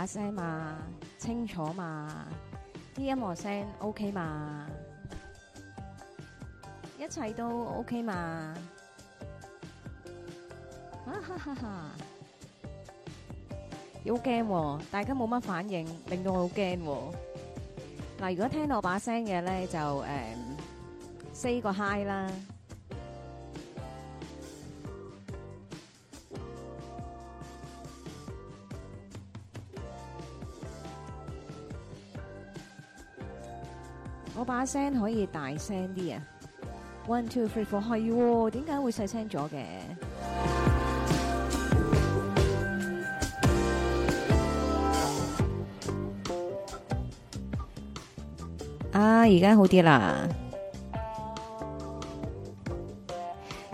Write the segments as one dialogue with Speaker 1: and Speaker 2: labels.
Speaker 1: 把聲嘛清楚嘛？啲音樂聲 OK 嘛？一切都 OK 嘛？哈哈哈，好驚大家冇乜反應，令到我好驚。嗱，如果聽到我把聲嘅咧就誒、um, say 個 hi 啦。我把聲可以大聲啲啊！One, two, three, four，係喎，點解會細聲咗嘅？啊，而家好啲啦！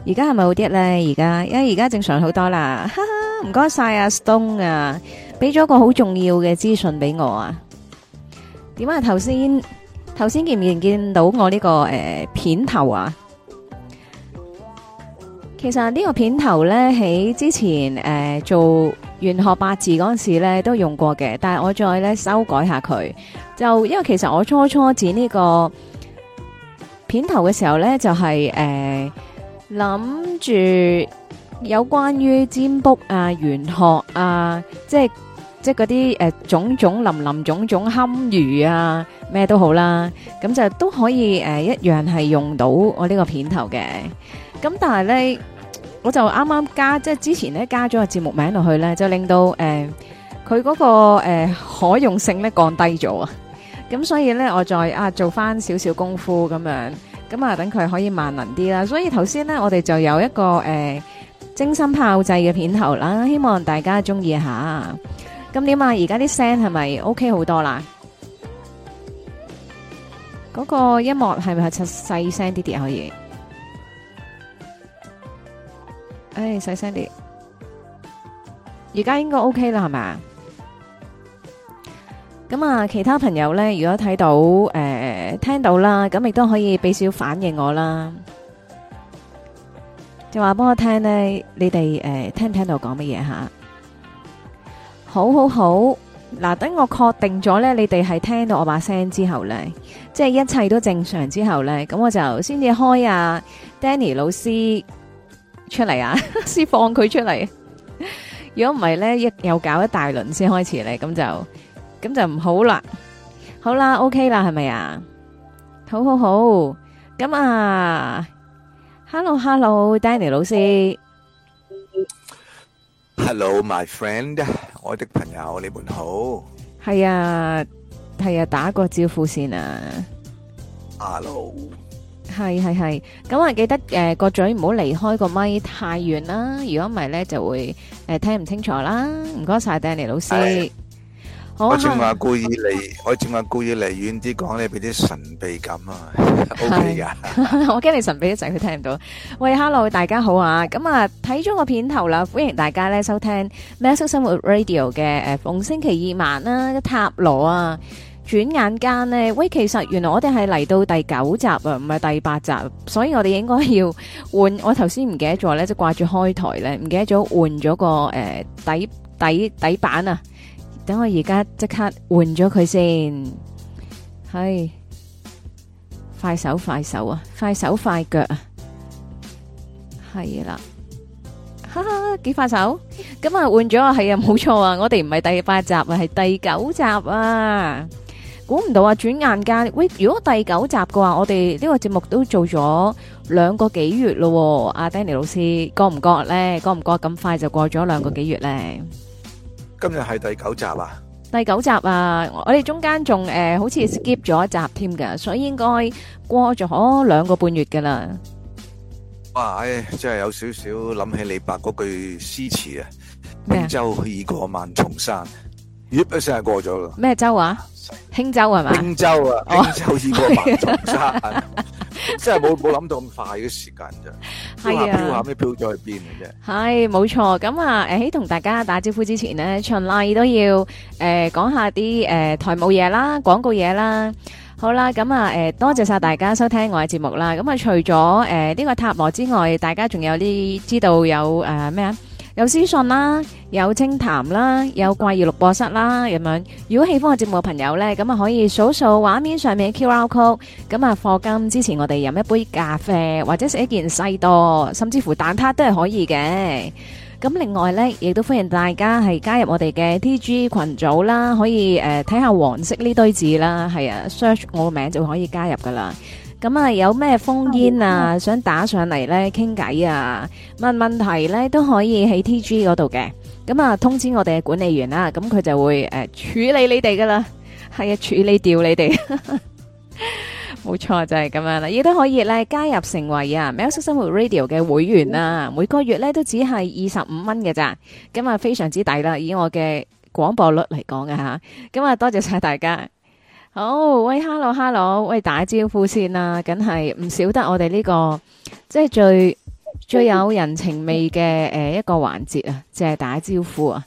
Speaker 1: 而家係咪好啲咧？而家，因為而家正常好多啦。哈哈，唔該晒阿 Stone 啊，俾咗個好重要嘅資訊俾我啊。點啊？頭先。頭先見唔見到我呢、這個誒、呃、片頭啊？其實呢個片頭咧，喺之前誒、呃、做玄學八字嗰陣時咧都用過嘅，但係我再咧修改下佢，就因為其實我初初剪呢個片頭嘅時候咧就係誒諗住有關於占卜啊、玄學啊，即係。即係嗰啲誒種種林林種種堪虞啊，咩都好啦，咁就都可以誒一樣係用到我呢個片頭嘅。咁但係呢，我就啱啱加即係之前呢加咗個節目名落去呢，就令到誒佢嗰個誒可用性呢降低咗啊。咁所以呢，我再啊做返少少功夫咁樣，咁啊等佢可以萬能啲啦。所以頭先呢，我哋就有一個誒精心炮製嘅片頭啦，希望大家鍾意下。咁點啊？而家啲聲係咪 OK 好多啦？嗰、那個音樂係咪係細聲啲啲可以小聲一點點？誒、哎，細聲啲，而家應該 OK 啦係咪？咁啊，其他朋友咧，如果睇到誒、呃、聽到啦，咁亦都可以俾少反應我啦。就話幫我聽咧，你哋誒、呃、聽唔聽到講乜嘢吓？好好好，嗱，等我確定咗咧，你哋係聽到我把聲之後咧，即係一切都正常之後咧，咁我就先至開啊，Danny 老師出嚟，啊，先放佢出嚟。如果唔係咧，一又搞一大輪先開始咧，咁就，咁就唔好啦。好啦，OK 啦，係咪啊？好好好，咁啊，Hello Hello，Danny 老師。
Speaker 2: Hello, my friend，我的朋友，你們好。
Speaker 1: 係啊，係啊，打個招呼先啊。
Speaker 2: Hello，
Speaker 1: 係係係，咁我、嗯、記得誒個、呃、嘴唔好離開個咪太遠啦，如果唔係咧就會誒、呃、聽唔清楚啦。唔該晒，Danny 老師。
Speaker 2: Oh, 我正話故意嚟，的我正話故意嚟遠啲講你俾啲神秘感啊
Speaker 1: ！O K 啊！我驚你神秘一陣，佢聽唔到。喂，Hello，大家好啊！咁啊，睇咗個片頭啦，歡迎大家咧收聽《喵式生活 Radio》嘅誒、呃，逢星期二晚啦，啊，塔羅啊，轉眼間呢，喂，其實原來我哋係嚟到第九集啊，唔係第八集，啊，所以我哋應該要換。我頭先唔記得咗咧，即係掛住開台咧，唔記得咗換咗個誒、呃、底底底板啊！等我而家即刻換咗佢先，係快手快手啊，快手快腳啊，係啦，哈哈，幾快手？咁啊，換咗啊，係啊，冇錯啊，我哋唔係第八集啊，係第九集啊，估唔到啊，轉眼間喂，如果第九集嘅話，我哋呢個節目都做咗兩個幾月咯，阿 Danny 老師覺唔覺咧？覺唔覺咁快就過咗兩個幾月咧？
Speaker 2: 今日係第九集啊！
Speaker 1: 第九集啊，我哋中間仲誒，好似 skip 咗一集添噶，所以應該過咗可兩個半月噶啦。
Speaker 2: 哇！誒，真係有少少諗起李白嗰句詩詞啊，輕舟已過萬重山。skip 一聲係過咗啦。
Speaker 1: 咩洲啊？輕舟係嘛？輕
Speaker 2: 舟啊，輕舟似過萬重山，即係冇冇諗到咁快嘅時間就，係啊，飄下咩飄咗去邊嘅啫。
Speaker 1: 係冇錯，咁啊，誒，同大家打招呼之前咧，循例都要誒講下啲誒台務嘢啦、廣告嘢啦。好啦，咁啊，誒，多謝晒大家收聽我嘅節目啦。咁啊，除咗誒呢個塔羅之外，大家仲有啲知道有誒咩啊？有私信啦，有清談啦，有怪異錄播室啦，咁樣。如果喜歡我節目嘅朋友呢，咁啊可以數數畫面上面嘅 QR code，咁啊課金支持，我哋飲一杯咖啡，或者食一件西多，甚至乎蛋撻都係可以嘅。咁另外呢，亦都歡迎大家係加入我哋嘅 TG 群組啦，可以誒睇下黃色呢堆字啦，係啊，search 我個名就可以加入噶啦。咁啊，有咩烽煙啊，想打上嚟咧傾偈啊，問問題咧都可以喺 T G 嗰度嘅。咁啊，通知我哋嘅管理員啦，咁佢就會誒、呃、處理你哋噶啦。係啊，處理掉你哋。冇 錯就係、是、咁樣啦，亦都可以咧加入成為啊喵式生活 Radio 嘅會員啦。每個月咧都只係二十五蚊嘅咋，咁啊非常之抵啦，以我嘅廣播率嚟講嘅吓。咁啊多謝晒大家。好、oh，喂，hello hello，喂，打招呼先啦、啊，梗係唔少得我哋呢、這個即係最最有人情味嘅誒、呃、一個環節啊，即係打招呼啊，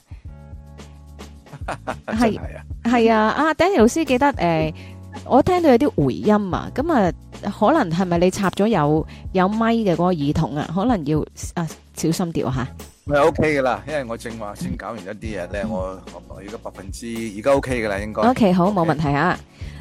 Speaker 3: 係
Speaker 1: 係 是啊，阿、啊啊、Danny 老師記得誒，呃、 我聽到有啲回音啊，咁、嗯、啊，可能係咪你插咗有有咪嘅嗰個耳筒啊？可能要啊小心啲吓。
Speaker 2: 係 OK 噶啦，因為我正話先搞完一啲嘢咧，我而家百分之而家 OK 噶啦，應該 OK 好，冇 okay 問
Speaker 1: 題啊。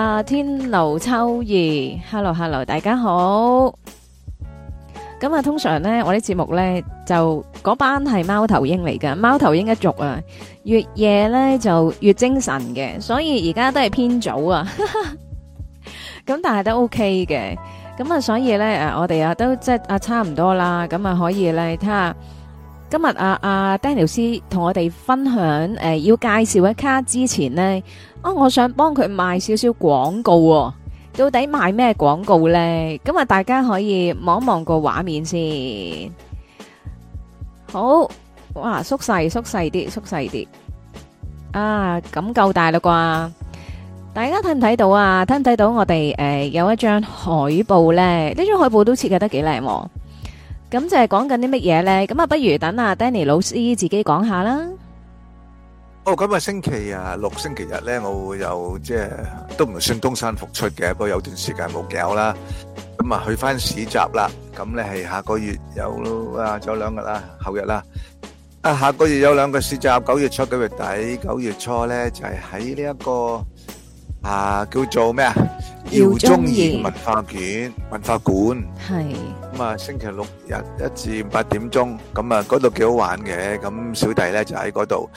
Speaker 1: 啊，天露秋雨，hello hello，大家好。咁啊，通常咧，我啲節目咧就嗰班係貓頭鷹嚟噶，貓頭鷹一族啊，越夜咧就越精神嘅，所以而家都係偏早啊。咁但係都 OK 嘅，咁啊，所以咧誒，我哋啊都即係啊差唔多啦，咁啊可以咧睇下。今日阿阿 Danny 老師同我哋分享，誒，要介紹一卡之前咧，啊我想幫佢賣少少廣告喎，到底賣咩廣告咧？今日，大家可以望一望個畫面先。好，哇，縮細縮細啲，縮細啲。啊咁夠大啦啩？大家睇唔睇到啊？睇唔睇到我哋誒有一張海報咧？呢張海報都設計得幾靚喎。咁就係講緊啲乜嘢？咧？咁啊，不如等阿 Danny 老師自己講下啦。
Speaker 2: 哦，咁啊，星期啊，六星期日咧，我會有即係都唔算東山復出嘅，不過有段時間冇搞啦。咁啊，去翻市集啦。咁咧係下個月有啊，有兩日啦，後日啦。啊，下個月有兩個市集，九月初、九月底、九月初咧就係喺呢一個啊叫做咩啊？饒宗頤文化館文化館係。咁啊，星期六日一至八點鐘，咁啊嗰度幾好玩嘅。咁小弟咧就喺嗰度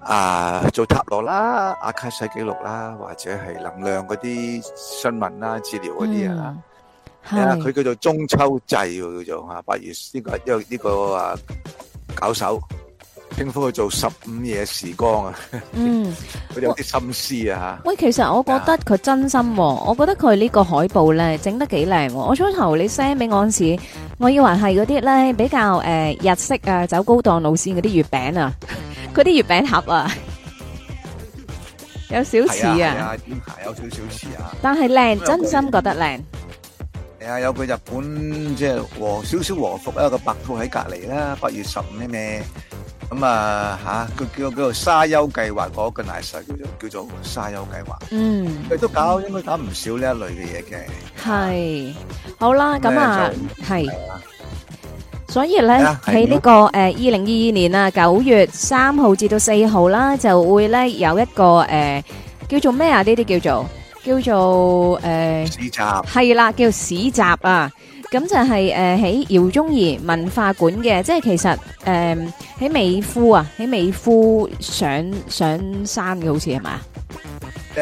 Speaker 2: 啊做塔羅啦、阿卡西記錄啦，或者係能量嗰啲新聞啦、治療嗰啲啊。係啊，佢叫做中秋祭叫做啊，八月呢個呢個啊搞手。辛苦去做十五夜時光啊！
Speaker 1: 嗯，
Speaker 2: 佢哋有啲心思啊，吓。
Speaker 1: 喂，其實我覺得佢真心喎，我覺得佢呢個海報咧整得幾靚。我初頭你 send 俾我嗰時，我以為係嗰啲咧比較誒日式啊，走高檔路線嗰啲月餅啊，佢啲月餅盒啊，有少似啊。係啊，
Speaker 2: 有少少似啊。但係靚，真心覺得靚。係啊，有個日本即係和少少和服一個白兔喺隔籬啦，八月十五咩咩咁啊吓，佢叫叫做沙丘計劃嗰個大使叫做叫做沙丘計劃，
Speaker 1: 嗯，
Speaker 2: 佢都搞應該搞唔少呢一類嘅嘢嘅，
Speaker 1: 係好啦，咁啊係，所以咧喺呢個誒二零二二年啊九月三號至到四號啦，就會咧有一個誒叫做咩啊呢啲叫做。叫做誒，呃、市集係啦，叫市集啊，咁就係誒喺饒宗頤文化館嘅，即係其實誒喺、呃、美孚啊，喺美孚上上山嘅，好似係咪？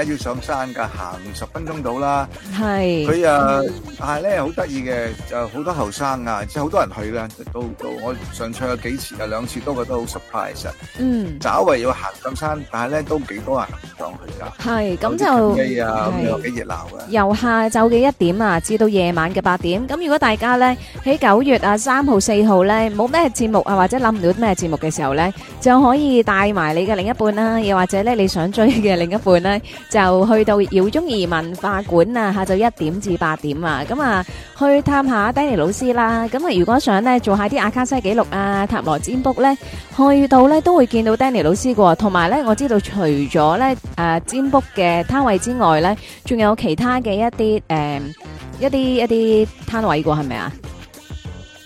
Speaker 2: 咧要上山噶，行十分鐘到啦。係佢啊，但係咧好得意嘅，就好多後生啊，即係好多人去啦，到到我上場有幾次啊，兩次都覺得好 surprise。嗯，稍為要行上山，但係咧都幾多人上去㗎。係，咁就係啊，都幾熱鬧嘅。
Speaker 1: 由下晝嘅一點啊，至到夜晚嘅八點。咁如果大家咧喺九月啊三號、四號咧冇咩節目啊，或者諗唔到咩節目嘅時候咧，就可以帶埋你嘅另一半啦，又或者咧你想追嘅另一半咧。就去到姚中移民文化館啊，下晝一點至八點啊，咁啊去探下 Danny 老師啦。咁啊，如果想咧做下啲阿卡西記錄啊、塔羅占卜咧，去到咧都會見到 Danny 老師噶。同埋咧，我知道除咗咧誒占卜嘅攤位之外咧，仲有其他嘅一啲誒、呃、一啲一啲攤位噶，係咪啊？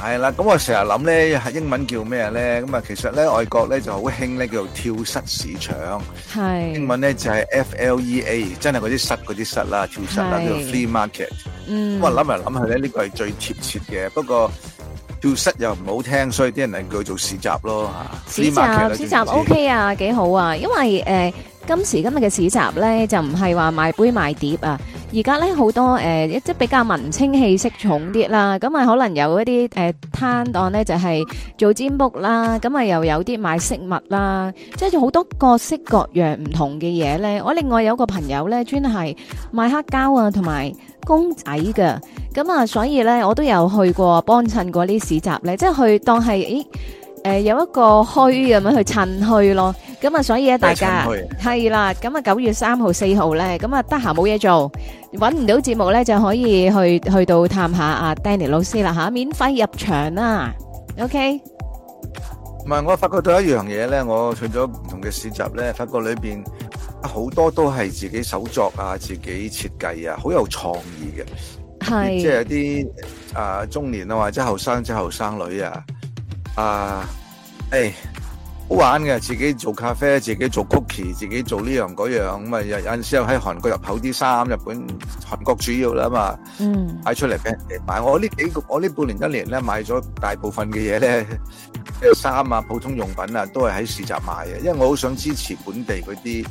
Speaker 2: 係啦，咁我成日諗咧，係英文叫咩咧？咁啊，其實咧，外國咧就好興咧，叫做跳蚤市場，
Speaker 4: 英文
Speaker 2: 咧就係 F L E A，真係嗰啲蚤嗰啲蚤啦，跳蚤啦，叫做 flea market。咁我諗嚟諗去咧，呢個係最貼切嘅。不過跳蚤又唔好聽，所以啲人叫做市集咯嚇。市集市集 OK
Speaker 1: 啊，幾好啊，因為誒。今時今日嘅市集呢，就唔係話賣杯賣碟啊，而家呢，好多誒、呃，即係比較文青氣息重啲啦。咁啊，可能有一啲誒攤檔呢就係、是、做占卜啦，咁啊又有啲賣飾物啦，即係好多各式各樣唔同嘅嘢呢。我另外有個朋友呢，專係賣黑膠啊，同埋公仔㗎。咁啊，所以呢，我都有去過幫襯過啲市集呢，即係去當係。咦誒，有一個墟咁樣去趁墟咯，咁啊，所以咧，大家係啦，咁啊，九月三號、四號咧，咁啊，得閒冇嘢做，搵唔到節目咧，就可以去去到探下阿 Danny 老師啦，吓，免費入場啦，OK。
Speaker 2: 唔係，我發覺到一樣嘢咧，我串咗唔同嘅市集咧，發覺裏邊好多都係自己手作啊，自己設計啊，好有創意嘅，係，即係有啲啊中年啊或者後生即後生女啊。啊，誒、uh, 哎，好玩嘅，自己做咖啡，自己做 cookie，自己做呢樣嗰樣，咁啊有有陣時候喺韓國入口啲衫，日本，韓國主要啦嘛，
Speaker 3: 嗯，
Speaker 2: 擺出嚟俾人哋買。我呢幾個我呢半年一年咧買咗大部分嘅嘢咧，啲衫啊、普通用品啊，都係喺市集買嘅，因為我好想支持本地嗰啲。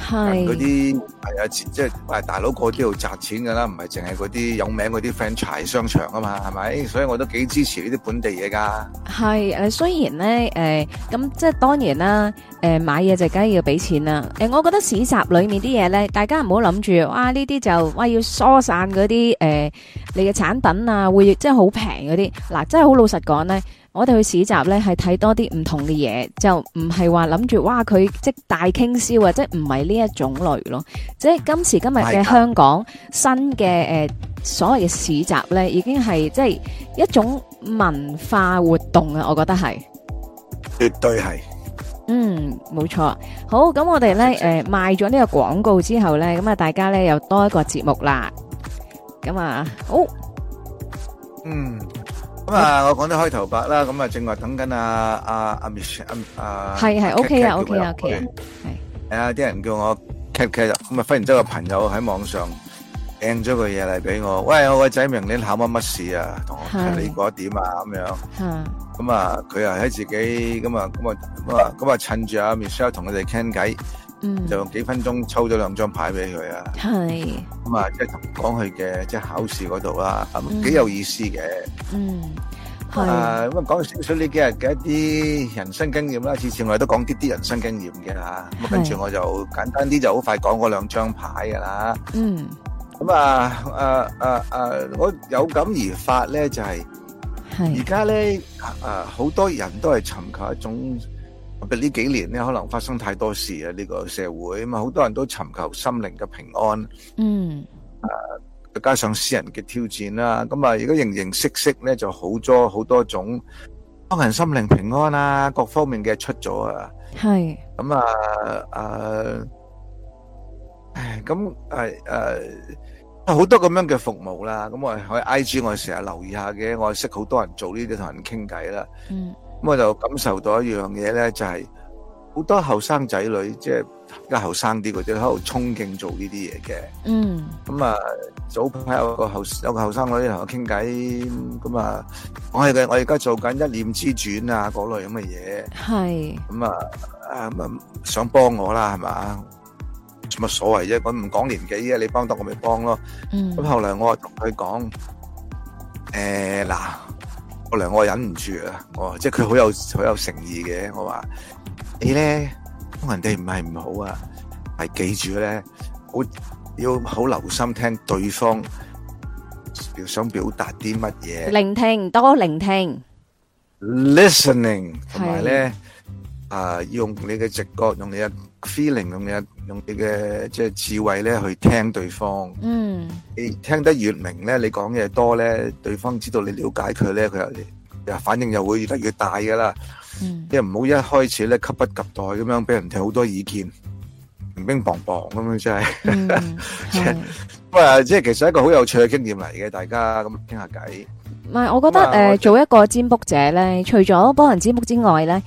Speaker 4: 係嗰啲
Speaker 2: 係啊，即係、啊、大佬過啲度賺錢噶啦，唔係淨係嗰啲有名嗰啲 franchise 商場啊嘛，係咪？所以我都幾支持呢啲本地嘢噶。
Speaker 1: 係誒，雖然咧誒，咁、呃、即係當然啦，誒、呃、買嘢就梗係要俾錢啦。誒、呃，我覺得市集裏面啲嘢咧，大家唔好諗住，哇呢啲就哇要疏散嗰啲誒，你嘅產品啊，會即係真係好平嗰啲，嗱真係好老實講咧。我哋去市集咧，係睇多啲唔同嘅嘢，就唔係話諗住哇，佢即係大傾銷啊，即係唔係呢一種類咯。即係今時今日嘅香港新嘅，誒，所謂嘅市集咧，已經係即係一種文化活動啊，我覺得係，
Speaker 2: 絕對係。
Speaker 1: 嗯，冇錯。好，咁我哋咧，誒賣咗呢個廣告之後咧，咁啊大家咧又多一個節目啦。咁啊，好，嗯。
Speaker 2: 咁、嗯嗯、啊，我講得開頭白啦，咁啊，正話等緊啊，阿阿 Michelle，啊係係 OK 啊 OK 啊 OK 啊，係，係啊，啲人、啊 okay，叫我 Kate Kate，咁啊，忽然之間個朋友喺網上掟咗個嘢嚟俾我，喂，我個仔明年考乜乜試啊，
Speaker 3: 同我
Speaker 4: 睇結
Speaker 2: 果點啊，咁樣，咁、嗯、啊，佢又喺自己，咁啊，咁啊，咁啊，咁啊，趁住阿、啊、Michelle 同佢哋傾偈。就用幾分鐘抽咗兩張牌俾佢啊！係咁啊，即、嗯、係、嗯同、講佢嘅即係考試嗰度啦，咁、嗯嗯、幾有意思嘅。
Speaker 3: 嗯，
Speaker 2: 係。咁啊，講少少呢幾日嘅一啲人生經驗啦，次次我都講啲啲人生經驗嘅嚇。咁的跟住我就簡單啲就好快講嗰兩張牌嘅啦，嗯嗯。嗯。
Speaker 3: 咁
Speaker 2: 啊，誒誒誒，我有感而發咧，就係而家咧，誒好的、啊、多人都係尋求一種。呢幾年咧，可能發生太多事啊！呢個社會啊嘛，好多人都尋求心靈嘅平安。嗯。啊，加上私人嘅挑戰啦，咁啊，而家形形色色咧，就好多好多種幫人心靈平安啊，各方面嘅出咗啊。係。咁啊啊，唉，咁係誒，好多咁樣嘅服務啦。咁我喺 IG，我成日留意下嘅，我識好多人做呢啲，同人傾偈啦。嗯。咁我就感受到一樣嘢咧，就係好多後生仔女，即係而家後生啲嗰啲喺度憧憬做呢啲嘢嘅。嗯，咁啊，早排有個後有個後生女同我傾偈，咁啊，我而家我而家做緊一念之轉啊，嗰類咁嘅嘢。
Speaker 4: 係。
Speaker 2: 咁啊，咁啊，想幫我啦，係嘛？做乜所謂啫？我唔講年紀啫，你幫到我咪幫咯。嗯。
Speaker 4: 咁後
Speaker 2: 來我啊同佢講，誒嗱。我我忍唔住啊！我即係佢好有好有誠意嘅，我話你咧，人哋唔係唔好啊，係記住咧，好要好留心聽對方要想表達啲乜嘢，
Speaker 1: 聆聽多聆聽
Speaker 2: ，listening 同埋咧啊，用你嘅直覺，用你嘅，feeling 咁樣用你嘅即係智慧咧去聽對方，嗯，你聽得越明咧，你講嘢多咧，對方知道你了解佢咧，佢又反應又會越嚟越大噶啦，嗯，即係唔好一開始咧，急不及待咁樣俾人聽好多意見，乒乒乓乓咁樣真係，嗯，係，咁啊，即係其實是一個好有趣嘅經驗嚟嘅，大家咁傾下偈。
Speaker 1: 唔係，我覺得誒我、呃，做一個占卜者咧，除咗幫人占卜之外咧。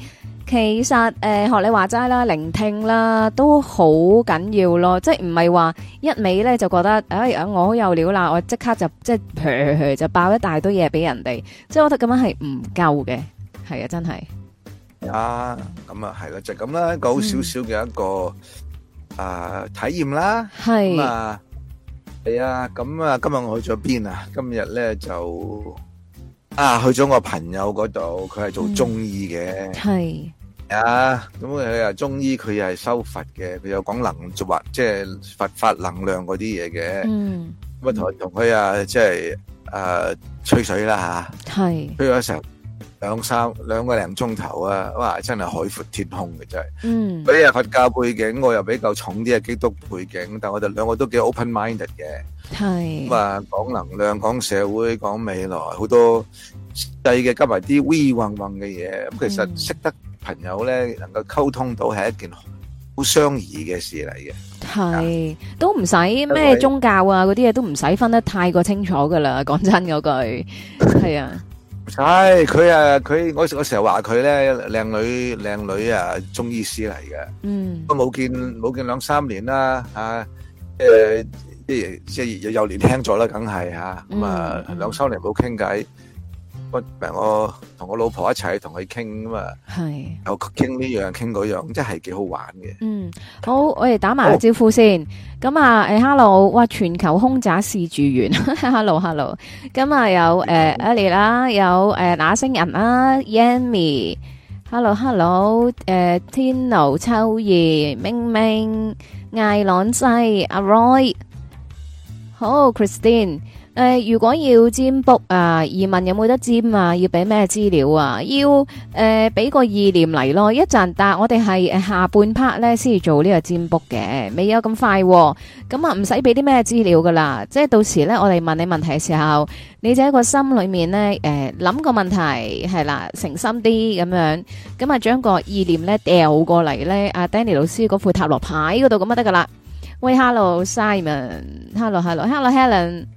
Speaker 1: 其實誒，學、呃、你話齋啦，聆聽啦，都好緊要咯。即係唔係話一味咧就覺得，哎呀，我好有料啦，我即刻就即係、呃、就爆一大堆嘢俾人哋。即係我覺得咁樣係唔夠嘅，係啊，真係。
Speaker 2: 啊，咁啊係咯，就咁啦，一個好少少嘅一個啊體驗啦。係啊，係啊，咁啊，今日我去咗邊啊？今日咧就啊去咗我朋友嗰度，佢係做中醫嘅，係、嗯。啊，咁佢又中醫，佢又係修佛嘅，佢又講能量，即係佛法能量嗰啲嘢嘅。嗯，咁啊同佢同佢啊，即係誒吹水啦吓。係，吹咗成兩三兩個零鐘頭啊，哇，真係海闊天空嘅
Speaker 4: 真係。嗯，比啊
Speaker 2: 佛教背景，我又比較重啲啊基督背景，但係我哋兩個都幾 open minded 嘅。
Speaker 4: 係，咁啊
Speaker 2: 講能量，講社會，講未來，好多細嘅加埋啲 we 混混嘅嘢，咁其實識得。朋友咧能夠溝通到係一件好相宜嘅事嚟嘅。
Speaker 1: 係都唔使咩宗教啊，嗰啲嘢都唔使分得太過清楚㗎喇，講真嗰句係啊，
Speaker 2: 係佢啊佢我我成日話佢咧靚女靚女啊，中醫師嚟嘅，嗯，都冇見冇見兩三年啦嚇，誒即係即係又年輕咗啦，梗係嚇，咁啊兩三年冇傾偈。我同我老婆一齊同佢傾吖嘛？啊是，有傾呢樣傾嗰樣，真係幾好玩嘅。嗯，
Speaker 1: 好，我哋打埋個招呼先。咁、哦、啊，誒，hello，哇，全球凶宅試住員 ，hello hello。咁啊、嗯、啊，有誒，Ellie 啦，有、啊、誒，那星人啦、啊、Yami, hello hello, hello。誒、啊，天奴秋葉，明明，艾朗西，Arroy，好，Christine。誒、呃，如果要占卜啊，疑問有冇得占啊？要俾咩資料啊？要、呃、誒，俾個意念嚟咯。一陣答，但我哋係誒下半 part 咧先做呢個占卜嘅，未有咁快、哦。咁啊，唔使俾啲咩資料噶啦，即係到時咧，我哋問你問題嘅時候，你就喺個心裏面咧，誒、呃、諗個問題係啦，誠心啲咁樣，咁啊將個意念咧掉過嚟咧，阿、啊、Danny 老師嗰副塔羅牌嗰度咁就得噶啦。喂，Hello Simon，Hello Hello Hello Helen。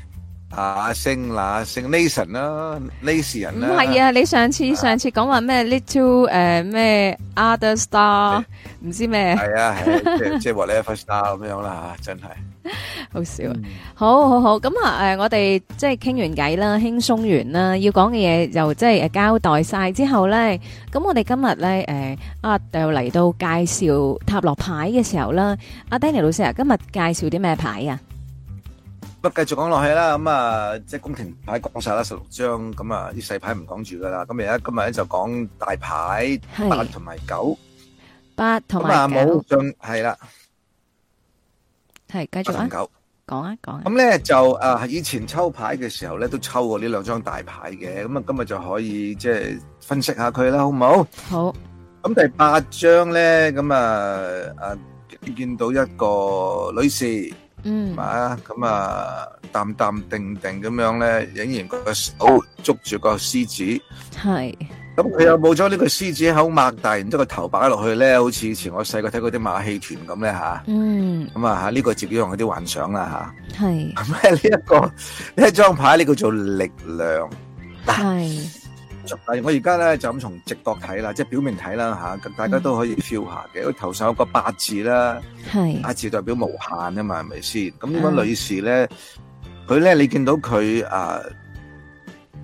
Speaker 2: 啊星啦星 nation 啦 nation 唔係啊！你
Speaker 1: 上次上次講話咩 little 誒咩 other star 唔知咩係啊！
Speaker 2: 即即話你 first star 咁樣啦吓，真係
Speaker 1: 好笑！好好好咁啊！誒，我哋即係傾完偈啦，輕鬆完啦，要講嘅嘢又即係誒交代晒之後咧，咁我哋今日咧誒啊又嚟到介紹塔羅牌嘅時候啦，阿 Danny 老師啊，今日介紹啲咩牌啊？
Speaker 2: 唔，繼續講落去啦。咁啊，即係宮廷牌講晒啦，十六張。咁啊，啲細牌唔講住噶啦。咁而家今日咧就講大牌八同埋九，
Speaker 1: 八同埋九
Speaker 2: 仲係啦，
Speaker 4: 係繼續啊，
Speaker 2: 講一講。咁咧就啊，以前抽牌嘅時候咧都抽過呢兩張大牌嘅。咁啊，今日就可以即係分析下佢啦，好唔
Speaker 4: 好？好。
Speaker 2: 咁第八張咧，咁啊啊見到一個女士。嗯，啊咁、嗯、啊，淡淡定定咁樣咧，仍然個手捉住個獅子，
Speaker 4: 係、嗯，
Speaker 2: 咁佢又冇咗呢個獅子口擘大，然之後個頭擺落去咧，好似以前我細個睇嗰啲馬戲團咁咧吓，
Speaker 4: 嗯，
Speaker 2: 咁啊吓，呢、這個接用佢啲幻想啦吓，
Speaker 4: 係，咁呢
Speaker 2: 一個呢一張牌你叫做力量，係是。啊我而家咧就咁從直覺睇啦，即係表面睇啦嚇，大家都可以 feel 下嘅。佢、嗯、頭上有個八字啦，八字代表無限啊嘛，係咪先？咁呢位女士咧，佢咧、嗯、你見到佢啊，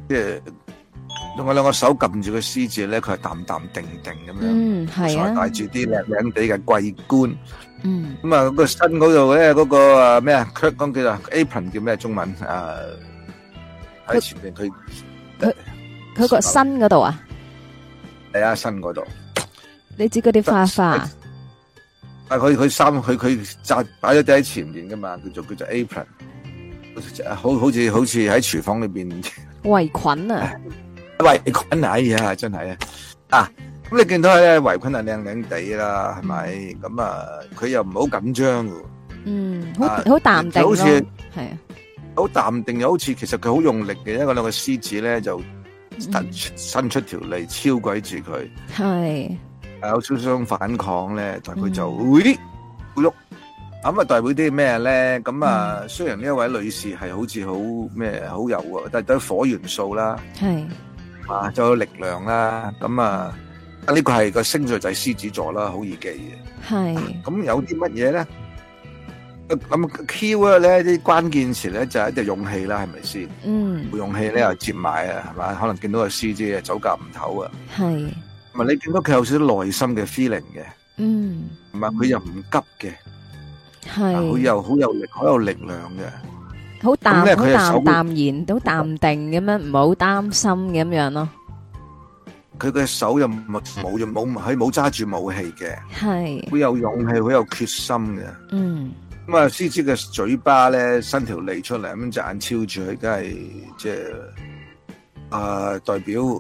Speaker 2: 即係用我兩個手撳住個獅子咧，佢係淡淡定定咁樣，嗯係啊，戴住啲靚靚地嘅桂冠，咁啊、嗯嗯、個身嗰度咧嗰個啊咩啊，佢講叫做 apron 叫咩中文啊？喺、啊啊啊、前面佢。它它
Speaker 1: 佢個身嗰度啊。
Speaker 2: 係啊，身嗰度。
Speaker 1: 你指嗰啲花花？
Speaker 2: 但佢佢衫佢佢紮擺咗喺前面噶嘛，叫做叫做 apron，好好似好似喺廚房裏邊。
Speaker 1: 圍裙
Speaker 2: 啊！圍裙哎呀，真係啊！啊，咁你見到佢咧圍裙啊，靚靚地啦，係咪？咁啊，佢又唔好緊張噶。嗯，
Speaker 4: 好好淡定好似係啊，
Speaker 2: 好淡定又好似其實佢好用力嘅，因為兩個獅子咧就。伸出伸出條脷，超鬼住佢。係有少少反抗咧，但佢就唔喐。咁啊代表啲咩咧？咁啊雖然呢一位女士係好似好咩好柔嘅，但係得火元素啦。係啊，就有力量啦。咁啊啊呢個係個星座就係獅子座啦，好易記嘅。係咁有啲乜嘢咧？咁 key 咧，咧啲關鍵詞咧就係一隻勇氣啦，係咪先？嗯，冇勇氣咧又接埋啊，係嘛？可能見到個獅子啊，走夾唔唞啊。係。唔係你見到佢有少少內心嘅 feeling
Speaker 1: 嘅。
Speaker 2: 嗯。唔係佢又唔急嘅。係。佢又好有力，好有力量嘅。
Speaker 1: 好淡，好淡淡然，都淡定咁樣，唔好擔心咁樣咯。
Speaker 2: 佢嘅手又唔冇，又冇，係冇揸住武器嘅。係。佢有勇氣，佢有決心嘅。嗯。咁啊，獅子嘅嘴巴咧伸條脷出嚟，咁就眼超住佢，梗係即係啊，代表誒、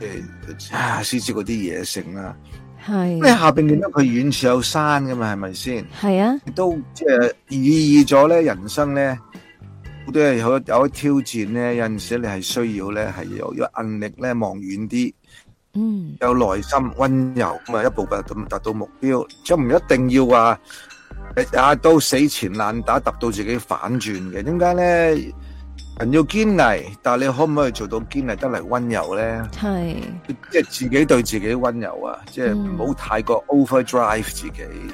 Speaker 2: 呃、啊，獅子嗰啲野性啦、
Speaker 4: 啊。係、啊。咁下邊見到佢遠
Speaker 2: 處有山噶嘛，係咪先？係啊。都即係寓意咗咧，人生咧，都係有有一啲挑戰咧，有陣時你係需要咧，係有有毅力咧，望遠啲。嗯。有耐心、温柔咁啊，一步步咁達到目標，就唔一定要話。誒，也、啊、到死纏爛打，達到自己反轉嘅。點解咧？人要堅毅，但係你可唔可以做到堅毅得嚟溫柔咧？
Speaker 4: 係是，即係、嗯
Speaker 2: 就是、自己對自己溫柔啊！即係唔好太過 overdrive 自己。嗯、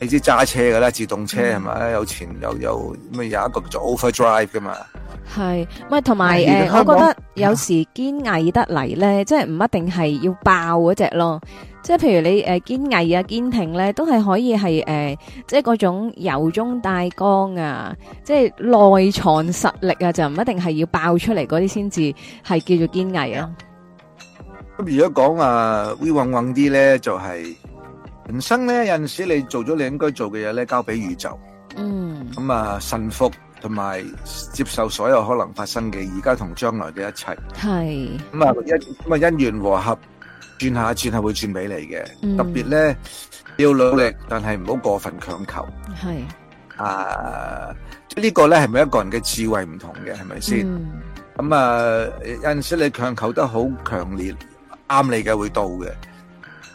Speaker 2: 你知揸車㗎啦，自動車係咪、嗯？有錢又有，咁有，有一個叫做 overdrive 噶嘛。
Speaker 1: 係，唔同埋誒，我覺得有時堅毅得嚟咧，啊、即係唔一定係要爆嗰隻咯。即係譬如你誒堅、呃、毅啊堅挺咧，都係可以係誒、呃，即係嗰種柔中帶剛啊，即係內藏實力啊，就唔一定係要爆出嚟嗰啲先至係叫做堅毅啊。
Speaker 2: 咁如果講啊會運啲咧，就係人生咧有陣時你做咗你應該做嘅嘢咧，交俾宇宙。
Speaker 4: 嗯。
Speaker 2: 咁、嗯、啊，信服同埋接受所有可能發生嘅而家同將來嘅一切。係、嗯。咁、嗯、啊，咁、嗯、啊，因緣和合。轉一下轉一次係會轉俾你嘅，嗯、特別咧要努力，但係唔好過分強求。係啊，即、這、係、個、呢個咧係每一個人嘅智慧唔同嘅，係咪先？咁、嗯嗯、啊，有陣時你強求得好強烈，啱你嘅會到嘅，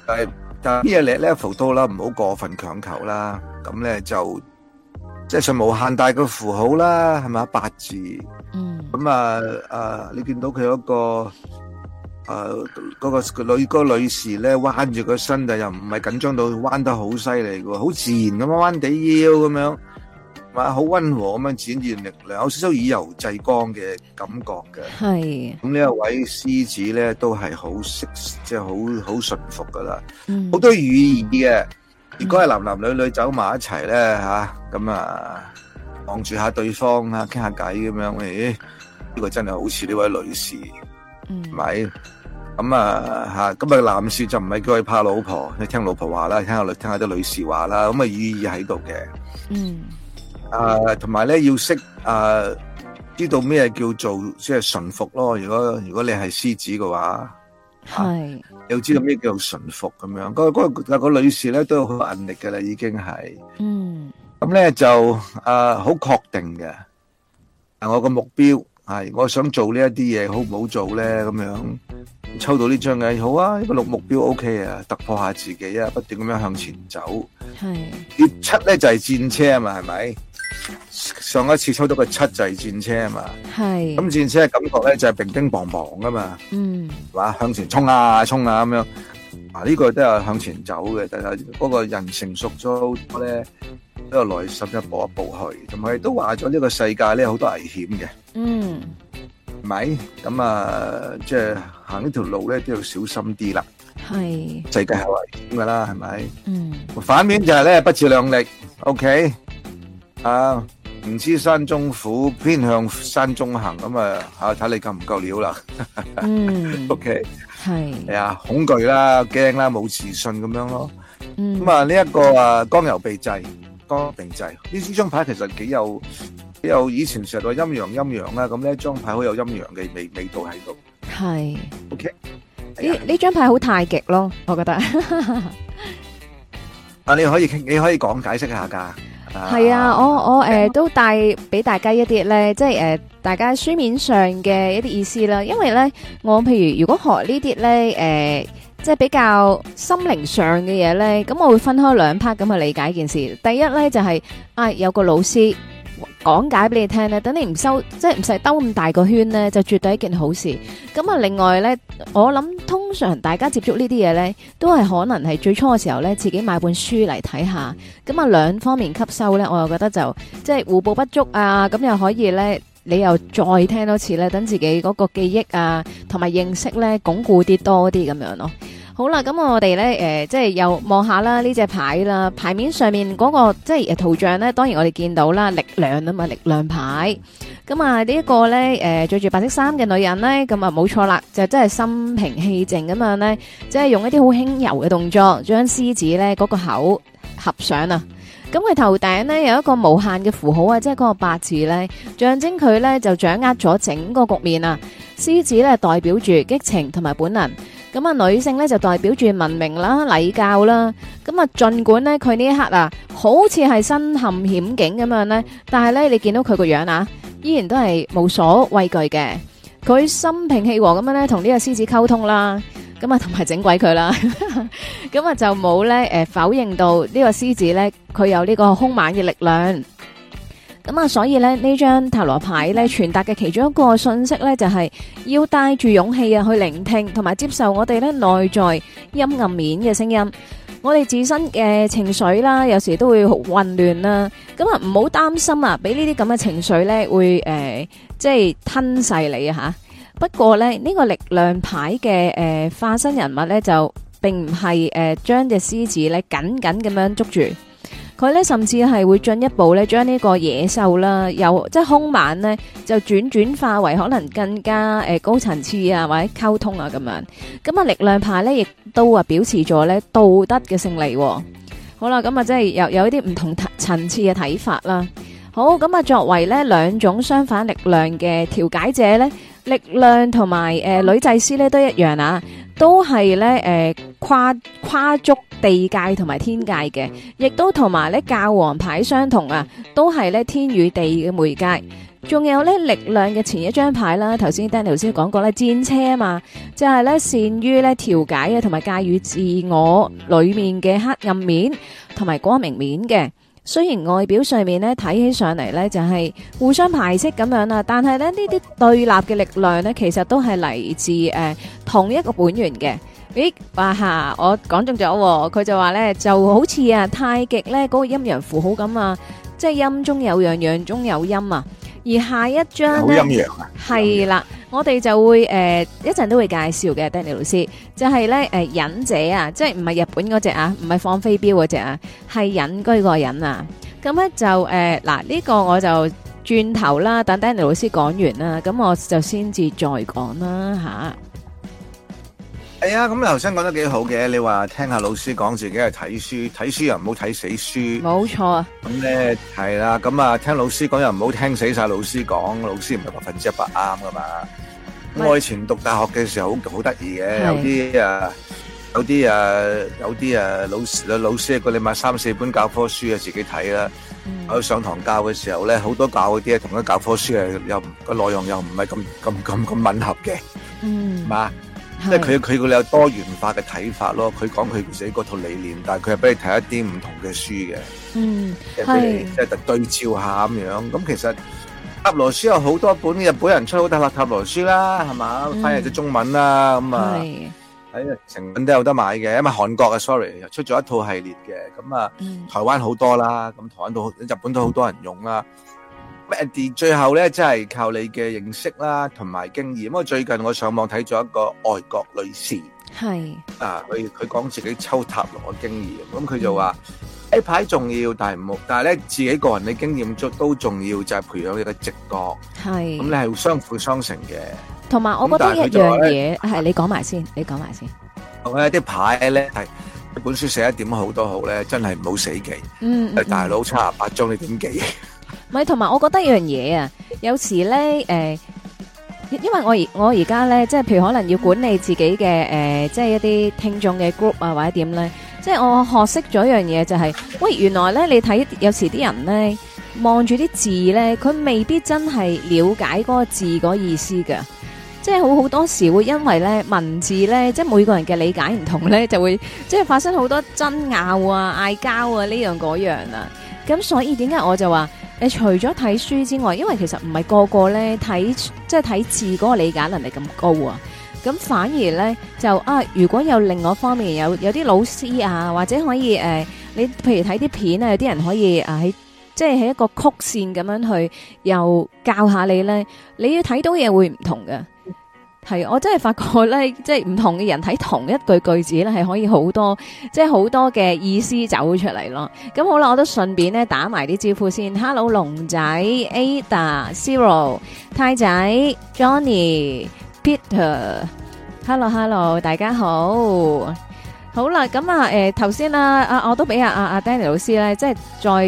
Speaker 2: 但係但係呢個力咧浮到啦，唔好過分強求啦。咁咧就即係從無限大嘅符號啦，係咪？八字，嗯，咁、嗯、啊啊，你見到佢有一個。誒，嗰個個女嗰女士咧，彎住個身就又唔係緊張到彎得好犀利嘅，好自然咁彎彎地腰咁樣，哇，好温和咁樣展現力量，有少少以柔制剛嘅感覺嘅。係。咁呢一位獅子咧，都係好識，即係好好馴服噶啦。嗯。好多語言嘅，如果係男男女女走埋一齊咧，吓咁啊，望住下對方啊，傾下偈咁樣，誒，呢個真係好似呢位女士，嗯，咪。咁啊吓，咁啊男士就唔係叫佢怕老婆，你聽老婆話啦，聽下聽下啲女士話啦，咁啊寓意喺度嘅。嗯。啊，同埋咧要識啊，知道咩叫做即係順服咯。如果如果你係獅子嘅話，
Speaker 4: 係、啊，
Speaker 2: 是你要知道咩叫順服咁樣。嗰、嗰個、嗰個女士咧都有好勤力噶啦，已經係。嗯。咁咧就啊，好確、啊、定嘅。啊，我個目標係我想做呢一啲嘢，好唔好做咧？咁樣。抽到呢張嘅好啊，呢、這個六目標 O、OK、K 啊，突破下自己啊，啊不斷咁樣向前走。係是，第七咧就係、是、戰車啊嘛，係咪？上一次抽到個七就係戰車啊嘛。係是。咁戰車嘅感覺咧就係兵兵磅磅啊嘛。嗯。哇！向前衝啊衝啊咁樣。啊呢、這個都係向前走嘅，但係嗰個人成熟咗好多咧，都有耐心一步一步去。同埋都話咗呢個世界咧好多危險嘅。嗯。咪咁啊，即係行呢條路咧都要小心啲啦。係世界係咁噶啦，係咪？嗯。反面就係咧不自量力。OK 啊，唔知山中虎偏向山中行咁啊，吓睇你夠唔夠料啦。嗯。OK 係係啊，恐懼啦，驚啦，冇自信咁樣咯。嗯。咁啊，呢一個啊，剛柔並濟，剛並濟呢？呢張牌其實幾有。又以前成日話陰陽陰陽啦，咁呢張牌好有陰陽嘅味味道
Speaker 1: 喺度。係，OK 呢，呢張牌好太極咯，我覺得。
Speaker 2: 啊，你可以你可以講解釋下噶。係
Speaker 1: 啊，我我誒都帶俾大家一啲咧，即係誒大家書面上嘅一啲意思啦。因為咧，我譬如如果學呢啲咧，誒即係比較心靈上嘅嘢咧，咁我會分開兩 part 咁去理解件事。第一咧就係啊，有個老師。講解俾你聽呢，等你唔收，即係唔使兜咁大個圈呢，就絕對一件好事。咁啊，另外呢，我諗通常大家接觸呢啲嘢呢,都係可能係最初嘅時候呢，自己買本書嚟睇下。咁啊，兩方面吸收呢,我又覺得就，即係互補不足啊,咁又可以呢，你又再聽多次呢，等自己嗰個記憶啊，同埋認識呢,鞏固啲多啲咁樣囉。好啦，咁我哋呢，誒，即係又望下啦，呢隻牌啦，牌面上面嗰個即係圖像呢。當然我哋見到啦，力量啊嘛，力量牌。咁啊，呢一個呢，誒，着住白色衫嘅女人呢，咁啊，冇錯啦，就真係心平氣靜咁樣呢，即係用一啲好輕柔嘅動作，將獅子呢嗰個口合上啊。咁佢頭頂呢有一個無限嘅符號啊，即係嗰個八字呢，象徵佢呢就掌握咗整個局面啊。獅子呢代表住激情同埋本能。咁啊，女性咧就代表住文明啦、禮教啦。咁啊，儘管咧佢呢一刻啊，好似係身陷險境咁樣咧，但係咧，你見到佢個樣啊，依然都係無所畏懼嘅。佢心平氣和咁樣咧，同呢個獅子溝通啦，咁啊，同埋整鬼佢啦，咁啊，就冇咧誒否認到呢個獅子咧，佢有呢個兇猛嘅力量。咁啊，所以咧呢張塔羅牌咧傳達嘅其中一個信息咧，就係要帶住勇氣啊去聆聽同埋接受我哋咧內在陰暗面嘅聲音，我哋自身嘅情緒啦，有時都會好混亂啦。咁啊，唔好擔心啊，俾呢啲咁嘅情緒咧會誒即係吞噬你啊吓。不過咧呢個力量牌嘅誒化身人物咧就並唔係誒將隻獅子咧緊緊咁樣捉住。佢咧甚至係會進一步咧將呢個野獸啦，又即係兇猛咧，就轉轉化為可能更加誒高層次啊，或者溝通啊咁樣。咁啊力量派咧亦都啊表示咗咧道德嘅勝利喎。好啦，咁啊即係有有一啲唔同層次嘅睇法啦。好，咁啊作為咧兩種相反力量嘅調解者咧。力量同埋誒女祭司咧都一樣啦、啊，都係咧誒跨跨足地界同埋天界嘅，亦都同埋咧教皇牌相同啊，都係咧天與地嘅媒介，仲有咧力量嘅前一張牌啦，頭先 Danny 先講過咧戰車啊嘛，就係、是、咧善於咧調解啊，同埋介於自我裏面嘅黑暗面同埋光明面嘅。雖然外表上面咧睇起上嚟咧就係互相排斥咁樣啦，但係咧呢啲對立嘅力量咧，其實都係嚟自誒、呃、同一個本源嘅。咦，哇吓，我講中咗、啊，佢就話咧就好似啊太極咧嗰個陰陽符號咁啊，即係陰中有陽，陽中有陰啊。而下一張咧，好陰陽啊，係啦，我哋就會誒、呃、一陣都會介紹嘅 Danny 老師，就係咧誒忍者啊，即係唔係日本嗰隻啊，唔係放飛鏢嗰隻啊，係隱居個人啊，咁咧就誒嗱呢個我就轉頭啦，等 Danny 老師講完啦，咁我就先至再講啦吓。啊。
Speaker 2: 係啊，咁你頭先講得幾好嘅，你話聽下老師講自己係睇書，睇書又唔好睇死書，冇錯啊。咁咧係啦，咁啊聽老師講又唔好聽死晒老師講，老師唔係百分之一百啱㗎嘛。咁我以前讀大學嘅時候好好得意嘅，有啲啊，有啲啊，有啲啊，啊，老師老師一個你買三四本教科書啊，自己睇啦、啊。嗯、我上堂教嘅時候咧，好多教嗰啲啊，同佢教科書啊，又個內容又唔係咁咁咁咁吻合嘅，嗯嘛。是即係佢佢個你有多元化嘅睇法咯，佢講佢唔使嗰套理念，嗯、但係佢係俾你睇一啲唔同嘅書嘅，
Speaker 3: 嗯，即係
Speaker 2: 即係對照下咁樣。咁其實塔羅書有好多本，日本人出好多塔羅書啦，係嘛，翻譯咗中文啦，咁、嗯、啊，係的、哎、成品都有得買嘅。因為韓國嘅《sorry 又出咗一套系列嘅，咁啊，嗯、台灣好多啦，咁台灣都日本都好多人用啦。adi 最後咧，真係靠你嘅認識啦，同埋經驗。咁啊，最近我上網睇咗一個外國女士，係啊，佢佢講自己抽塔羅嘅經驗。咁佢就話牌重要，但係唔好，但係咧自己個人嘅經驗都重要，就係培養你嘅直覺。
Speaker 1: 係咁咧
Speaker 2: 係相輔相成嘅。
Speaker 1: 同埋我覺得一樣嘢，係你講埋先，你講埋先。
Speaker 2: 我覺得啲牌咧係，本書寫得點好都好咧，真係唔好死記。嗯，大佬七十八張你點記？
Speaker 1: 咪同埋，我覺得一樣嘢啊！有時咧、呃，因為我而我而家咧，即係譬如可能要管理自己嘅，呃、即係一啲聽眾嘅 group 啊，或者點咧，即係我學識咗一樣嘢就係，喂，原來咧你睇有時啲人咧望住啲字咧，佢未必真係了解嗰個字嗰意思㗎。即係好好多時會因為咧文字咧，即係每個人嘅理解唔同咧，就會即係發生好多爭拗啊、嗌交啊呢樣嗰樣啊。咁所以點解我就話誒，除咗睇書之外，因為其實唔係個個咧睇即係睇字嗰個理解能力咁高啊，咁反而咧就啊，如果有另外一方面有有啲老師啊，或者可以誒、呃，你譬如睇啲片啊，有啲人可以啊喺即係喺一個曲線咁樣去又教下你咧，你要睇到嘢會唔同嘅。係，我真係發覺咧，即係唔同嘅人睇同一句句子咧，係可以好多，即係好多嘅意思走出嚟咯。咁好啦，我都順便咧打埋啲招呼先。Hello，龍仔 Ada Zero，泰仔 Johnny Peter，Hello Hello，大家好。好啦，咁啊，誒、呃，頭先啦，啊，我都俾阿阿 Danny 老師咧，即係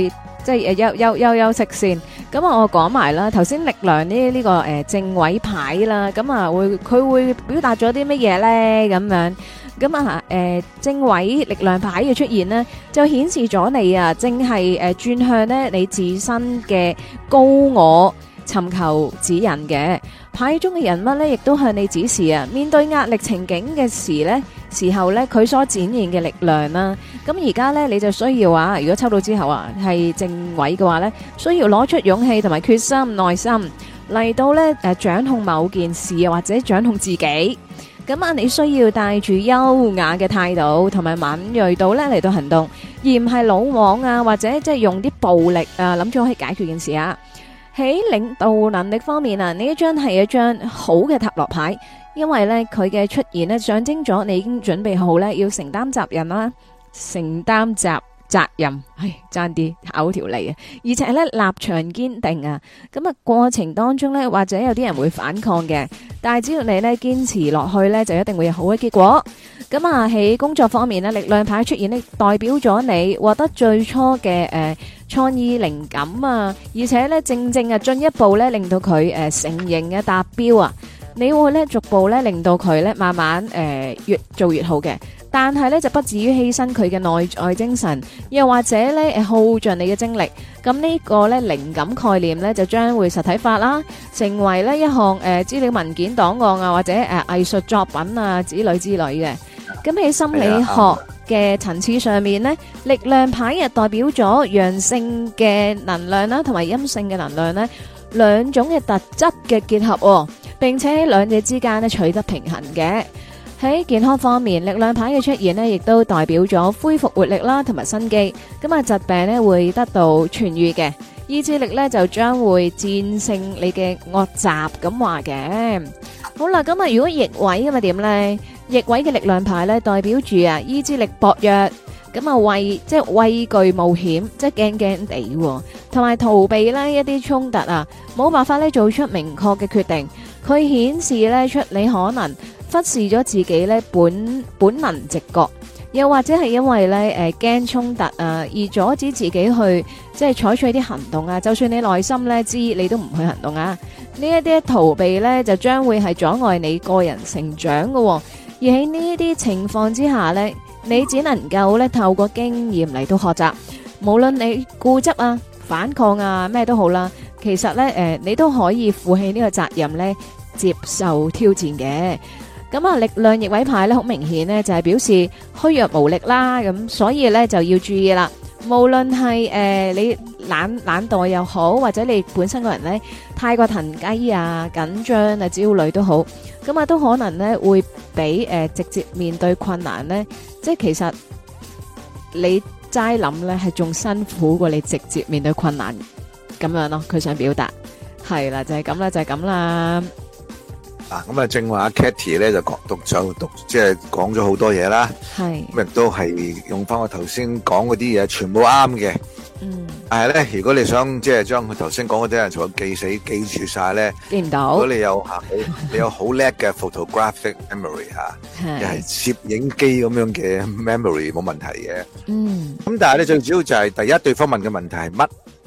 Speaker 1: 再。即係休休休休息先，咁啊，我講埋啦。頭先力量呢呢個誒正位牌啦，咁啊會佢會表達咗啲乜嘢咧？咁樣，咁啊誒正位力量牌嘅出現咧，就顯示咗你啊正係誒轉向咧，你自身嘅高我尋求指引嘅。牌中嘅人物咧，亦都向你指示啊！面對壓力情景嘅時咧，時候咧佢所展現嘅力量啦、啊。咁而家咧，你就需要啊，如果抽到之後啊，係正位嘅話咧，需要攞出勇氣同埋決心、耐心嚟到咧，誒、呃、掌控某件事啊，或者掌控自己。咁啊，你需要帶住優雅嘅態度同埋敏銳度咧嚟到行動，而唔係魯莽啊，或者即係用啲暴力啊諗住可以解決件事啊。喺領導能力方面啊，呢一張係一張好嘅塔羅牌，因為咧佢嘅出現咧象徵咗你已經準備好咧，要承擔責任啦，承擔責責任，係爭啲嘔條脷！啊！而且咧立場堅定啊，咁啊過程當中咧或者有啲人會反抗嘅，但係只要你咧堅持落去咧，就一定會有好嘅結果。咁啊喺工作方面咧，力量牌出現咧代表咗你獲得最初嘅誒。創意靈感啊，而且咧正正係進一步咧令到佢誒成形嘅達標啊，你會咧逐步咧令到佢咧慢慢誒、呃、越做越好嘅，但係咧就不至於犧牲佢嘅內在精神，又或者咧耗盡你嘅精力，咁呢個咧靈感概念咧就將會實體化啦，成為呢一項誒資料文件檔案啊，或者誒藝術作品啊之類之類之類嘅。咁喺心理學嘅層次上面呢，力量牌又代表咗陽性嘅能量啦，同埋陰性嘅能量呢兩種嘅特質嘅結合，並且喺兩者之間呢取得平衡嘅。喺健康方面，力量牌嘅出現呢，亦都代表咗恢復活力啦，同埋生機。咁啊，疾病呢會得到痊癒嘅，意志力呢就將會戰勝你嘅惡習咁話嘅。好啦，咁啊，如果逆位咁啊點呢？逆位嘅力量牌咧，代表住啊意志力薄弱，咁啊畏即係畏懼冒險，即係驚驚地，同埋逃避咧一啲衝突啊，冇辦法咧做出明確嘅決定。佢顯示咧出你可能忽視咗自己咧本本能直覺，又或者係因為咧誒驚衝突啊而阻止自己去即係採取一啲行動啊。就算你內心咧知，你都唔去行動啊。呢一啲逃避咧就將會係阻礙你個人成長嘅。而喺呢啲情況之下咧，你只能夠咧透過經驗嚟到學習。無論你固執啊、反抗啊、咩都好啦，其實咧，誒，你都可以負起呢個責任咧，接受挑戰嘅。咁啊，力量逆位牌咧，好明顯咧，就係表示虛弱無力啦，咁所以咧就要注意啦。無論係誒你懶懶惰又好，或者你本身個人咧太過騰雞啊、緊張啊、焦慮都好，咁啊都可能咧會畀誒直接面對困難咧，即係其實你齋諗咧係仲辛苦過你直接面對困難咁樣咯。佢想表達係啦，就係咁啦，就係咁啦。
Speaker 2: 嗱，咁啊，正話 Katie 咧就讀就讀，即係講咗好多嘢啦。係，咁亦都係用翻我頭先講嗰啲嘢，全部啱嘅。嗯。但係咧，如果你想即係將佢頭先講嗰啲嘢全部記死記住曬咧，記唔到。如果你有嚇，你有好叻嘅 photographic memory 嚇，又係攝影機咁樣嘅 memory 冇問題嘅。嗯。咁但係咧，最主要就係第一對方問嘅問題係乜？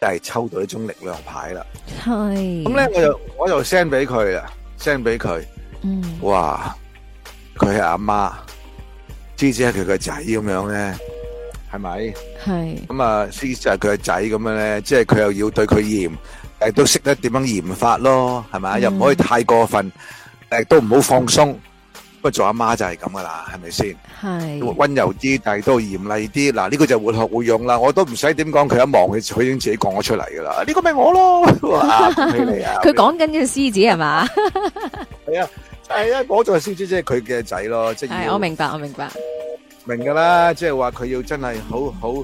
Speaker 2: 真係抽到一種力量牌啦，
Speaker 4: 係咁咧，我又
Speaker 2: 我又 send 俾佢啦，send 俾佢，
Speaker 4: 嗯，
Speaker 2: 哇，佢係阿媽，師姐係佢個仔咁樣咧，係咪？係咁是啊，師姐係佢個仔咁樣咧，即係佢又要對佢嚴，誒，都識得點樣嚴法咯，係咪，嗯、又唔可以太過分，誒，都唔好放鬆。不過做阿媽就係咁噶啦，係咪先？係溫是柔啲，但係都嚴厲啲。嗱、啊，呢、這個就活學活用啦。我都唔使點講，佢一望佢，佢已經自己講咗出嚟噶啦。呢、這個咪我咯，阿顧起嚟啊。佢
Speaker 1: 講緊呢隻獅子係嘛？
Speaker 2: 係 啊，係啊， 啊，啊，我做獅子即係佢嘅仔咯，即係我明白，我明白，明噶啦，即係話佢要真係好好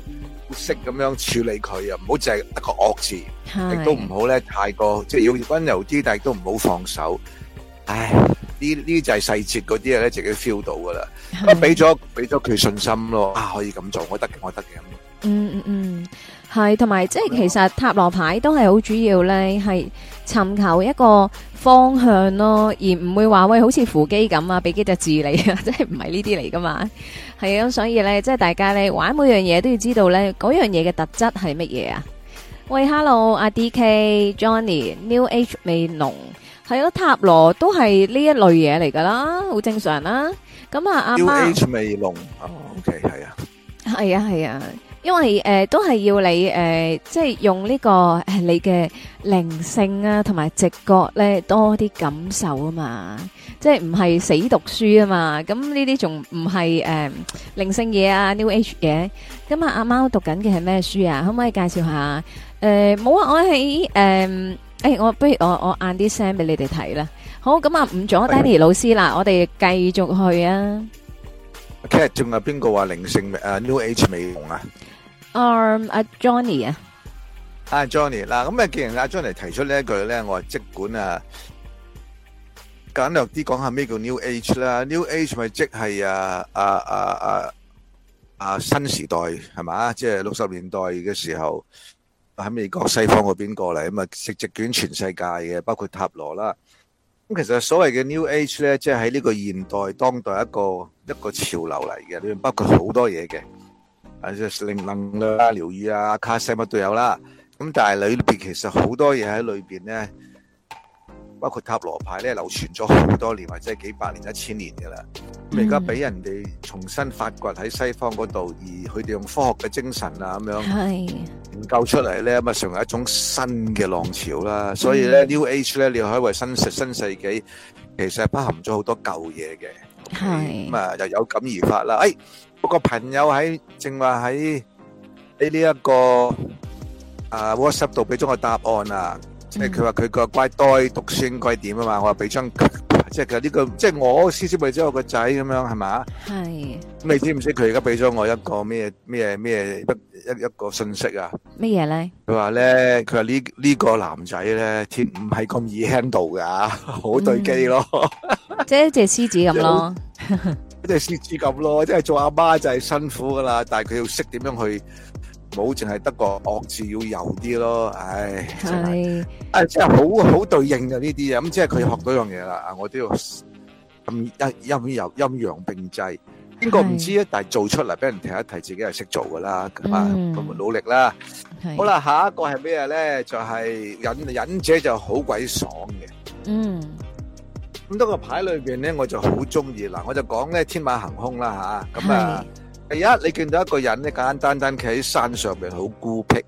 Speaker 2: 識咁樣處理佢啊，唔好淨係得個惡字，
Speaker 1: 亦是都唔
Speaker 2: 好咧太過，即係要溫柔啲，但係都唔好放手。唉。呢呢就係細節嗰啲嘢，咧自己 feel 到噶啦，咁俾咗俾咗佢信心咯，啊，可以咁做，我得嘅我得嘅嗯嗯嗯，
Speaker 1: 係同埋即係其實塔羅牌都係好主要咧，係尋求一個方向咯，而唔會話喂好似扶乩咁啊，俾幾隻字你啊，即係唔係呢啲嚟噶嘛，係啊，所以咧即係大家咧玩每樣嘢都要知道咧嗰樣嘢嘅特質係乜嘢啊？喂，Hello，阿 D K，Johnny，New Age 美濃。係咯，塔羅都係呢一類嘢嚟噶啦，好正常啦。咁啊，阿貓 New
Speaker 2: Age 未弄，OK 係啊，
Speaker 1: 係啊係啊，因為誒都係要你誒，即係用呢個誒你嘅靈性啊，同埋直覺咧多啲感受啊嘛，即係唔係死讀書啊嘛。咁呢啲仲唔係誒靈性嘢啊 New Age 嘅。咁啊，阿貓讀緊嘅係咩書啊？可唔可以介紹下？誒，冇啊，我喺誒。誒，我不如我我晏啲聲俾你哋睇啦。好，咁啊唔阻 Danny 老師啦，我哋繼續去
Speaker 2: 啊。今日仲有邊個話靈性誒 New Age 未用啊？
Speaker 1: 哦，阿 Johnny 啊，
Speaker 2: 阿 Johnny，嗱，咁啊，既然阿 Johnny 提出呢一句咧，我話即管啊簡略啲講下咩叫 New Age 啦。New Age 咪即係啊啊啊啊啊新時代係咪？即係六十年代嘅時候。喺美國西方嗰邊過嚟，咁啊食席捲全世界嘅，包括塔羅啦。咁其實所謂嘅 New Age 咧，即係喺呢個現代當代一個一個潮流嚟嘅，裡面包括好多嘢嘅，啊，靈能啦、啊、療愈啊、卡西乜都有啦。咁但係裏邊其實好多嘢喺裏邊咧。包括塔羅牌咧，流傳咗好多年，或者係幾百年、一千年嘅啦。咁而家俾人哋重新發掘喺西方嗰度，而佢哋用科學嘅精神啊，咁樣研究出嚟咧，咁啊，成為一種新嘅浪潮啦。所以咧，New Age 咧，你可以話新世新世紀，其實係包含咗好多舊嘢嘅。係咁啊，又有感而發啦。誒，嗰個朋友喺正話喺喺呢一個啊 WhatsApp 度俾咗個答案啊。佢話佢個乖呆讀書應該點啊嘛，我話俾張即係佢呢個即係、就是、我個獅咪即係我個仔咁樣係嘛？係咁是、嗯、你知唔知佢而家俾咗我一個咩咩咩一一個信息啊？
Speaker 1: 咩嘢咧？
Speaker 2: 佢話咧，佢話呢呢個男仔咧，天唔係咁易 handle 㗎，好對機咯，嗯、
Speaker 1: 即係一隻獅子咁咯，
Speaker 2: 有 一隻獅子咁咯，即係做阿媽，媽就係辛苦㗎啦，但係佢要識點樣去。冇淨係得個惡字要柔啲咯，唉，係，啊，真係好好對應嘅呢啲啊，咁即係佢學到樣嘢啦，我都要咁陰陰陰陰陽並濟，邊個唔知咧？但係做出嚟俾人提一提，自己係識做噶啦，咁啊，咁努力啦。好啦，下一個係咩嘢咧？就係隱隱者就好鬼爽嘅，嗯，
Speaker 3: 咁
Speaker 2: 多個牌裏邊咧，我就好中意嗱，我就講咧天馬行空啦吓，咁啊。第一，你見到一個人咧，簡簡單單企喺山上邊，好孤僻。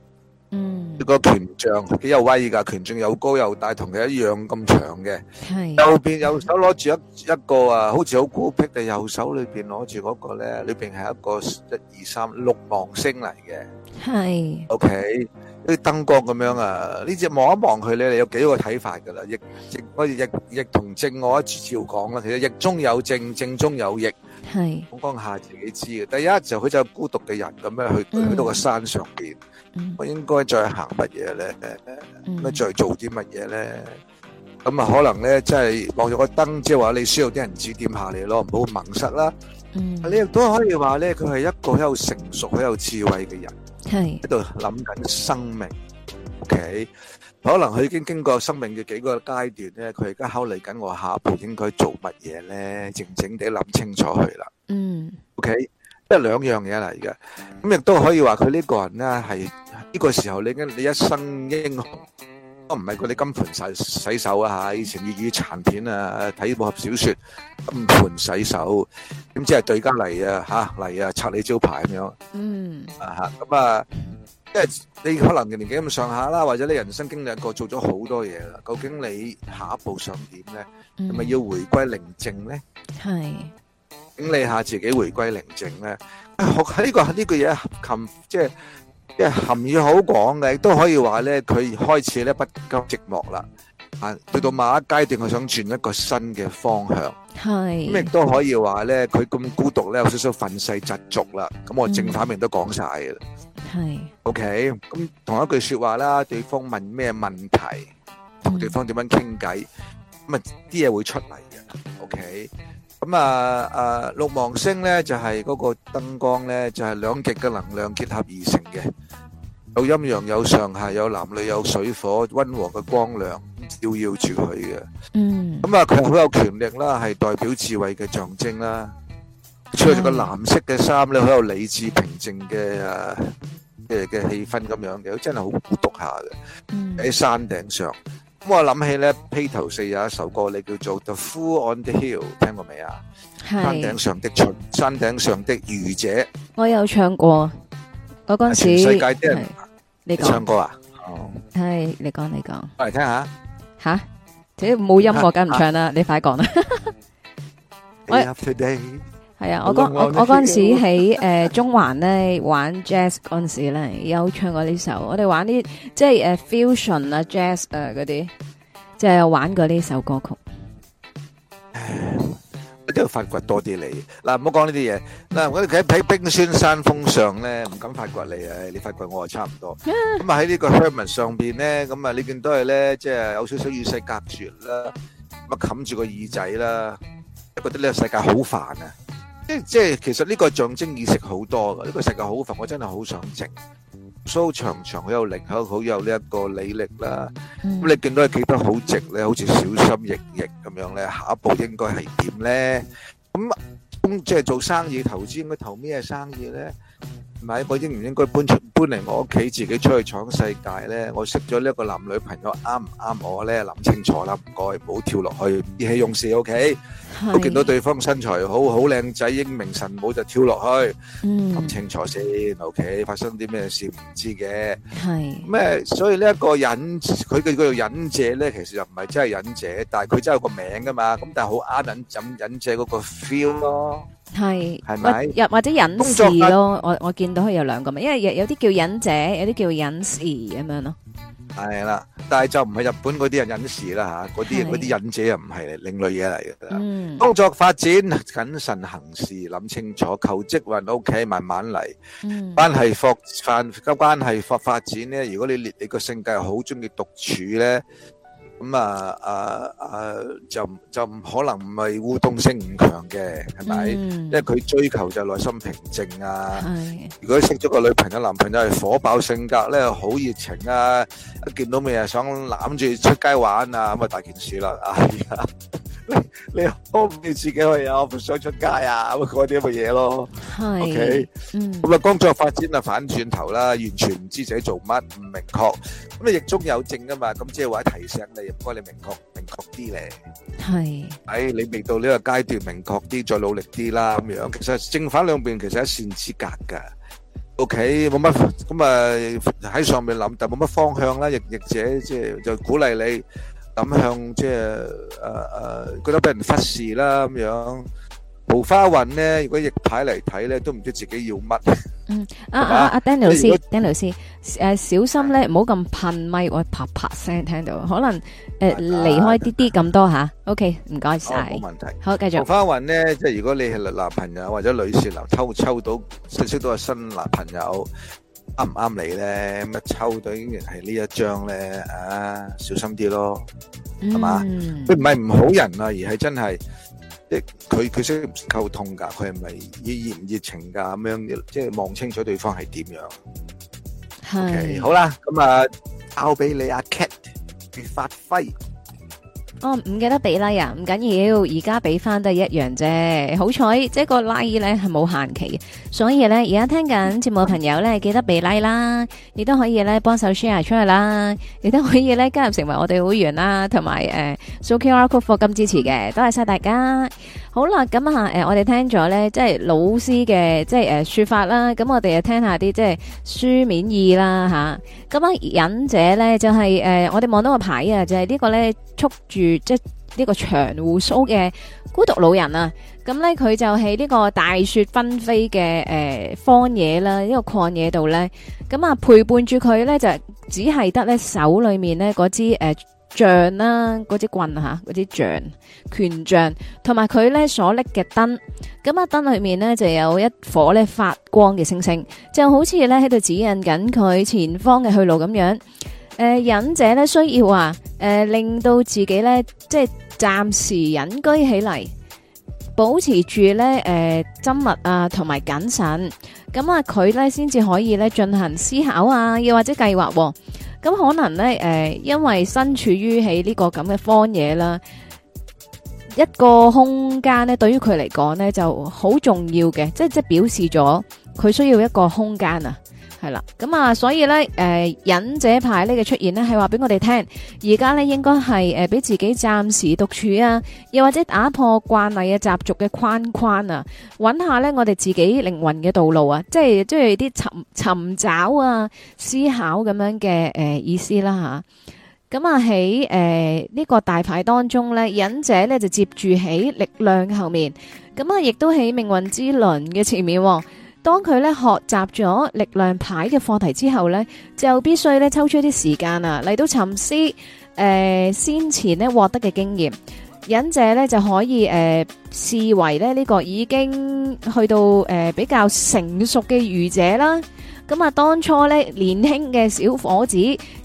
Speaker 2: 嗯。個權杖幾有威噶，權杖又高又大，同佢一樣咁長嘅。
Speaker 3: 係。右
Speaker 2: 邊右手攞住一一個啊，好似好孤僻嘅右手裏邊攞住嗰個咧，裏邊係一個一二三六芒星嚟嘅。
Speaker 4: 係。
Speaker 2: O K，啲燈光咁樣啊，呢隻望一望佢咧，你哋有幾個睇法噶啦，亦亦我哋亦亦同正我一照講啦，其實逆中有正，正中有逆。係，我講是下自己知嘅。第一就佢就孤獨嘅人咁樣去、嗯、去到個山上邊，我、嗯、應該再行乜嘢咧？咁、嗯、再做啲乜嘢咧？咁啊可能咧即係落咗個燈，即係話你需要啲人指點下你咯，唔好盲塞啦。嗯，你亦都可以話咧，佢係一個好有成熟、好有智慧嘅人，係喺度諗緊生命。OK。可能佢已經經過生命嘅幾個階段咧，佢而家考慮緊我下一步應該做乜嘢咧？靜靜地諗清楚佢啦。
Speaker 3: 嗯
Speaker 2: ，OK，即係兩樣嘢嚟嘅。咁亦都可以話佢呢個人咧係呢個時候你跟你一生英雄，都唔係啲金盆洗洗手啊吓，以前粵語殘片啊，睇武俠小說金盆洗手，點知係對家嚟啊吓嚟啊拆你招牌咁樣。嗯，啊吓咁啊。因為你可能年紀咁上下啦，或者你人生經歷過做咗好多嘢啦，究竟你下一步想點咧？係咪、mm. 要回歸寧靜咧？係，整理下自己回歸寧靜咧？學喺呢個呢、這個嘢含，即係即係含義好廣嘅，亦都可以話咧，佢開始咧不甘寂寞啦，啊，去到某一階段，佢想轉一個新嘅方向，
Speaker 4: 係咁亦都
Speaker 2: 可以話咧，佢咁孤獨咧，有少少憤世嫉俗啦。咁我正反面都講晒嘅啦，係是 OK、嗯。咁同一句說話啦，對方問咩問題，同對是方點樣傾偈，咁啊啲嘢會出嚟嘅。OK。咁啊啊六芒星咧，就係、是、嗰個燈光咧，就係、是、兩極嘅能量結合而成嘅。有陰陽，有上下，有男女，有水火，溫和嘅光亮照耀住佢嘅。
Speaker 3: 嗯。
Speaker 2: 咁啊，佢好有權力啦，係代表智慧嘅象徵啦。着住個藍色嘅衫咧，好有理智平靜嘅誒嘅嘅氣氛咁樣嘅，真係好孤獨下嘅。
Speaker 3: 嗯。
Speaker 2: 喺山頂上，咁我諗起咧，披頭四有一首歌，你叫做《The Fool on the Hill》，聽過未啊？
Speaker 1: 係。山頂
Speaker 2: 上的巡，山頂上的愚者。
Speaker 1: 我有唱過，我嗰陣時係。全世界啲人。你講唱歌啊！係，你講你講，嚟聽下吓，即係冇音樂梗唔唱啦！你快講啦！
Speaker 2: 我係啊，我我我嗰陣 時喺
Speaker 1: 誒、呃、中環咧玩 jazz 嗰陣時咧有唱過呢首，我哋玩啲即係誒、呃、fusion 啊 jazz 誒嗰啲，即係玩過呢首歌曲。
Speaker 2: 喺度發掘多啲你。嗱，唔好講呢啲嘢。嗱，我哋企喺冰川山峰上咧，唔敢發掘你。唉，你發掘我又差唔多咁。啊喺呢個 Hermit 上邊咧，咁啊呢邊都係咧，即係有少少與世隔絕啦，咁啊冚住個耳仔啦，覺得呢個世界好煩啊，即即係其實呢個象徵意識好多㗎，呢個世界好煩，我真係好想靜。收長、so，長，好有力、嗯，好有呢一個履歷啦。咁你見到佢企得好直咧，好似小心翼翼咁樣咧。下一步應該係點咧？咁即係做生意投資，應該投咩生意咧？唔係，我應唔應該搬出搬嚟我屋企自己出去闖世界咧？我識咗呢一個男女朋友啱唔啱我咧？諗清楚啦，唔該，唔好跳落去意氣用事。O.K. 都見到對方身材好，好靚仔，英明神武就跳落去。嗯。
Speaker 4: 諗清
Speaker 2: 楚先。O.K. 發生啲咩事唔知嘅。係。咩？所以呢一個隱佢嘅嗰個隱者咧，其實又唔係真係隱者，但係佢真係有個名㗎嘛。咁但係好啱隱隱隱者嗰個 feel 咯。係。係
Speaker 1: 咪？或或者隱士咯？我我見。見到佢有兩個名，因為有有啲叫忍者，有啲叫隱士咁樣咯。
Speaker 2: 係啦，但係就唔係日本嗰啲人隱士啦吓，嗰啲人啲的忍者又唔係另類嘢嚟嘅。嗯，工作發展謹慎行事，諗清楚求職運 O K，慢慢嚟。嗯，關係發，關係發發展咧，如果你列你個性格好中意獨處咧。咁、嗯、啊啊啊就就唔可能唔係互動性唔強嘅，係咪？嗯、因為佢追求就係內心平靜啊。的如果識咗個女朋友、男朋友係火爆性格咧，好熱情啊，一見到咩啊想攬住出街玩啊，咁啊大件事啦啊！哎你好你自己去啊，我唔想出街啊，咁嗰啲咁嘅嘢咯。係，嗯，咁啊工作發展啊反轉頭啦，完全唔知自己做乜，唔明確。咁你逆中有正啊嘛，咁即係話提醒你，唔該你明確明確啲
Speaker 4: 咧。
Speaker 2: 係，哎，你未到呢個階段，明確啲，再努力啲啦，咁樣。其實正反兩邊其實一線之隔噶。O K，冇乜咁啊，喺上面諗，但冇乜方向啦。逆逆者即係就鼓勵你。咁向即係誒誒，覺得俾人忽視啦咁樣。桃花運咧，如果逆牌嚟睇咧，都唔知自己要乜。嗯，
Speaker 1: 阿阿阿 Danny 老師，Danny 老師，誒小心咧，唔好咁噴咪，我啪啪聲聽到，可能誒離開啲啲咁多吓。OK，唔該晒。冇問題。好，繼續。桃
Speaker 2: 花運咧，即係如果你係男朋友或者女士，抽抽到識識到係新男朋友。啱唔啱你咧？乜抽到仍然係呢一張咧？啊，小心啲咯，
Speaker 3: 係嘛？
Speaker 2: 佢唔係唔好人啊，而係真係，即係佢佢識溝通噶，佢係咪熱唔熱情噶咁樣？即係望清楚對方係點樣。係好啦，咁啊，交俾你阿 Cat 去發揮。
Speaker 1: 哦，唔記得俾 like 啊，唔緊要，而家俾翻都係一樣啫。好彩，即係個 like 咧係冇限期嘅，所以咧而家聽緊節目嘅朋友咧記得俾 like 啦，亦都可以咧幫手 share 出去啦，亦都可以咧加入成為我哋會員啦，同埋誒，so QR code for 金支持嘅，多謝晒大家。好啦，咁啊，誒、呃，我哋聽咗咧，即係老師嘅即係誒、呃、說法啦，咁我哋又聽一下啲即係書面意啦吓。咁啊，隱者咧就係、是、誒、呃，我哋望到個牌啊，就係、是、呢個咧束住即係呢個長鬍鬚嘅孤獨老人啊。咁咧佢就喺呢個大雪紛飛嘅誒、呃、荒野啦，呢、這個曠野度咧。咁、呃、啊，陪伴住佢咧就只係得咧手裏面咧嗰支誒。呃杖啦，嗰支、啊、棍吓，嗰支杖，權杖，同埋佢咧所拎嘅燈，咁啊燈裏面呢，就有一顆咧發光嘅星星，就好似咧喺度指引緊佢前方嘅去路咁樣。誒、呃，隱者咧需要啊，誒、呃、令到自己咧即係暫時隱居起嚟，保持住咧誒縝密啊同埋謹慎，咁啊佢咧先至可以咧進行思考啊，又或者計劃、啊。咁可能咧，誒、呃，因為身處於喺呢個咁嘅荒野啦，一個空間咧，對於佢嚟講咧就好重要嘅，即係即係表示咗佢需要一個空間啊。係啦，咁啊，所以咧，誒、呃，隱者牌呢個出現呢，係話俾我哋聽，而家呢應該係誒，俾、呃、自己暫時獨處啊，又或者打破慣例嘅習俗嘅框框啊，揾下呢我哋自己靈魂嘅道路啊，即係即係啲尋尋找啊、思考咁樣嘅誒、呃、意思啦吓。咁啊喺誒呢個大牌當中呢，隱者呢就接住喺力量後面，咁啊亦都喺命運之輪嘅前面，啊。當佢咧學習咗力量牌嘅課題之後呢，就必須咧抽出一啲時間啊嚟到沉思誒、呃、先前咧獲得嘅經驗。隱者呢就可以誒、呃、視為咧呢個已經去到誒、呃、比較成熟嘅愚者啦。咁啊，當初呢年輕嘅小伙子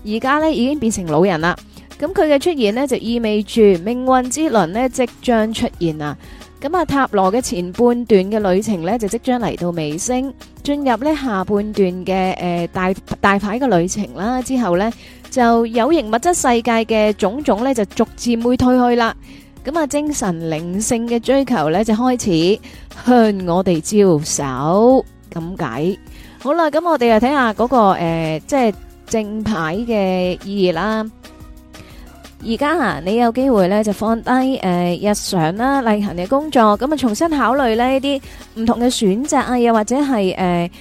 Speaker 1: 而家呢已經變成老人啦。咁佢嘅出現呢，就意味住命運之輪呢即將出現啊！咁啊，塔羅嘅前半段嘅旅程咧，就即將嚟到尾聲，進入咧下半段嘅誒大大牌嘅旅程啦。之後咧，就有形物質世界嘅種種咧，就逐漸會退去啦。咁啊，精神靈性嘅追求咧，就開始向我哋招手。咁解，好啦，咁我哋又睇下嗰個誒，即係正牌嘅意義啦。而家啊，你有機會咧就放低誒、呃、日常啦例行嘅工作，咁啊重新考慮呢呢啲唔同嘅選擇啊，又或者係誒、呃、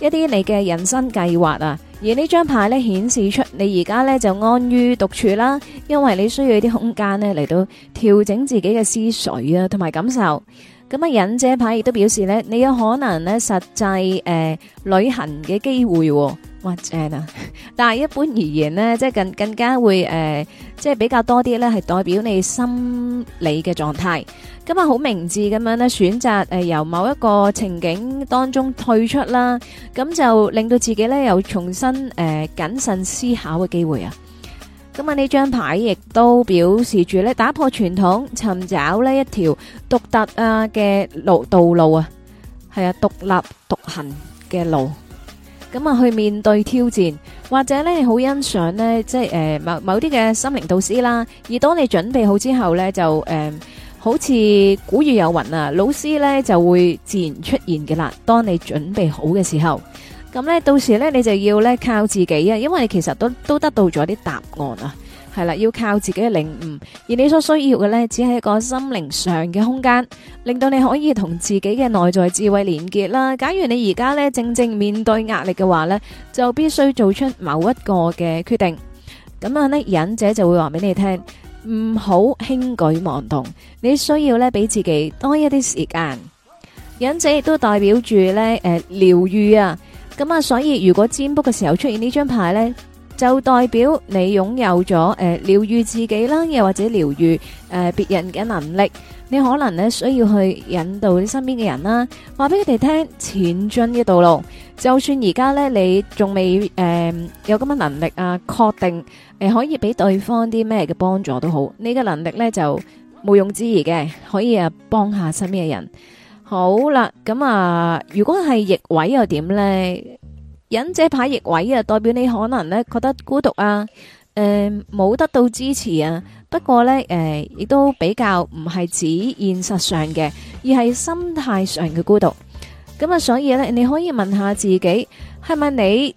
Speaker 1: 一啲你嘅人生計劃啊。而張呢張牌咧顯示出你而家咧就安於獨處啦，因為你需要啲空間呢，嚟到調整自己嘅思緒啊，同埋感受。咁啊，隱者牌亦都表示咧，你有可能咧實際誒、呃、旅行嘅機會，哦，哇正啊！但係一般而言咧，即係更更加會誒、呃，即係比較多啲咧，係代表你心理嘅狀態。咁、嗯、啊，好明智咁樣咧，選擇誒由某一個情景當中退出啦，咁就令到自己咧又重新誒謹、呃、慎思考嘅機會啊。咁啊！呢張牌亦都表示住咧，打破傳統，尋找咧一條獨特啊嘅路道路啊，係啊，獨立獨行嘅路。咁啊，去面對挑戰，或者咧你好欣賞咧，即係誒某某啲嘅心靈導師啦。而當你準備好之後咧，就誒，好似古語有云啊，老師咧就會自然出現嘅啦。當你準備好嘅時候。咁咧，到時咧，你就要咧靠自己啊，因為你其實都都得到咗啲答案啊，係啦，要靠自己嘅領悟。而你所需要嘅咧，只係一個心靈上嘅空間，令到你可以同自己嘅內在智慧連結啦。假如你而家咧正正面對壓力嘅話咧，就必須做出某一個嘅決定。咁啊，呢隱者就會話俾你聽，唔好輕舉妄動。你需要咧俾自己多一啲時間。隱者亦都代表住咧誒療愈啊。咁啊、嗯，所以如果占卜嘅時候出現這呢張牌咧，就代表你擁有咗誒療愈自己啦，又或者療愈誒別人嘅能力。你可能咧需要去引導你身邊嘅人啦，話俾佢哋聽，前進嘅道路。就算而家咧你仲未誒、呃、有咁嘅能力啊，確定誒、呃、可以俾對方啲咩嘅幫助都好，你、這個能力咧就毋庸置疑嘅，可以啊幫下身邊嘅人。好啦，咁啊，如果係逆位又點呢？隱者牌逆位啊，代表你可能咧覺得孤獨啊，誒、呃，冇得到支持啊。不過呢，誒、呃，亦都比較唔係指現實上嘅，而係心態上嘅孤獨。咁啊，所以咧，你可以問下自己，係咪你？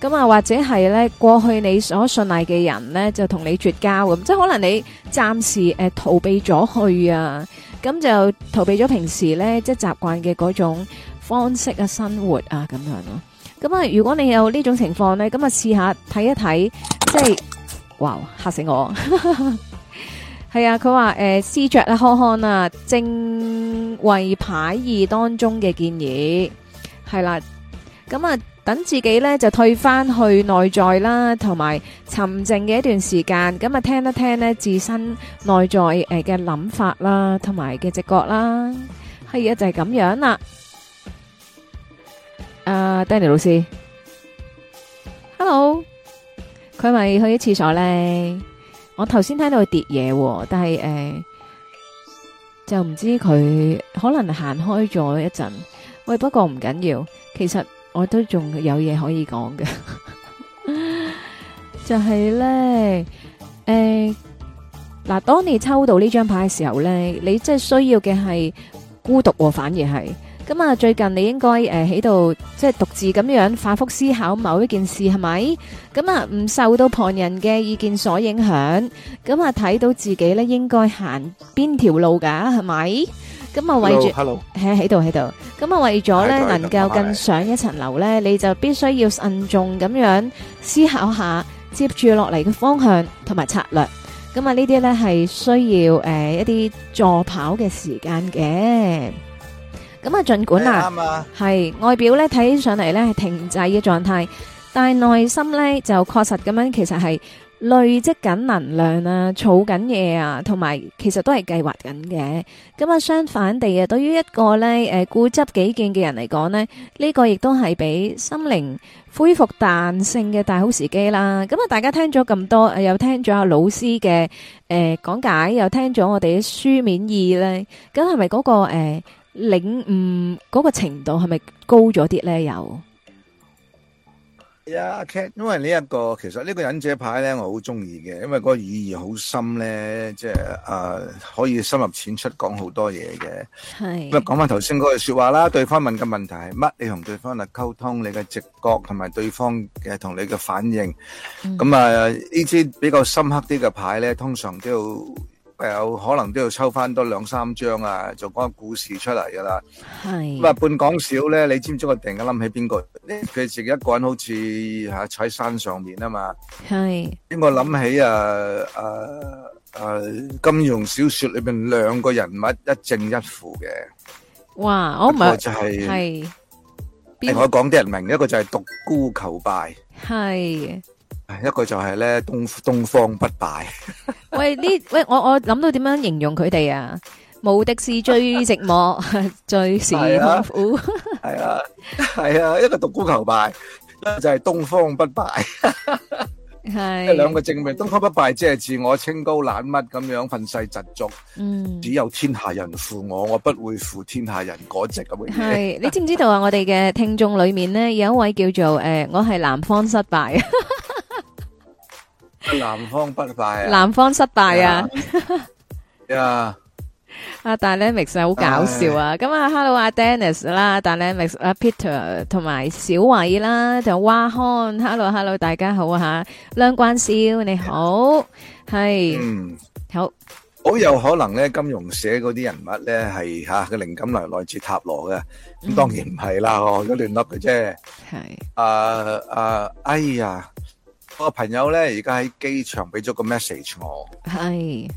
Speaker 1: 咁啊、嗯，或者係咧，過去你所信賴嘅人咧，就同你絕交咁，即係可能你暫時誒、呃、逃避咗去啊，咁、嗯、就逃避咗平時咧即係習慣嘅嗰種方式啊，生活啊咁樣咯、啊。咁、嗯、啊、嗯，如果你有呢種情況咧，咁啊試下睇一睇，即係哇嚇死我！係 啊，佢話誒，試着啦看看啊，正位牌義當中嘅建議係啦，咁、嗯、啊。嗯等自己咧就退翻去內在啦，同埋沉靜嘅一段時間，咁啊聽一聽咧自身內在誒嘅諗法啦，同埋嘅直覺啦，係啊就係咁樣啦。阿 Danny 老師，Hello，佢咪去咗廁所咧？我頭先聽到佢跌嘢，但係誒就唔知佢，可能行開咗一陣。喂，不過唔緊要，其實。我都仲有嘢可以講嘅，就係咧，誒，嗱，當你抽到呢張牌嘅時候咧，你即係需要嘅係孤獨，反而係，咁啊，最近你應該誒喺度即係獨自咁樣反覆思考某一件事係咪？咁啊，唔受到旁人嘅意見所影響，咁啊，睇到自己咧應該行邊條路噶係咪？咁啊，為住喺喺度，喺度。咁啊，為咗咧能夠更上一層樓咧，你就必須要慎重咁樣思考下接住落嚟嘅方向同埋策略。咁啊，呢啲咧係需要誒一啲助跑嘅時間嘅。咁啊，盡管啊，係外表咧睇起上嚟咧係停滯嘅狀態，但係內心咧就確實咁樣，其實係。累積緊能量啊，儲緊嘢啊，同埋其實都係計劃緊嘅。咁啊，相反地啊，對於一個咧誒固執己見嘅人嚟講咧，呢個亦都係俾心靈恢復彈性嘅大好時機啦。咁啊，大家聽咗咁多，又聽咗阿老師嘅誒講解，又聽咗我哋嘅書面意咧，咁係咪嗰個誒領悟嗰個程度係咪高咗啲咧？又？
Speaker 2: 係啊 k e 因為呢、這、一個其實呢個忍者牌咧，我好中意嘅，因為個寓意好深咧，即係誒、呃、可以深入淺出講好多嘢嘅。係
Speaker 3: 是，
Speaker 4: 咁啊講
Speaker 2: 翻頭先嗰句說話啦，對方問嘅問題係乜？你同對方嚟溝通，你嘅直覺同埋對方嘅同你嘅反應。咁、嗯、啊呢支比較深刻啲嘅牌咧，通常都要可能都要抽翻多兩三張啊，就講個故事出嚟噶啦。係咁啊，半講笑咧，你知唔知我突然間諗起邊個？
Speaker 4: 佢
Speaker 2: 剩一個人好似吓喺山上面啊嘛。係邊個諗起啊？誒、啊、誒、啊，金庸小說裏邊兩個人物，一正一負嘅。
Speaker 1: 哇！我唔係
Speaker 2: 就係邊我講啲人名，一個就係獨孤求敗。係。一個就係咧東東方不敗，
Speaker 1: 喂呢喂我我諗到點樣形容佢哋啊？無敵是最寂寞、 最是痛苦，
Speaker 2: 係 啊係啊,啊,啊，一個獨孤求敗，一個就係、是、東方不敗，
Speaker 1: 係 兩是個
Speaker 2: 證明。東方不敗即係自我清高懶這樣、懶乜咁樣憤世嫉俗，嗯，只有天下人負我，我不會負天下人那，嗰隻咁。係
Speaker 1: 你知唔知道啊？我哋嘅聽眾裏面咧，有一位叫做誒、呃，我係南方失敗。
Speaker 2: 南方不敗啊！南方失敗啊！呀！
Speaker 1: 阿 Daniel Mix 好搞笑啊！咁啊，Hello 阿 Dennis 啦，Daniel Mix 阿 Peter 同埋小偉啦，同蛙康，Hello Hello 大家好啊吓，梁關少你好係嗯好
Speaker 2: 好有可能咧，金融社嗰啲人物咧係吓個靈感嚟來自塔羅嘅，咁當然唔係啦，我都亂笠嘅啫。係啊啊哎呀！我個朋友咧，而家喺機場俾咗個 message 我，係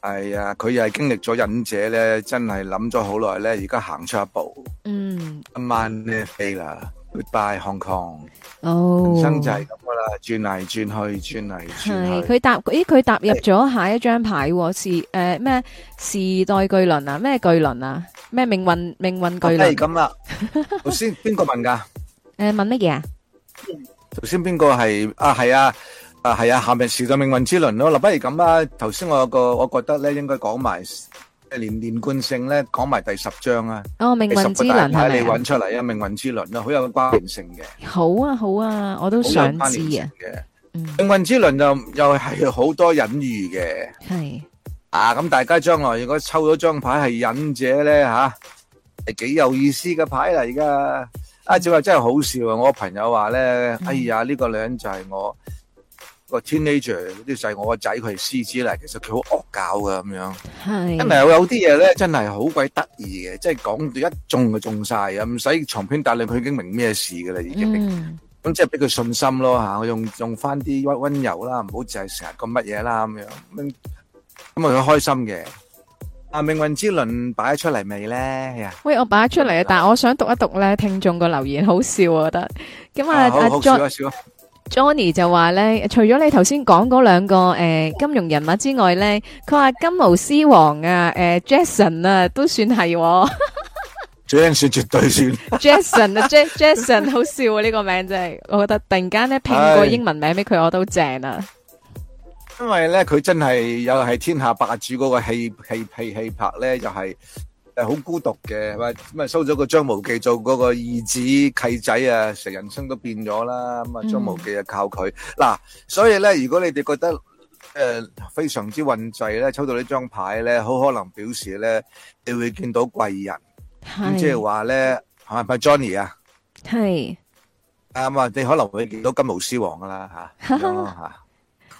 Speaker 2: 係啊，佢又係經歷咗隱者咧，真係諗咗好耐咧，而家行出一步，
Speaker 4: 嗯，
Speaker 2: 今晚咧飛啦，Goodbye Hong Kong，
Speaker 1: 哦，人生就係
Speaker 2: 咁噶啦，轉嚟轉去，轉嚟轉去，佢
Speaker 1: 搭，咦，佢踏入咗下一張牌，時誒咩時代巨輪啊，咩巨輪啊，咩命運命運巨輪，係咁
Speaker 2: 啦，頭先邊個問噶？
Speaker 1: 誒，問乜嘢
Speaker 2: 啊？頭先邊個係啊？係啊，啊係啊，咪就係命運之輪咯。嗱，不如咁啊，頭先我個我覺得咧，應該講埋誒連連貫性咧，講埋第十張啊。哦，命運之輪係咪？你搵出嚟，啊，命運之輪啊，好有關聯性嘅。
Speaker 1: 好啊，好啊，我都想知啊。好有關聯性
Speaker 2: 嘅，嗯，命運之輪就又係好多隱喻嘅。係啊，咁大家將來如果抽到張牌係隱者咧，吓，係幾有意思嘅牌嚟噶。啊！只話、嗯、真係好笑啊！我朋友話咧，嗯、哎呀，呢、這個女人就係我、這個 teenager，嗰啲就係、是、我個仔，佢係獅子嚟，其實佢好惡搞噶咁樣。
Speaker 4: 係是，真係
Speaker 2: 有啲嘢咧，真係好鬼得意嘅，即係講到一中就中晒啊，唔使長篇大論，佢已經明咩事噶啦已經。咁即係俾佢信心咯吓，我、啊、用用翻啲溫溫柔啦，唔好淨係成日咁乜嘢啦咁樣。咁啊，佢開心嘅。啊！命運之輪擺出嚟未咧？
Speaker 1: 喂，我擺出嚟啊！但係我想讀一讀咧，聽眾個留言好笑，我覺得咁啊。好好笑啊 ，Johnny 就話咧，除咗你頭先講嗰兩個誒、呃、金融人物之外咧，佢話金毛獅王啊，誒、呃、，Jason 啊，都算係、哦。
Speaker 2: Jason 絕對算。
Speaker 1: Jason 啊 Jason 好笑啊！呢 個名真係、就是，我覺得突然間咧拼個英文名俾佢，是我都正啊。
Speaker 2: 因為咧佢真係又係天下霸主嗰個戲戲戲氣魄咧，又係誒好孤獨嘅，咁啊收咗個張無忌做嗰個義子契仔啊，成人生都變咗啦。咁啊張無忌啊靠佢嗱，所以咧如果你哋覺得誒、呃、非常之運滯咧，抽到張呢張牌咧，好可能表示咧你會見到貴人，咁即係話咧係咪 Johnny 啊？係啊，是啊你可能會見到金毛獅王噶啦吓。啊啊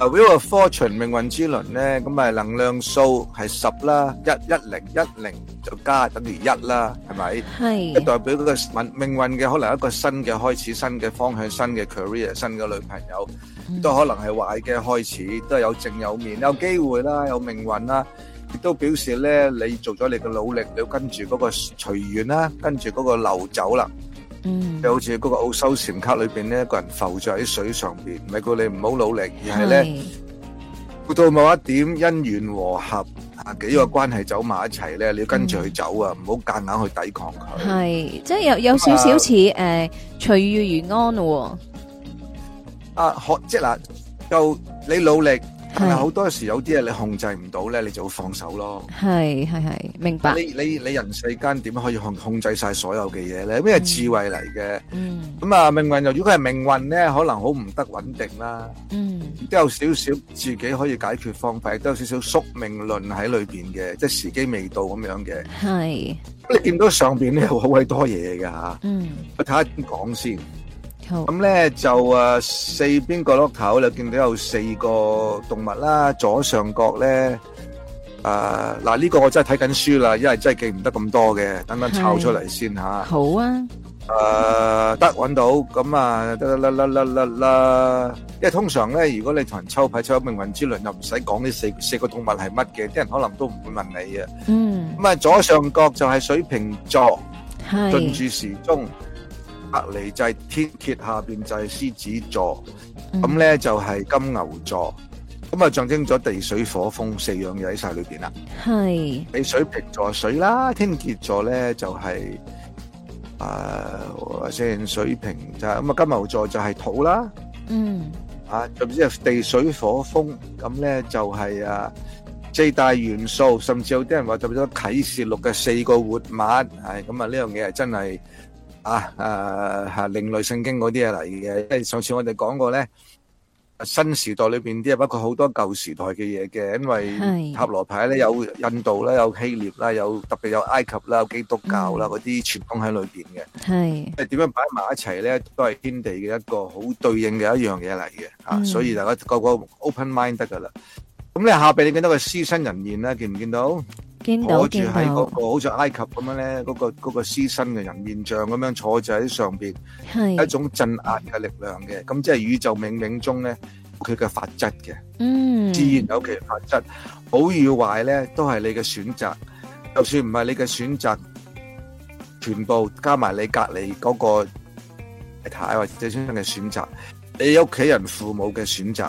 Speaker 2: 代表個 fortune 命運之輪咧，咁咪能量數係十啦，一一零一零就加等於一啦，係咪？係。代表嗰個命命運嘅可能一個新嘅開始，新嘅方向，新嘅 career，新嘅女朋友，都可能係壞嘅開始，都係有正有面，有機會啦，有命運啦，亦都表示咧，你做咗你嘅努力，你要跟住嗰個隨緣啦，跟住嗰個流走啦。嗯，就好似嗰個奧修禪卡裏邊咧，一個人浮在喺水上邊，唔係叫你唔好努力，而係咧，到某一點因緣和合啊幾個關係走埋一齊咧，你要跟住佢走啊，唔好夾硬去抵抗佢。
Speaker 1: 係，即係有有少少似誒隨遇而安咯。
Speaker 2: 啊，學，即係嗱，就你努力。係，好多時有啲嘢你控制唔到咧，你就會放手咯。
Speaker 1: 係係係，
Speaker 2: 明白。你你你人世間點可以控控制晒所有嘅嘢咧？咩智慧嚟嘅。嗯。咁啊，命運又如果係命運咧，可能好唔得穩定啦。嗯。都有少少自己可以解決方法，都有少少宿命論喺裏邊嘅，即係時機未到咁樣嘅。係是。你見到上邊咧，好鬼多嘢嘅吓。嗯。我睇下點講先。咁咧就啊四邊角落頭，你見到有四個動物啦，左上角咧啊嗱呢、呃這個我真係睇緊書啦，因為真係記唔得咁多嘅，等等抄出嚟先吓。是啊好啊。誒得揾到，咁啊啦啦啦啦啦啦，因為通常咧如果你同人抽牌抽命運《命運之輪》，又唔使講呢四四個動物係乜嘅，啲人可能都唔會問你啊。嗯。咁啊、嗯、左上角就係水瓶座，
Speaker 4: 對是住
Speaker 2: 時鐘。隔籬就係天蠍，下邊就係獅子座，咁咧、嗯、就係金牛座，咁啊象徵咗地水火風四樣嘢喺晒裏邊啦。
Speaker 4: 係是
Speaker 2: 地水瓶座水啦，天蠍座咧就係、是、誒，星、呃、水瓶就咁、是、啊，金牛座就係土啦。嗯，啊，係、就是、地水火風，咁咧就係、是、啊四大元素，甚至有啲人話特別咗啟示錄嘅四個活物，係咁啊呢樣嘢係真係。啊誒吓、啊、另類聖經嗰啲嘢嚟嘅，因為上次我哋講過咧新時代裏邊啲，包括好多舊時代嘅嘢嘅，因為塔羅牌咧有印度啦、有希臘啦，有特別有埃及啦，有基督教啦嗰啲傳統喺裏邊嘅，係是，係點樣擺埋一齊咧，都係天地嘅一個好對應嘅一樣嘢嚟嘅，嗯、啊，所以大家個個 open mind 得噶啦。咁你下邊你見到個獅身人面啦，見唔見到？
Speaker 3: 坐住喺嗰
Speaker 2: 個好似埃及咁樣咧，嗰、那個嗰、那個獅身嘅人面像咁樣坐住喺上邊，係一種鎮壓嘅力量嘅。咁即係宇宙冥冥中咧，佢嘅法則嘅。嗯，自然有其法則，好與壞咧都係你嘅選擇。就算唔係你嘅選擇，全部加埋你隔籬嗰個太太或者先生嘅選擇，你屋企人父母嘅選擇，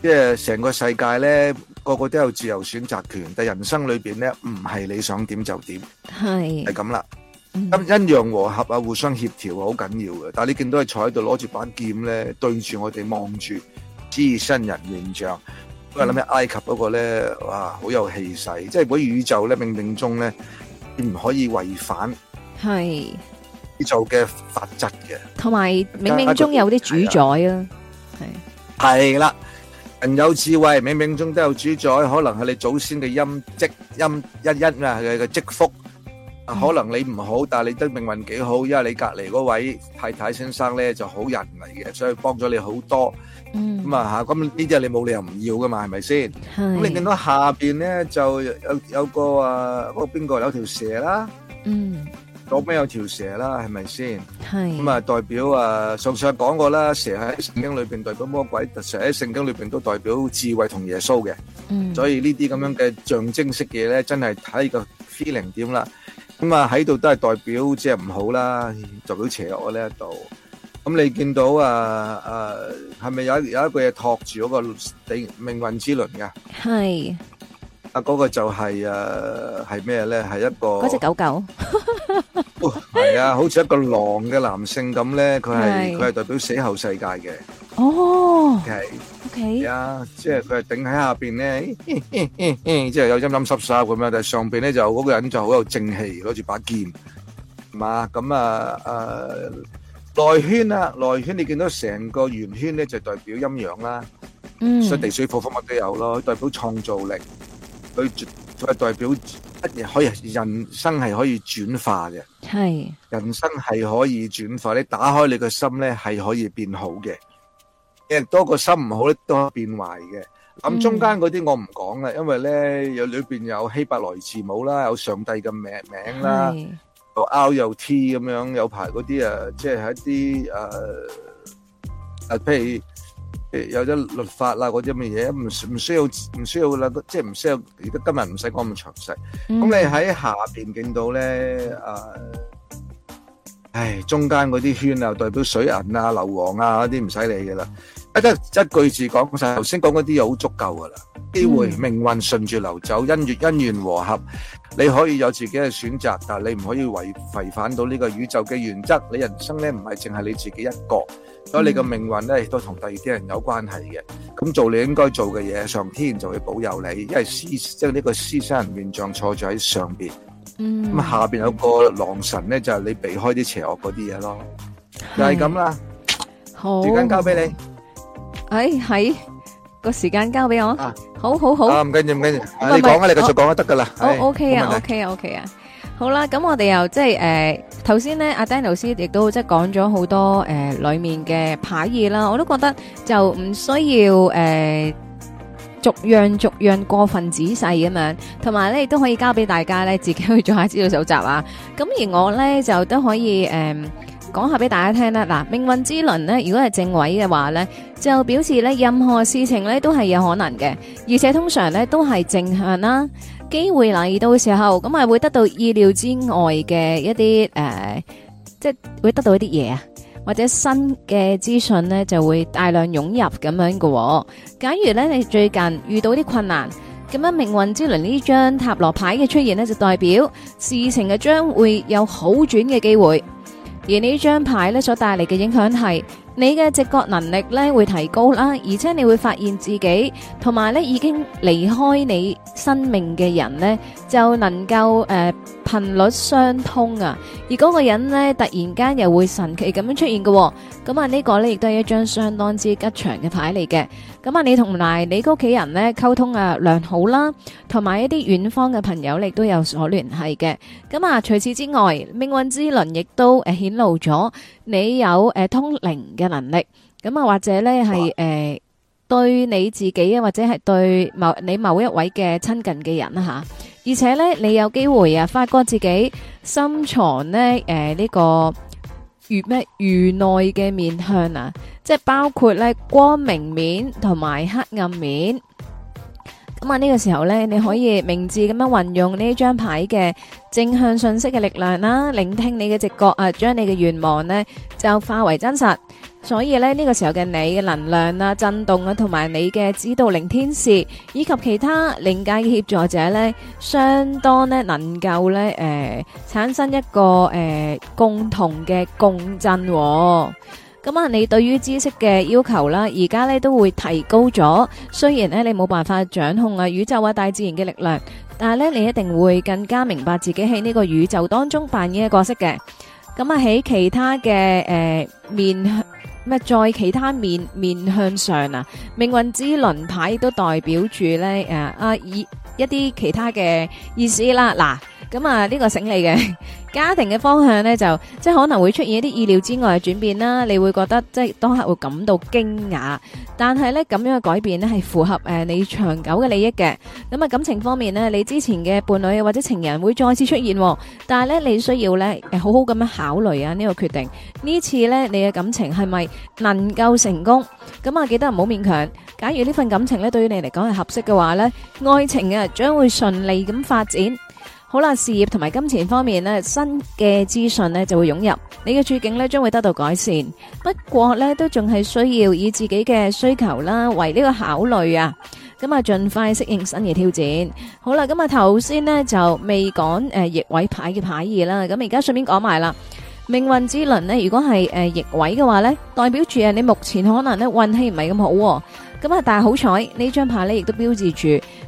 Speaker 2: 即係成個世界咧。個個都有自由選擇權，但人生裏邊咧唔係你想點就點，
Speaker 4: 係係
Speaker 2: 咁啦。咁陰、嗯、陽和合啊，互相協調好緊要嘅。但係你見到佢坐喺度，攞住把劍咧，對住我哋望住資深人形象，嗯、我諗起埃及嗰個咧，哇，好有氣勢。即係每宇宙咧，冥冥中咧，你唔可以違反
Speaker 1: 是
Speaker 2: 宇宙嘅法則嘅。
Speaker 1: 同埋冥冥中有啲主宰
Speaker 2: 啊，係係、啊、是啦。人有智慧，冥冥中都有主宰，可能係你祖先嘅積陰一一啊佢嘅積福，啊可能你唔好，但係你得命運幾好，因為你隔籬嗰位太太先生咧就好人嚟嘅，所以幫咗你好多。嗯，咁啊吓，咁呢啲你冇理由唔要噶嘛，係咪先？係。咁你見到下邊咧就有有個啊，嗰個邊個有條蛇啦。嗯。左邊有條蛇啦，係咪先？係咁啊，代表啊，上次講過啦，蛇喺聖經裏邊代表魔鬼，但係喺聖經裏邊都代表智慧同耶穌嘅。嗯，所以呢啲咁樣嘅象徵式嘅嘢咧，真係睇個 feeling 點啦。咁啊喺度都係代表即係唔好啦，代表邪惡呢一度。咁你見到啊啊，係咪有有一個嘢托住嗰個命命運之輪噶？係。啊，嗰個就係誒，係咩咧？係一個嗰隻狗狗，係啊，好似一個狼嘅男性咁咧。佢係佢係代表死後世界嘅。
Speaker 1: 哦，
Speaker 2: 係，OK，係啊，即係佢係頂喺下邊咧，即係有陰陰濕濕咁樣，但係上邊咧就嗰個人就好有正氣，攞住把劍，係嘛。咁啊誒內圈啊內圈，你見到成個圓圈咧就代表陰陽啦，嗯，所以地水火風乜都有咯，代表創造力。佢代表乜嘢？可以人生係可以轉化嘅，係是人生係可以轉化。你打開你嘅心咧，係可以變好嘅。你多個心唔好咧，都變壞嘅。咁中間嗰啲我唔講啦，嗯、因為咧有裏面有希伯來字母啦，有上帝嘅名名啦，又 L 又 T 咁樣，有排嗰啲啊，即係一啲誒譬如有咗律法啦、啊，嗰啲乜嘢唔唔需要，唔需要啦，即係唔需要。而家、就是、今日唔使講咁詳細。咁、嗯、你喺下邊見到咧，誒、呃，中間嗰啲圈啊，代表水銀啊、硫磺啊嗰啲唔使理噶啦。一、嗯、一句字講晒，頭先講嗰啲又好足夠噶啦。機會、嗯、命運順住流走，因緣因緣和合，你可以有自己嘅選擇，但係你唔可以違違反到呢個宇宙嘅原則。你人生咧唔係淨係你自己一個。所以你個命運咧亦都同第二啲人有關係嘅，咁做你應該做嘅嘢，上天就會保佑你。因為獅即係呢個獅身人面像坐咗喺上邊，咁下邊有個狼神咧，就係你避開啲邪惡嗰啲嘢咯，就係咁啦。好，時間交俾你。
Speaker 1: 哎，喺個時間交俾我。好好好。啊，唔緊要
Speaker 2: 唔緊要，你講啊，你繼續講啊，得噶啦。好 OK 啊，OK
Speaker 1: 啊，OK 啊。好啦，咁我哋又即係誒，頭先咧阿 Danny 老師亦都即係講咗好多誒、呃、裏面嘅牌意啦，我都覺得就唔需要誒逐、呃、樣逐樣過分仔細咁樣，同埋咧亦都可以交俾大家咧自己去做下資料搜集啊。咁而我咧就都可以誒講、呃、下俾大家聽啦。嗱，命運之輪咧，如果係正位嘅話咧，就表示咧任何事情咧都係有可能嘅，而且通常咧都係正向啦。機會嚟到嘅時候，咁係會得到意料之外嘅一啲誒、呃，即係會得到一啲嘢啊，或者新嘅資訊呢就會大量湧入咁樣嘅。假如呢，你最近遇到啲困難，咁樣命運之輪呢張塔羅牌嘅出現呢，就代表事情嘅將會有好轉嘅機會，而呢張牌呢所帶嚟嘅影響係。你嘅直覺能力呢會提高啦，而且你會發現自己同埋呢已經離開你生命嘅人呢，就能夠誒、呃頻率相通啊，而嗰個人呢，突然間又會神奇咁樣出現嘅。哦，咁啊呢，呢個呢，亦都係一張相當之吉祥嘅牌嚟嘅。咁啊，你同埋你屋企人呢，溝通啊良好啦，啊，同埋一啲遠方嘅朋友亦都有所聯繫嘅。咁啊，除此之外，命運之輪亦都誒顯、啊、露咗你有誒、啊、通靈嘅能力。咁啊，或者呢，係誒哇、呃、對你自己啊，或者係對某你某一位嘅親近嘅人吓。啊而且咧，你有機會啊，發覺自己心藏呢誒呢個愚咩愚內嘅面向啊，即係包括咧光明面同埋黑暗面。咁啊呢個時候呢，你可以明智咁樣運用呢張牌嘅正向信息嘅力量啦，聆聽你嘅直覺啊，將你嘅願望呢就化為真實。所以咧，呢、這個時候嘅你嘅能量啊、震動啊，同埋你嘅指導靈天使以及其他靈界嘅協助者咧，相當咧能夠咧誒產生一個誒、呃、共同嘅共振。咁、嗯、啊，你對於知識嘅要求啦，而家咧都會提高咗。雖然咧你冇辦法掌控啊宇宙啊大自然嘅力量，但係咧你一定會更加明白自己喺呢個宇宙當中扮演嘅角色嘅。咁、嗯、啊，喺其他嘅誒、呃、面向。在再其他面面向上啊！命運之輪牌都代表住呢，啊，以一啲其他嘅意思啦。嗱，咁啊，呢個醒你嘅。家庭嘅方向呢，就即係可能會出現一啲意料之外嘅轉變啦。你會覺得即係當刻會感到驚訝，但係呢，咁樣嘅改變呢，係符合誒、呃、你長久嘅利益嘅。咁啊感情方面呢，你之前嘅伴侶或者情人會再次出現，但係呢，你需要呢誒，好好咁樣考慮啊呢、呢個決定。呢次呢，你嘅感情係咪能夠成功？咁啊記得唔好勉強。假如呢份感情呢，對於你嚟講係合適嘅話呢，愛情啊將會順利咁發展。好啦，事業同埋金錢方面呢，新嘅資訊呢就會湧入，你嘅處境呢將會得到改善。不過呢，都仲係需要以自己嘅需求啦為呢個考慮啊，咁啊盡快適應新嘅挑戰。好啦，咁啊頭先呢就未講誒逆位牌嘅牌意啦，咁而家順便講埋啦。命運之輪呢，如果係誒、啊、逆位嘅話呢，代表住啊你目前可能呢運氣唔係咁好。咁啊但係好彩呢張牌呢亦都標誌住。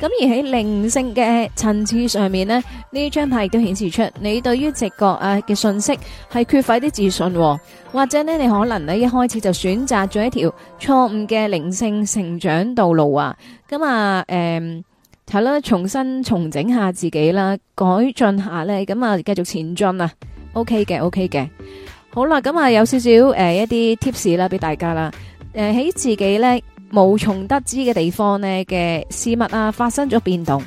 Speaker 1: 咁而喺靈性嘅層次上面呢，呢張牌亦都顯示出你對於直覺啊嘅信息係缺乏啲自信，或者呢，你可能呢一開始就選擇咗一條錯誤嘅靈性成長道路啊！咁啊，誒、嗯，睇啦，重新重整下自己啦，改進下呢。咁啊，繼續前進啊！OK 嘅，OK 嘅，好啦，咁啊，有少少誒一啲 tips 啦，俾大家啦，誒、呃、喺自己呢。無從得知嘅地方咧嘅事物啊，發生咗變動，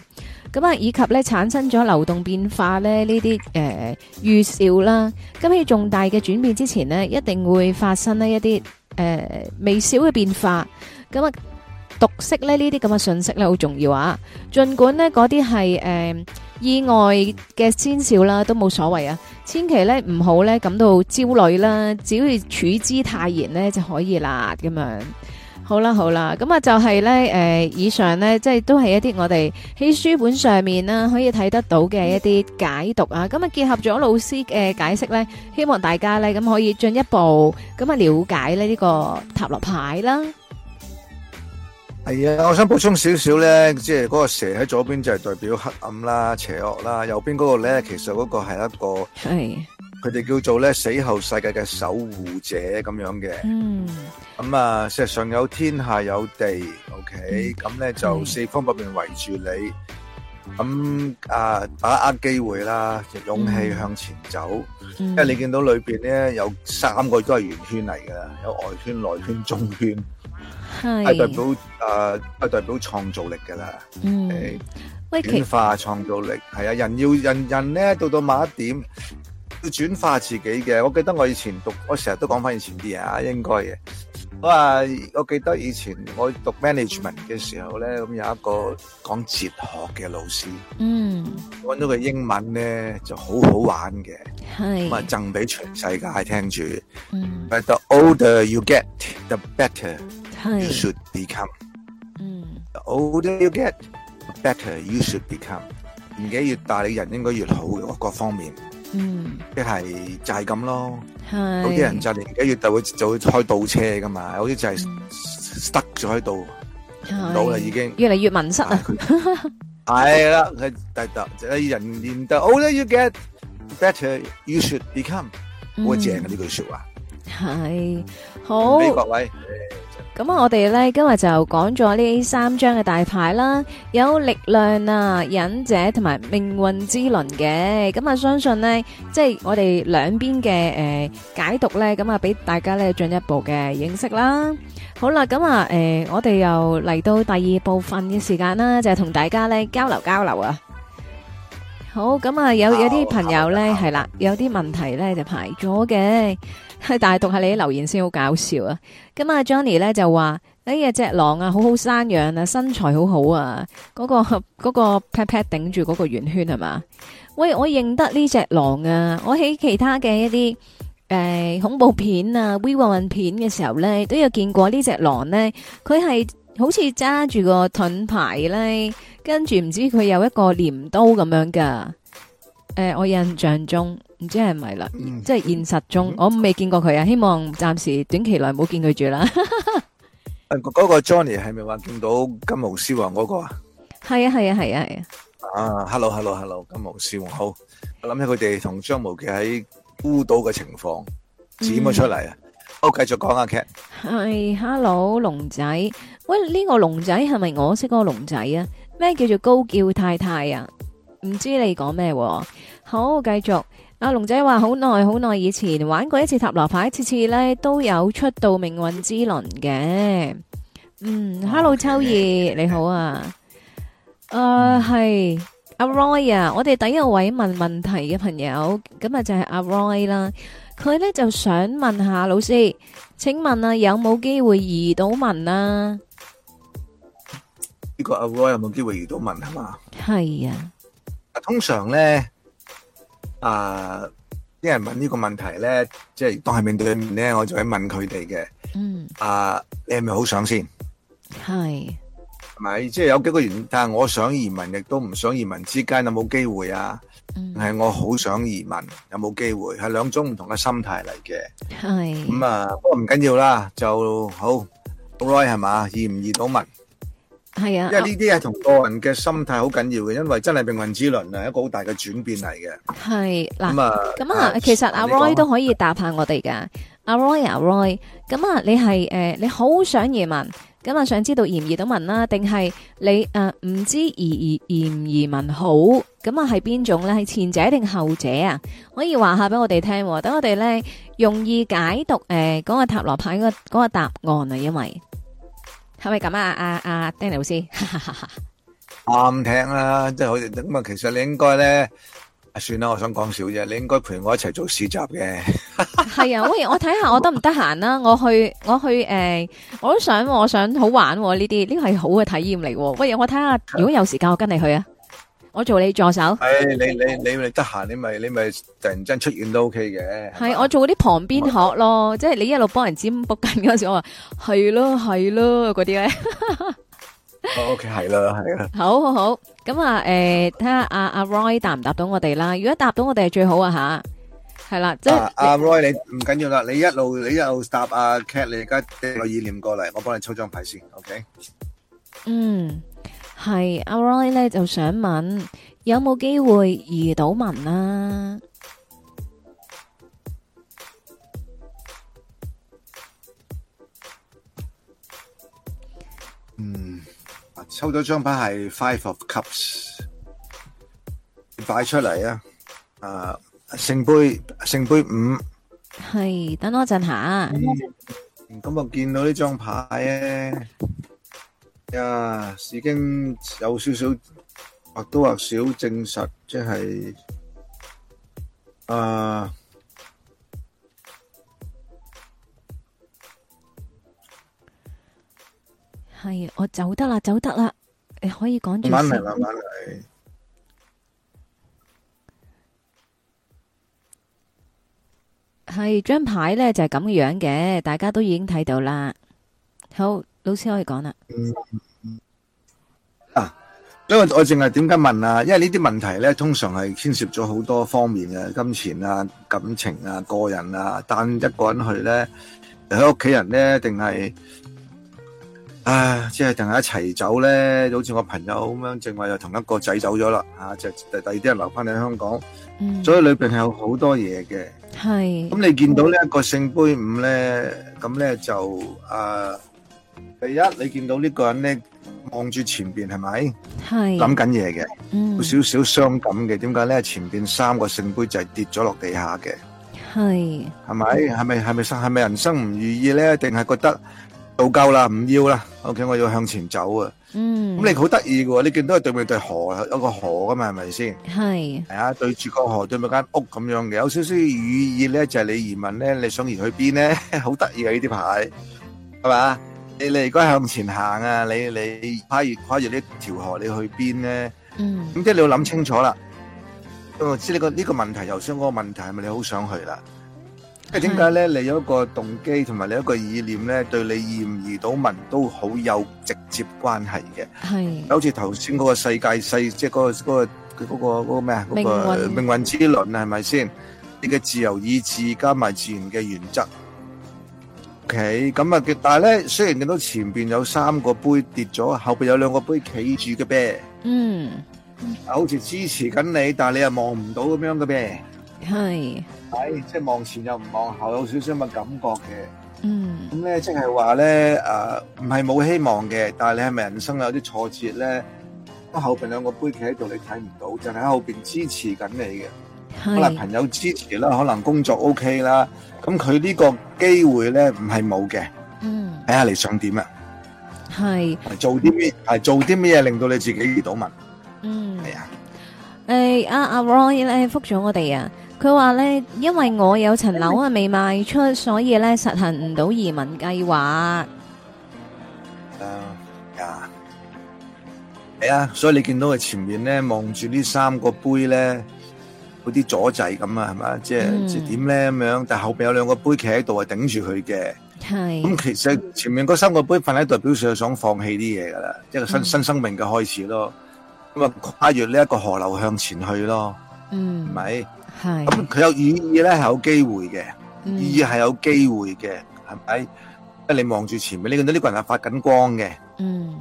Speaker 1: 咁啊以及咧產生咗流動變化咧呢啲誒預兆啦，咁喺重大嘅轉變之前咧，一定會發生咧一啲誒、呃、微小嘅變化，咁啊讀識咧呢啲咁嘅信息咧好重要啊，盡管咧嗰啲係誒意外嘅先兆啦，都冇所謂啊，千祈咧唔好咧感到焦慮啦，只要處之泰然咧就可以啦，咁樣。好啦，好啦，咁啊就係咧，誒，以上咧，即係都係一啲我哋喺書本上面啦，可以睇得到嘅一啲解讀啊，咁啊結合咗老師嘅解釋咧，希望大家咧咁可以進一步咁啊了解咧呢個塔羅牌啦。
Speaker 2: 係啊，我想補充少少咧，即係嗰個蛇喺左邊就係代表黑暗啦、邪惡啦，右邊嗰個咧，其實嗰個係一個係。佢哋叫做咧死後世界嘅守護者咁樣嘅，咁啊石上有天下有地，OK，咁咧就四方八面圍住你，咁啊把握機會啦，勇氣向前走，因為你見到裏邊咧有三個都係圓圈嚟噶，有外圈、內圈、中圈，
Speaker 3: 係代表
Speaker 2: 啊，係代表創造力噶啦，嗯，變化創造力係啊，人要人人咧到到某一點。要轉化自己嘅，我記得我以前讀，我成日都講返以前啲嘢。應該嘅。我話、啊、我記得以前我讀 management 嘅時候呢，咁有一個講哲學嘅老師，嗯，講咗個英文呢就好好玩嘅，係是，咁贈俾全世界聽住。The older you get, the better you should become。嗯、the older you get, the better you should become。年紀越大，你人應該越好嘅，各方面。嗯，即係就係咁咯，
Speaker 1: 是有啲人
Speaker 2: 就年幾月就會就會開倒車噶嘛，有啲就係塞咗喺度
Speaker 1: 老啦已經，越嚟越文塞啦，
Speaker 2: 係啦，佢第沓就人年得，older you get better you should become，好正嘅呢句說話，
Speaker 1: 係。好，各位，咁啊，我哋呢今日就講咗呢三張嘅大牌啦，有力量啊，隱者同埋命運之輪嘅，咁啊，相信呢，即係我哋兩邊嘅誒解讀呢，咁啊，俾大家呢進一步嘅認識啦。好啦，咁啊，誒，我哋又嚟到第二部分嘅時間啦，就係同大家呢交流交流啊。好，咁啊，有有啲朋友呢係啦，有啲問題呢就排咗嘅。係， 大係讀下你啲留言先好搞笑啊！咁啊，Johnny 咧就話：哎、欸、呀，隻狼啊，好好生養啊，身材好好啊，嗰、個嗰、個 pat pat 頂住嗰個圓圈係嘛？喂，我認得呢隻狼啊！我喺其他嘅一啲誒、呃、恐怖片啊、V 國運片嘅時候咧，都有見過這隻狼呢隻狼咧。佢係好似揸住個盾牌咧，跟住唔知佢有一個鐮刀咁樣噶。誒、呃，我印象中。唔知係咪啦？即係現、嗯、現實中，我未見過佢啊！希望暫時短期內冇見佢住啦。
Speaker 2: 嗰、 啊那個 Johnny 係咪話見到金毛獅王嗰、那個是
Speaker 1: 啊？係啊，係啊，
Speaker 4: 係啊，係啊！Hello,
Speaker 2: 啊，Hello，Hello，Hello，Hello, 金毛獅王好。我諗起佢哋同張無忌喺孤島嘅情況，剪咗出嚟啊！嗯、好，繼續講下劇。
Speaker 1: 係、哎，Hello，龍仔。喂，呢、這個龍仔係咪我識嗰個龍仔啊？咩叫做高叫太太啊？唔知你講咩、啊？好，繼續。阿龍仔話好耐好耐以前玩過一次塔羅牌，次次咧都有出到命運之輪嘅。嗯，Hello 秋葉你好啊，誒、呃、係、mm. 阿 Roy 啊，我哋第一位問問題嘅朋友，咁啊就係、是、阿 Roy 啦。佢咧就想問下老師，請問啊有冇機會遇到文啊？呢
Speaker 2: 個阿 Roy 有冇機會遇到文係嘛？
Speaker 1: 係啊，
Speaker 2: 啊通常咧。啊！啲人問呢個問題咧，即係當係面對面咧，我就會問佢哋嘅。嗯。啊，你係咪好想先？
Speaker 4: 係。
Speaker 2: 係咪？即係有幾個原因，但係我想移民亦都唔想移民之間有冇機會啊？嗯。係我好想移民，有冇機會？係兩種唔同嘅心態嚟嘅。
Speaker 4: 係。咁
Speaker 2: 啊，不過唔緊要啦，就好。好耐係嘛？移唔移到民？係啊，因為呢啲係同個人嘅心態好緊要嘅，因為真係命運之輪啊，一個好大嘅轉變嚟嘅。
Speaker 1: 係，咁啊，咁啊，其實阿 Roy 都可以答下我哋噶，阿 Roy 阿 Roy，咁啊，你係誒你好想移民，咁啊想知道移唔移到民啦，定係你誒唔知移移移移民好，咁啊係邊種咧？係前者定後者啊？可以話下俾我哋聽，等我哋咧容易解讀誒嗰個塔羅牌個嗰個答案啊，因為。係咪咁啊？阿阿 Danny 老師
Speaker 2: 啱聽啦，即係好似咁啊。其實你應該咧，算啦，我想講少啫。你應該陪我一齊做市集嘅。
Speaker 1: 係 啊，喂，我睇下我得唔得閒啦？我去，我去，誒、呃，我都想，我想好玩呢、啊、啲，呢個係好嘅體驗嚟、啊。喂，我睇下，如果有時間，我跟你去啊。我做你助手，係你你
Speaker 2: 你咪得閒，你咪你咪突然間出現都 OK 嘅。係
Speaker 1: 我做嗰啲旁邊學咯，即係你一路幫人占卜嗰陣時候，我話係咯係咯嗰啲咧。
Speaker 2: O K 係啦係啦，
Speaker 1: 好好好，咁、呃、啊誒，睇、啊、下阿阿 Roy 答唔答到我哋啦？如果答到我哋係最好啊吓，係啦，即係阿、uh, uh, Roy 你
Speaker 2: 唔緊要啦，你一路你一路答啊 Cat，你而家掉個意念過嚟，我幫你抽張牌先，O K。Okay?
Speaker 1: 嗯。係阿 Roy 咧就想問，有冇機會遇到文啦，
Speaker 2: 啊？嗯，抽咗張牌係 Five of Cups，擺出嚟啊！啊，聖杯聖杯五，
Speaker 1: 係等我陣下，
Speaker 2: 咁、嗯、我見到張呢張牌咧。呀，已經有少少或多或少證實，即係啊，
Speaker 1: 係我走得啦，走得啦，你可以趕住先。慢慢嚟，慢慢嚟。係張牌咧就係咁樣嘅，大家都已經睇到啦。好。老師可以
Speaker 2: 講啦。嗯，嗱，因為我淨係點解問啊，因為呢啲問題咧，通常係牽涉咗好多方面嘅，金錢啊、感情啊、個人啊，但一個人去咧，喺屋企人咧，定係，唉，即係同佢一齊走咧，好似我朋友咁樣，正話又同一個仔走咗啦，吓就第二啲人留翻嚟香港，所以裏邊係有好多嘢嘅。
Speaker 4: 係。咁
Speaker 2: 你見到呢一個聖杯五咧，咁咧就誒。第一，你見到呢個人咧，望住前邊係咪？
Speaker 4: 係諗緊
Speaker 2: 嘢，嘅，有少少傷感嘅。點解咧？前邊三個聖杯就跌咗落地下嘅。
Speaker 4: 係
Speaker 2: 係咪？係咪？係咪生？係咪人生唔如意咧？定係覺得做夠啦，唔要啦。OK，我要向前走啊。嗯，咁你好得意嘅喎，你見到對面對河，有個河噶嘛，係咪先？系係啊，對住個河，對住間屋咁樣嘅，有少少寓意咧，就係你移民咧，你想移去邊咧？好得意啊！呢啲牌係嘛？你你而家向前行啊！你你跨越跨越呢條河，你去邊咧？嗯，咁即係你要諗清楚啦。我知呢個呢個問題，頭先嗰個問題係咪你好想去啦？即係點解咧？你有一個動機同埋你一個意念咧，對你移唔移到民都好有直接關係嘅。係，好似頭先嗰個世界世，即係嗰個嗰個佢嗰個嗰個咩啊？命運命運之輪係咪先？你嘅自由意志加埋自然嘅原則。OK 咁啊，但係咧，雖然見到前邊有三個杯跌咗，後邊有兩個杯企住嘅唄。嗯
Speaker 3: ，mm.
Speaker 2: 好似支持緊你，但係你又望唔到咁樣嘅唄。
Speaker 4: 係，
Speaker 2: 係，即係望前又唔望後，有少少嘅感覺嘅。嗯、
Speaker 3: mm.，
Speaker 2: 咁咧即係話咧，誒、呃，唔係冇希望嘅，但係你係咪人生有啲挫折咧？咁後邊兩個杯企喺度，你睇唔到，就係喺後邊支持緊你嘅。可能朋友支持啦，可能工作 OK 啦，咁佢呢個機會咧唔係冇嘅。嗯，睇下你想點啊？
Speaker 1: 係，
Speaker 2: 係做啲咩？係做啲咩嘢令到你自己遇到問？
Speaker 1: 嗯，係啊，誒阿阿 Roy 咧覆咗我哋啊，佢話咧因為我有層樓啊未賣出，所以咧實行唔到移民計劃。
Speaker 2: 嗯呀，係啊，所以你見到佢前面咧望住呢三個杯咧。嗰啲阻滯咁啊，係咪？即係點咧咁樣？但後邊有兩個杯企喺度啊，頂住佢嘅。係。咁其實前面嗰三個杯瞓喺度，表示佢想放棄啲嘢㗎啦。一個新新生命嘅開始咯。咁啊，跨越呢一個河流向前去咯。嗯。
Speaker 4: 係。咁
Speaker 2: 佢有寓意咧，係有機會嘅。
Speaker 4: 寓意
Speaker 2: 係有機會嘅，係咪？即係你望住前面呢個呢個人係發緊光嘅。
Speaker 3: 嗯。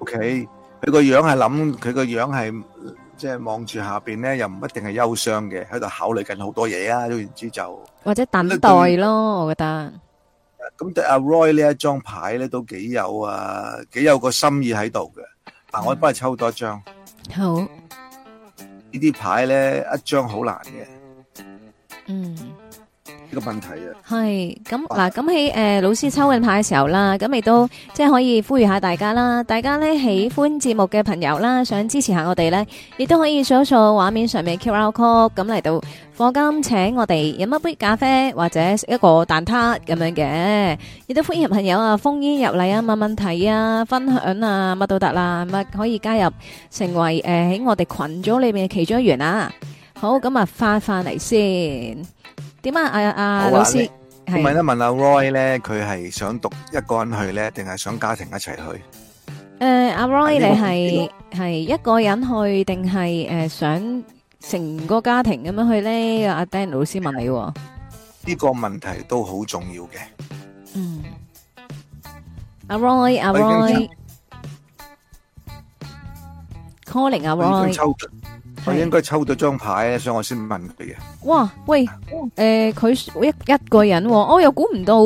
Speaker 2: O K，佢個樣係諗，佢個樣係。即係望住下邊咧，又唔一定係憂傷嘅，喺度考慮緊好多嘢啊！總之就
Speaker 1: 或者等待咯，嗯、我覺得。
Speaker 2: 咁對阿 Roy 這一張呢一張牌咧都幾有啊，幾有個心意喺度嘅。嗱、啊，我幫你抽多一張、嗯。好，這呢啲牌咧一張好難嘅。嗯。個問題
Speaker 1: 啊，係咁嗱，咁喺誒老師抽緊牌嘅時候啦，咁亦都即係可以呼籲下大家啦。大家咧喜歡節目嘅朋友啦，想支持下我哋咧，亦都可以掃一掃畫面上面 QR code，咁嚟到課金，請我哋飲一杯咖啡或者食一個蛋撻咁樣嘅。亦都歡迎朋友啊，烽煙入嚟啊，問問題啊，分享啊，乜都得啦，咁啊可以加入成為誒喺、呃、我哋群組裏面嘅其中一員啊。好，咁啊翻翻嚟先。點啊，阿阿老師，
Speaker 2: 我問一問阿 Roy 咧，佢係想獨一個人去咧，定係想家庭一齊去？
Speaker 1: 誒，阿 Roy 你係係一個人去，定係誒想成個家庭咁樣去咧？阿 Dan 老師問你，
Speaker 2: 呢個問題都好重要嘅。嗯，
Speaker 1: 阿 Roy，阿 Roy，Calling，阿 Roy。
Speaker 2: 佢應該抽到張牌，所以我先問佢嘅。
Speaker 1: 哇！喂，誒、呃，佢一一個人、哦，我、哦、又估唔到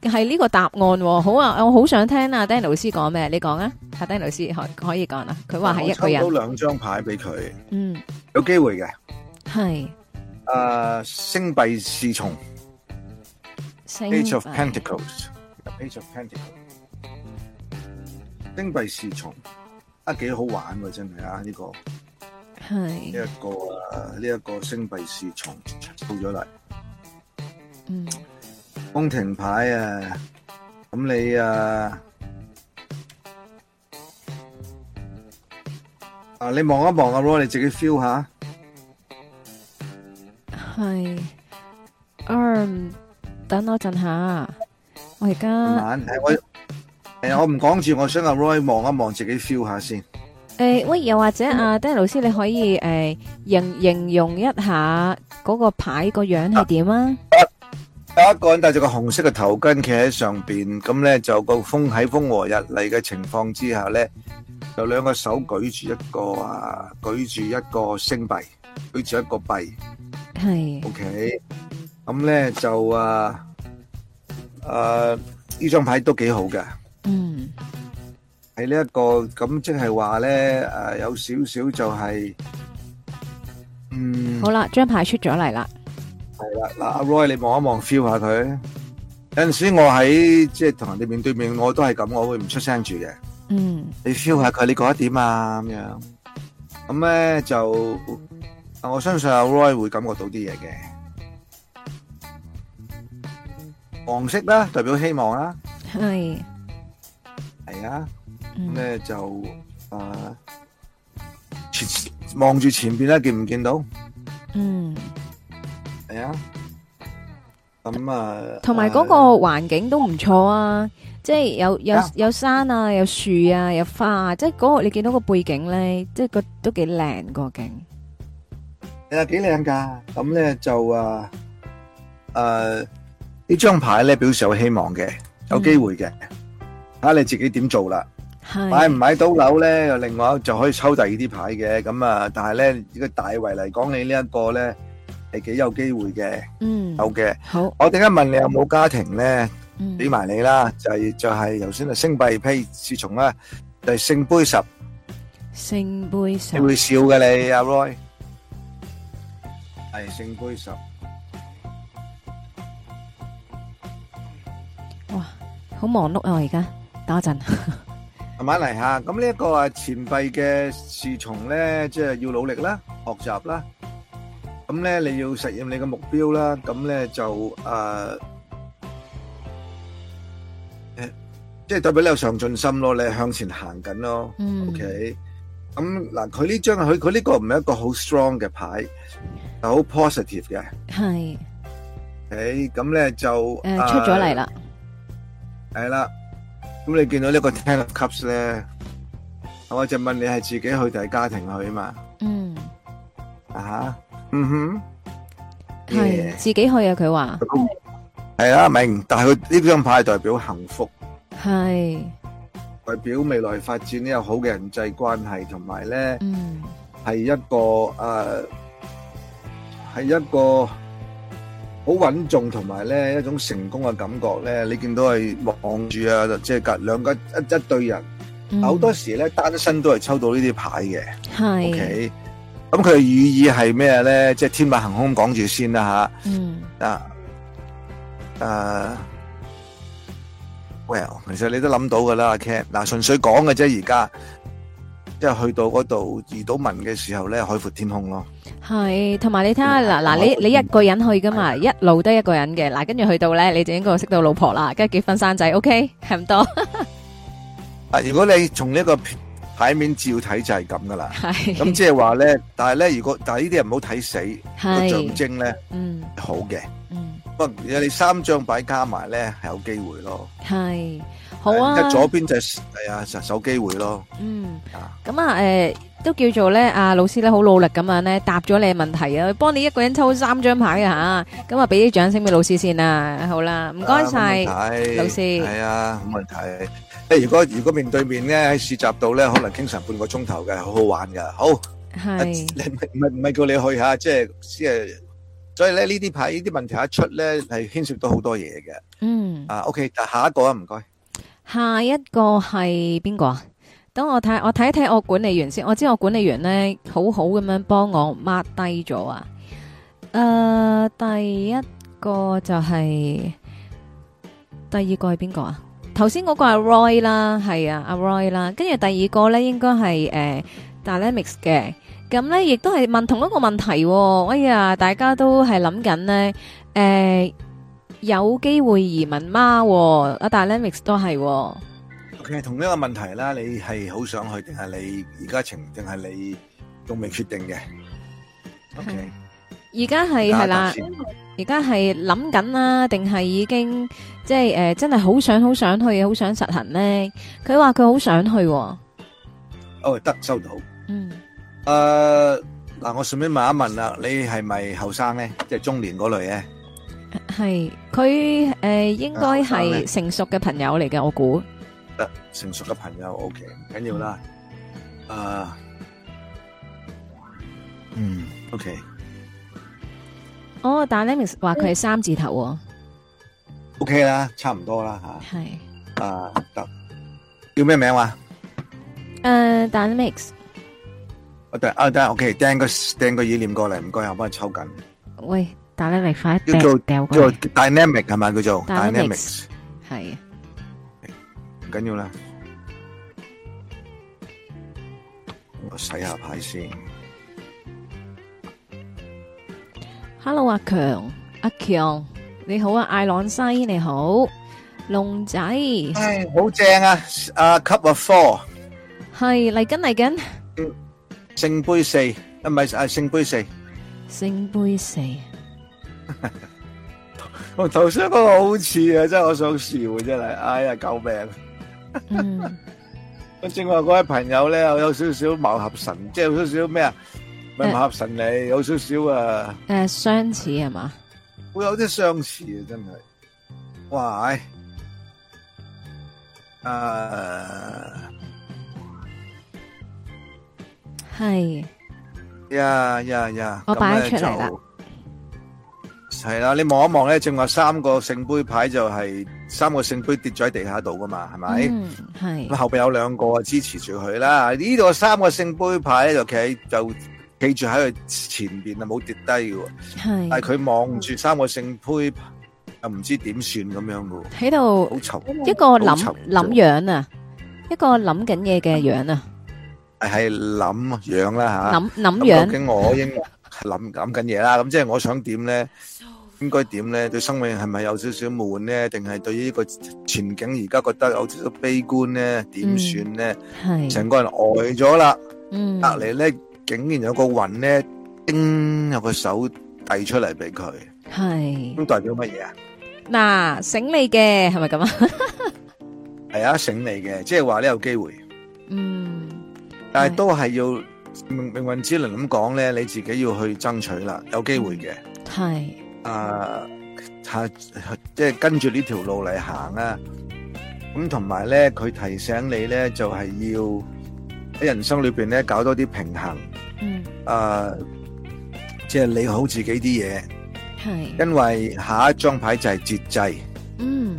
Speaker 1: 係呢個答案、哦。好啊，我好想聽阿 Dan 老師講咩，你講啊，阿 Dan 老師可可以講啊？佢話係一個人。我抽到
Speaker 2: 兩張牌俾佢。嗯，有機會嘅。係是。誒、uh, 帯，星幣侍從。Page of Pentacles。Page of Pentacles。星幣侍從啊，幾好玩喎！真係啊，呢、這個。係，呢一個啊，呢一個星幣侍從出到咗嚟。嗯，宮廷牌啊，咁你啊，啊你望一望阿 Roy 你自己 feel 下。
Speaker 4: 係
Speaker 1: ，Arm，等我陣下，我而家。
Speaker 2: 慢，我，誒，我唔講住，我想阿 Roy 望一望自己 feel 下先。
Speaker 1: 誒，喂，又或者 Danny 老師，你可以誒，形形容一下嗰個牌個樣係點
Speaker 2: 啊？第一個人戴住個紅色嘅頭巾，企喺上邊，咁咧就個風喺風和日麗嘅情況之下咧，就兩個手舉住一個啊，舉住一個星幣，舉住一個幣。
Speaker 4: 係。
Speaker 2: OK，咁咧就啊，誒，呢張牌都幾好嘅。嗯。喺呢一個咁即係話咧，誒有少少就係，嗯，
Speaker 1: 好啦，張牌出咗嚟啦，
Speaker 2: 係啦，嗱，阿 Roy 你望一望，feel 下佢。有陣時我喺即係同人哋面對面，我都係咁，我會唔出聲住嘅。嗯，你 feel 下佢，你覺得點啊？咁樣，咁咧就，我相信阿 Roy 會感覺到啲嘢嘅。黃色啦代表希望啦，係，係啊。咁咧就誒，望住前邊啦，見唔見到？嗯，係啊。咁啊，同埋嗰
Speaker 1: 個環境都唔錯啊，即係有有有山啊，有樹啊，有花啊，即係嗰個你見到個背景咧，即係個都幾
Speaker 2: 靚個景。係啊，幾靚噶。咁咧就誒誒呢張牌咧表示有希望嘅，有機會嘅，睇下你自己點做啦。買唔買到樓咧？又另外就可以抽第二啲牌嘅咁啊！但係咧，如果大圍嚟講，你呢一個咧係幾有機會嘅。嗯，有嘅。好，我點解問你有冇家庭咧？嗯，俾埋你啦，就係就係頭先係，星幣呸，侍從啦，就係聖杯十。
Speaker 4: 聖杯十。會
Speaker 2: 笑嘅你，阿 Roy。係聖杯十。
Speaker 1: 哇，好忙碌啊！我而家等一陣。
Speaker 2: 慢慢嚟吓，咁呢一個啊錢幣嘅侍從咧，即係要努力啦，學習啦，咁咧你要實現你嘅目標啦，咁咧就誒，即係代表你有上進心咯，你向前行緊咯。嗯。OK，咁嗱，佢呢張佢佢呢個唔係一個好 strong 嘅牌，但係好 positive 嘅。係。誒，咁咧就誒出咗嚟啦，係啦。咁你見到呢個 of 呢個 Ten of Cups 咧，我就問你係自己去定係家庭去啊？嘛，嗯，啊、uh，嗯、huh. 哼、mm，係、hmm. yeah.
Speaker 1: 自己去啊？佢話，
Speaker 2: 係、嗯、啊，明。但係佢呢張牌代表幸福，
Speaker 1: 係
Speaker 2: 是代表未來發展好有好嘅人際關係，同埋咧，係一個誒，係一個。呃好穩重同埋咧一種成功嘅感覺咧，你見到係望住啊，即係隔兩個一一對人，
Speaker 4: 好、嗯、多
Speaker 2: 時咧單身都係抽到係、okay? 呢啲牌嘅。OK 咁佢嘅寓意係咩咧？即係天馬行空講住先啦吓，嗯，Well 其實你都諗到㗎啦，阿 Ken。嗱、啊，純粹講嘅啫，而家即係去到嗰度遇到文嘅時候咧，海闊天空咯。
Speaker 1: 係，同埋你睇下嗱嗱，你你一個人去噶嘛，嗯、一路都一個人嘅，嗱跟住去到咧，你就應該識到老婆啦，跟住結婚生仔，OK，係唔多。
Speaker 2: 嗱， 如果你從呢個牌面照睇就係咁噶啦，咁即係話咧，但係咧如果但係是呢啲人唔好睇死個象徵咧，嗯，好嘅的。嗯不，如果你三張牌加埋咧，係有機會咯。
Speaker 1: 係，好啊。一左
Speaker 2: 邊就係啊，手機會咯。嗯。啊，
Speaker 1: 咁啊，誒都叫做咧，阿老師咧好努力咁樣咧答咗你嘅問題啊，幫你一個人抽三張牌啊嚇。咁啊，俾啲掌聲俾老師先啊，好啦，唔該曬。冇問題。老師。係
Speaker 2: 啊，冇問題。誒，如果如果面對面咧喺試習度咧，可能傾成半個鐘頭嘅，好好玩噶。好。係。你唔唔唔，叫你去嚇，即係即係。所以咧，呢啲牌，呢啲問題一出咧，係牽涉到好多嘢嘅。
Speaker 1: 嗯。
Speaker 2: 啊、uh,，OK，但下一個啊，唔該。
Speaker 1: 下一個係邊個啊？等我睇，我睇一睇我管理員先。我知我管理員咧，好好咁樣幫我抹低咗啊。誒、uh,，第一個就係、是，第二個係邊個啊？頭先嗰個阿 Roy 啦，係啊，阿 Roy 啦，跟住第二個咧，應該係誒 Dynamics 嘅。Uh, Dynam 咁咧，亦都係問同一個問題。哎呀，大家都係諗緊咧。誒，有機會移民貓阿大 Lenix 都係。
Speaker 2: 其實同一個問題啦。你係好想去定係你而家情定係你仲未決定嘅？OK，
Speaker 1: 而家係係啦。而家係諗緊啦，定係已經即係誒，真係好想好想去，好想實行咧。佢話佢好想去。哦，
Speaker 2: 得，收到。嗯。誒，嗱，我順便問一問啦，你係咪後生咧？即係中年嗰類咧？
Speaker 1: 係，佢誒，應該係成熟嘅朋友嚟嘅，我估。
Speaker 2: 誒，成熟嘅朋友，OK，唔緊要啦。誒，嗯，OK。哦
Speaker 1: ，Dynamic 話佢係三字頭。
Speaker 2: OK 啦，差唔多啦吓。係。啊，得。叫咩名話？
Speaker 1: 誒，Dynamic。
Speaker 2: 啊得 OK，掟個掟個意念過嚟，唔該呀，我幫你抽緊。
Speaker 4: 喂，Dynamic，叫做叫做
Speaker 2: Dynamic 係咪？叫做 Dynamic 係。唔緊要啦，我洗下牌先。
Speaker 1: Hello，阿強，阿強，你好啊，艾朗西，你好，龍仔，係，好正
Speaker 2: 啊，啊，cup of four，
Speaker 1: 係，嚟緊嚟緊。
Speaker 2: 聖杯四，唔係，係聖杯四。
Speaker 4: 聖杯四，
Speaker 2: 我頭先嗰個好似啊，真係我想笑嘅，真係，哎呀救命！正話嗰位朋友咧，我有少少貌合神，即係有少少咩啊？唔、呃、貌合神理，有少少啊。
Speaker 1: 誒、呃，相似係嘛？會
Speaker 2: 有啲相似啊、哎、啊，真係。喂！誒。係，呀呀呀，我擺出嚟啦係啦。你望一望咧，正話三個聖杯牌就係三個聖杯跌咗喺地下度噶嘛，係咪？嗯，係。
Speaker 4: 咁後
Speaker 2: 邊有兩個支持住佢啦。呢度三個聖杯牌就企就企住喺佢前邊啊，冇跌低嘅。係。但係佢望住三個聖杯又唔知點算咁樣噶。喺度好醜，一個諗諗樣
Speaker 1: 啊，一個諗緊嘢嘅樣啊。
Speaker 2: 係諗樣啦吓，諗諗樣。究竟我應諗諗緊嘢啦，咁即係我想點咧，應該點咧？對生命係咪有少少悶咧？定係對於呢個前景而家覺得有少少悲觀咧？點算咧？係成個人呆咗啦。
Speaker 4: 嗯，隔籬
Speaker 2: 咧，竟然有個雲咧，拎，有個手遞出嚟俾佢。係。咁代表乜嘢啊？
Speaker 1: 嗱，醒你嘅係咪咁啊？
Speaker 2: 係啊，醒你嘅，即係話你有機會。嗯。但係都係要命命運之輪咁講咧，你自己要去爭取啦，有機會嘅。
Speaker 4: 係是。
Speaker 2: 誒，吓，即係跟住呢條路嚟行啊！咁同埋咧，佢、就是啊嗯、提醒你咧，就係、是、要喺人生裏邊咧搞多啲平衡。嗯。誒，即係理好自己啲嘢。
Speaker 3: 係是。
Speaker 4: 因
Speaker 2: 為下一張牌就係節制。嗯。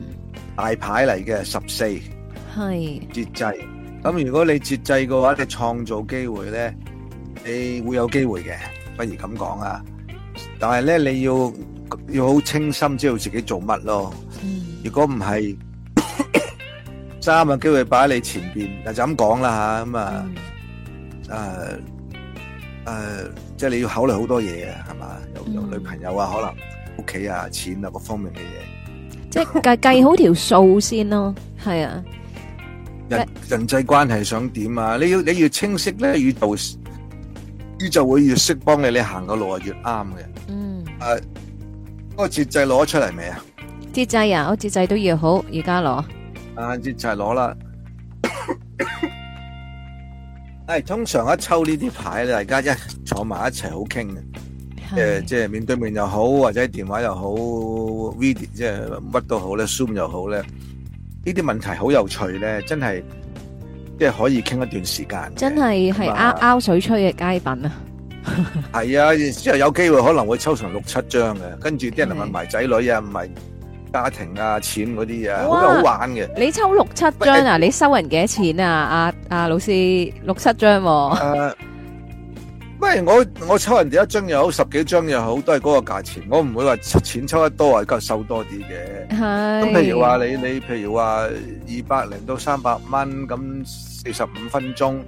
Speaker 2: 大牌嚟嘅十四。係。節制。咁如果你節制嘅話，你創造機會咧，你會有機會嘅，不如咁講啊！但係咧，你要要好清心知道自己做乜
Speaker 3: 咯。
Speaker 2: 如果唔係， 三個機會擺喺你前邊，就咁講啦吓，咁啊，誒誒、嗯啊啊，即係你要考慮好多嘢啊，係嘛？有有、嗯、女朋友啊，可能屋企啊、錢啊各方面嘅嘢，
Speaker 1: 即係計計好條數先咯，係啊。
Speaker 2: 人人際關係想點啊？你要你要清晰咧，宇宙宇宙會越識幫你，你行個路啊越啱嘅。嗯，啊，個節制攞出嚟未啊？
Speaker 1: 節制啊，我節制都要好，而家攞。
Speaker 2: 啊，節制攞啦。誒， 通常一抽呢啲牌咧，大家一坐埋一齊好傾嘅。誒是、呃，即係面對面又好，或者電話又好，video 即係乜都好咧，zoom 又好咧。呢啲問題好有趣咧，真係即係可以傾一段時間。
Speaker 1: 真係係拗拗水吹嘅佳品
Speaker 2: 啊！係啊，之後有機會可能會抽成六七張嘅，跟住啲人問埋仔女啊、唔係家庭啊、錢嗰啲啊，好又好玩嘅。
Speaker 1: 你抽六七張啊？你收人幾錢啊？阿阿老師六七張喎。
Speaker 2: 唔，我我抽人哋一張又好，十幾張又好，都係嗰個價錢。我唔會話錢抽得多啊，夠收多啲嘅。咁的譬如話你你譬如話二百零到三百蚊，咁四十五分鐘，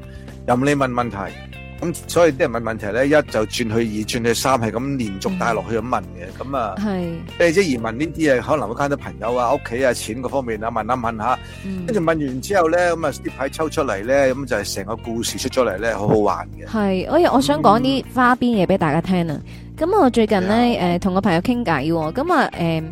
Speaker 2: 任你問問題。咁、嗯、所以啲人問問題咧，一就轉去二，轉去三，係咁連續帶落去咁問嘅。咁、嗯、啊，是呃、即係即係移民呢啲嘢，可能會加啲朋友啊、屋企啊、錢嗰方面啊，問，啊問一問下。跟住、嗯、問完之後咧，咁啊啲牌抽出嚟咧，咁、嗯、就係、是、成個故事出咗嚟咧，好好玩
Speaker 1: 嘅。係，我我想講啲花邊嘢俾大家聽啊。咁、嗯、我最近咧，誒同個朋友傾偈，咁、呃、啊，誒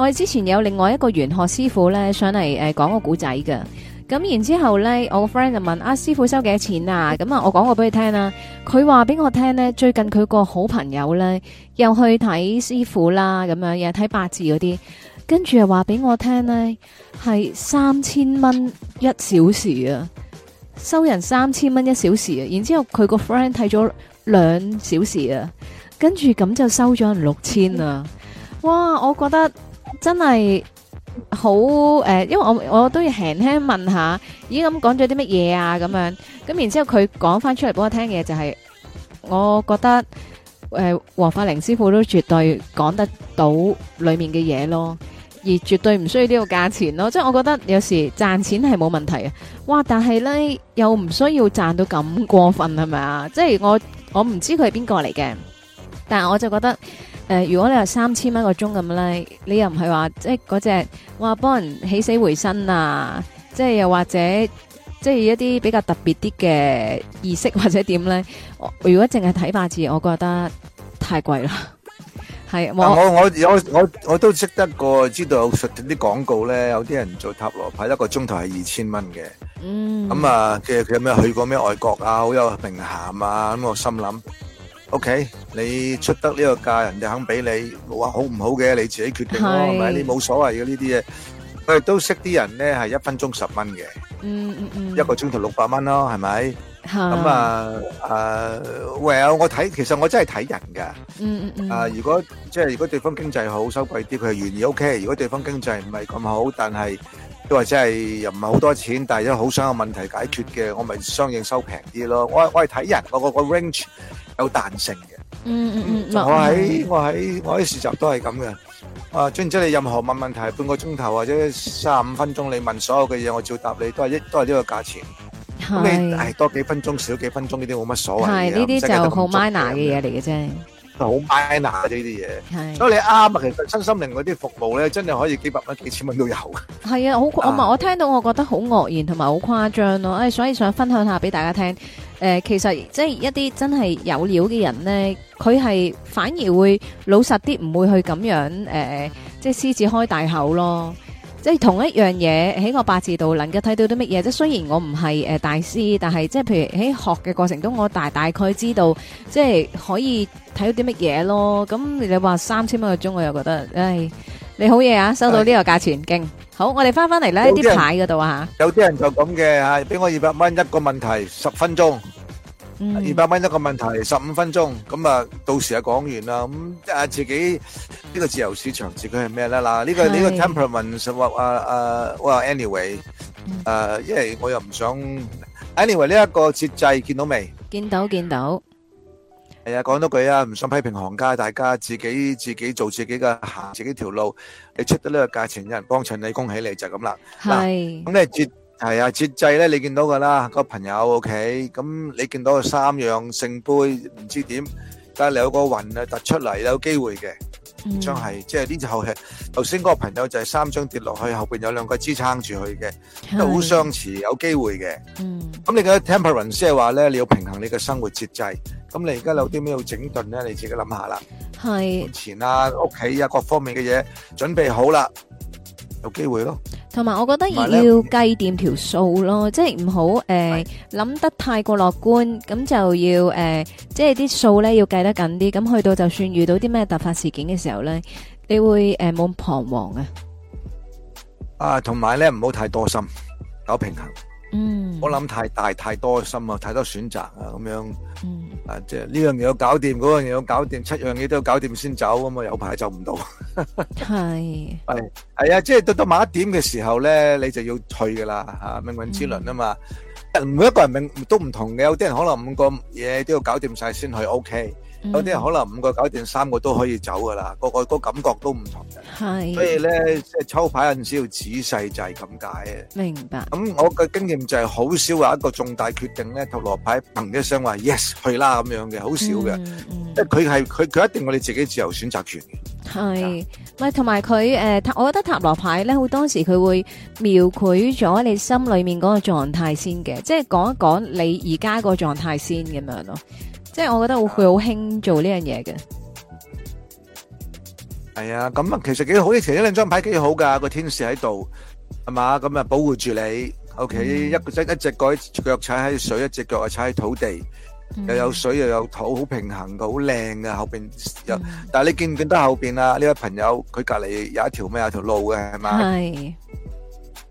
Speaker 1: 我哋之前有另外一個玄學師傅咧，上嚟誒講個古仔嘅。咁然之後呢，我個 friend 就問，啊師傅收幾多錢啊？咁、嗯、啊，我講過俾你聽啦。佢話俾我聽呢，最近佢個好朋友呢又去睇師傅啦，咁樣又睇八字嗰啲，跟住又話俾我聽呢，係三千蚊一小時啊，收人三千蚊一小時，小時啊。然之後佢個 friend 睇咗兩小時啊，跟住咁就收咗人六千啊。哇，我覺得真係。好誒、呃，因為我我都要輕輕問下，咦，咁講咗啲乜嘢啊？咁樣咁然之後佢講翻出嚟俾我聽嘅就係、是，我覺得誒，黃發玲師傅都絕對講得到裏面嘅嘢咯，而絕對唔需要呢個價錢咯。即係我覺得有時賺錢係冇問題嘅，哇！但係呢，又唔需要賺到咁過分係咪啊？即係我我唔知佢係邊個嚟嘅，但係我就覺得。誒、呃，如果你話三千蚊個鐘咁咧，你又唔係話即係嗰隻話幫人起死回生啊，即係又或者即係一啲比較特別啲嘅儀式或者點咧？如果淨係睇八字，我覺得太貴啦。係 我、啊、我我我,
Speaker 2: 我,我都識得個知道有啲廣告咧，有啲人做塔羅牌一個鐘頭係二千蚊嘅、嗯嗯。嗯。咁啊，其實佢有咩去過咩外國啊？好有名銜啊！咁、嗯、我心諗。O K，你出得呢個價，人哋肯俾你，冇話好唔好嘅，你自己決定咯。係咪？你冇所謂嘅呢啲嘢。佢哋都識啲人咧，係一分鐘十蚊嘅，嗯嗯
Speaker 4: 嗯，一
Speaker 2: 個鐘頭六百蚊咯，係咪？咁啊，誒，Well，我睇其實我真係睇人㗎，嗯嗯嗯。啊，如果即係如果對方經濟好，收貴啲，佢係願意 O K；如果對方經濟唔係咁好，但係都或者係又唔係好多錢，但係又好想有問題解決嘅，我咪相應收平啲咯。我我係睇人，我個個 range。有彈性
Speaker 3: 嘅，嗯嗯嗯，我喺我
Speaker 2: 喺我喺市集都係咁嘅。啊，即係你任何問問題，半個鐘頭或者三十五分鐘，你問所有嘅嘢，我照答你，都係一都係呢個價錢。
Speaker 1: 係，唉，
Speaker 2: 多幾分鐘少幾分鐘呢啲冇乜所謂。係，呢啲就好
Speaker 1: minor 嘅嘢嚟嘅啫。
Speaker 2: 好 minor 啫呢啲嘢。係，所以你啱啊，其實身心靈嗰啲服務咧，真係可以幾百蚊、幾千蚊都有。
Speaker 1: 係啊，好，我唔，我聽到我覺得好愕然同埋好誇張咯。唉，所以想分享下俾大家聽。誒、呃，其實即係一啲真係有料嘅人呢，佢係反而會老實啲，唔會去咁樣誒、呃，即係獅子開大口咯。即係同一樣嘢喺我八字度能夠睇到啲乜嘢。即係雖然我唔係誒大師，但係即係譬如喺學嘅過程中，我大大概知道即係可以睇到啲乜嘢咯。咁你話三千蚊個鐘，我又覺得，唉。你好嘢啊！收到呢個價錢勁，好，我哋翻翻嚟咧，啲牌嗰度啊吓。
Speaker 2: 有啲人就咁嘅吓，俾我二百蚊一個問題，十分鐘；二百蚊一個問題，十五分鐘。咁啊，到時啊講完啦，咁啊自己呢個自由市場自己係咩咧嗱？呢個呢個 Temperance 實話啊啊，我話 anyway，誒，因為我又唔想 anyway 呢一個設計見到未？
Speaker 1: 見到見到。
Speaker 2: 係啊，講多句啊，唔想批評行家，大家自己自己做自己嘅行，自己條路，你出得呢個價錢，有人幫襯你，恭喜你就係咁啦。係，咁咧節係啊，節制咧，你見到噶啦個朋友 OK，咁你見到個三樣聖杯，唔知點，但係有個雲啊突出嚟，有機會嘅。張係、嗯、即係呢隻後戲，頭先嗰個朋友就係三張跌落去，後邊有兩個支撐住佢嘅，都好是相似，有機會嘅。嗯，咁你而家 temperance 即係話咧，你要平衡你嘅生活節制。咁你而家有啲咩要整頓咧？你自己諗下啦。係錢是啊，屋企啊，各方面嘅嘢準備好啦。有機會咯，
Speaker 1: 同埋我覺得要計掂條數咯，即係唔好誒諗得太過樂觀，咁就要誒、呃、即係啲數咧要計得緊啲，咁去到就算遇到啲咩突發事件嘅時候咧，你會誒冇咁彷徨嘅。
Speaker 2: 啊，同埋咧唔好太多心，搞平衡。嗯，我諗太大太多心啊，太多選擇啊，咁樣，嗯、啊，即係呢樣嘢要搞掂，嗰樣嘢要搞掂，七樣嘢都要搞掂先走啊嘛，有排走唔到。
Speaker 4: 係
Speaker 2: 係係啊，即係到到晚一點嘅時候咧，你就要退噶啦吓，命運之輪啊嘛。嗯唔每一個人命都唔同嘅，有啲人可能五個嘢都要搞掂晒先去 OK，有啲人可能五個搞掂三個都可以走噶啦，個個、個感覺都唔同
Speaker 4: 嘅，係的，所以咧
Speaker 2: 即係抽牌嗰陣時要仔細就係咁解嘅。明白。咁、嗯、我嘅經驗就係好少話一個重大決定咧，塔羅牌砰一聲話 yes 去啦咁樣嘅，好少嘅，即係佢係佢佢一定我哋自己自由選擇權的。
Speaker 1: 係的，咪同埋佢誒，我覺得塔羅牌咧，好多時佢會描繪咗你心裏面嗰個狀態先嘅。即係講一講你而家個狀態先咁樣咯，即係我覺得會好興做呢樣嘢嘅。
Speaker 2: 係啊，咁啊其實幾好嘅，呢一兩張牌幾好噶，個天使喺度，係嘛，咁啊保護住你。OK、嗯、一個一隻腳踩喺水，一隻腳啊踩喺土地，又有水、嗯、又有土，好平衡，好靚嘅。後邊又，嗯、但係你見唔見得後邊啊？呢、這、位、個、朋友佢隔籬有一條咩啊？條路嘅係嘛？係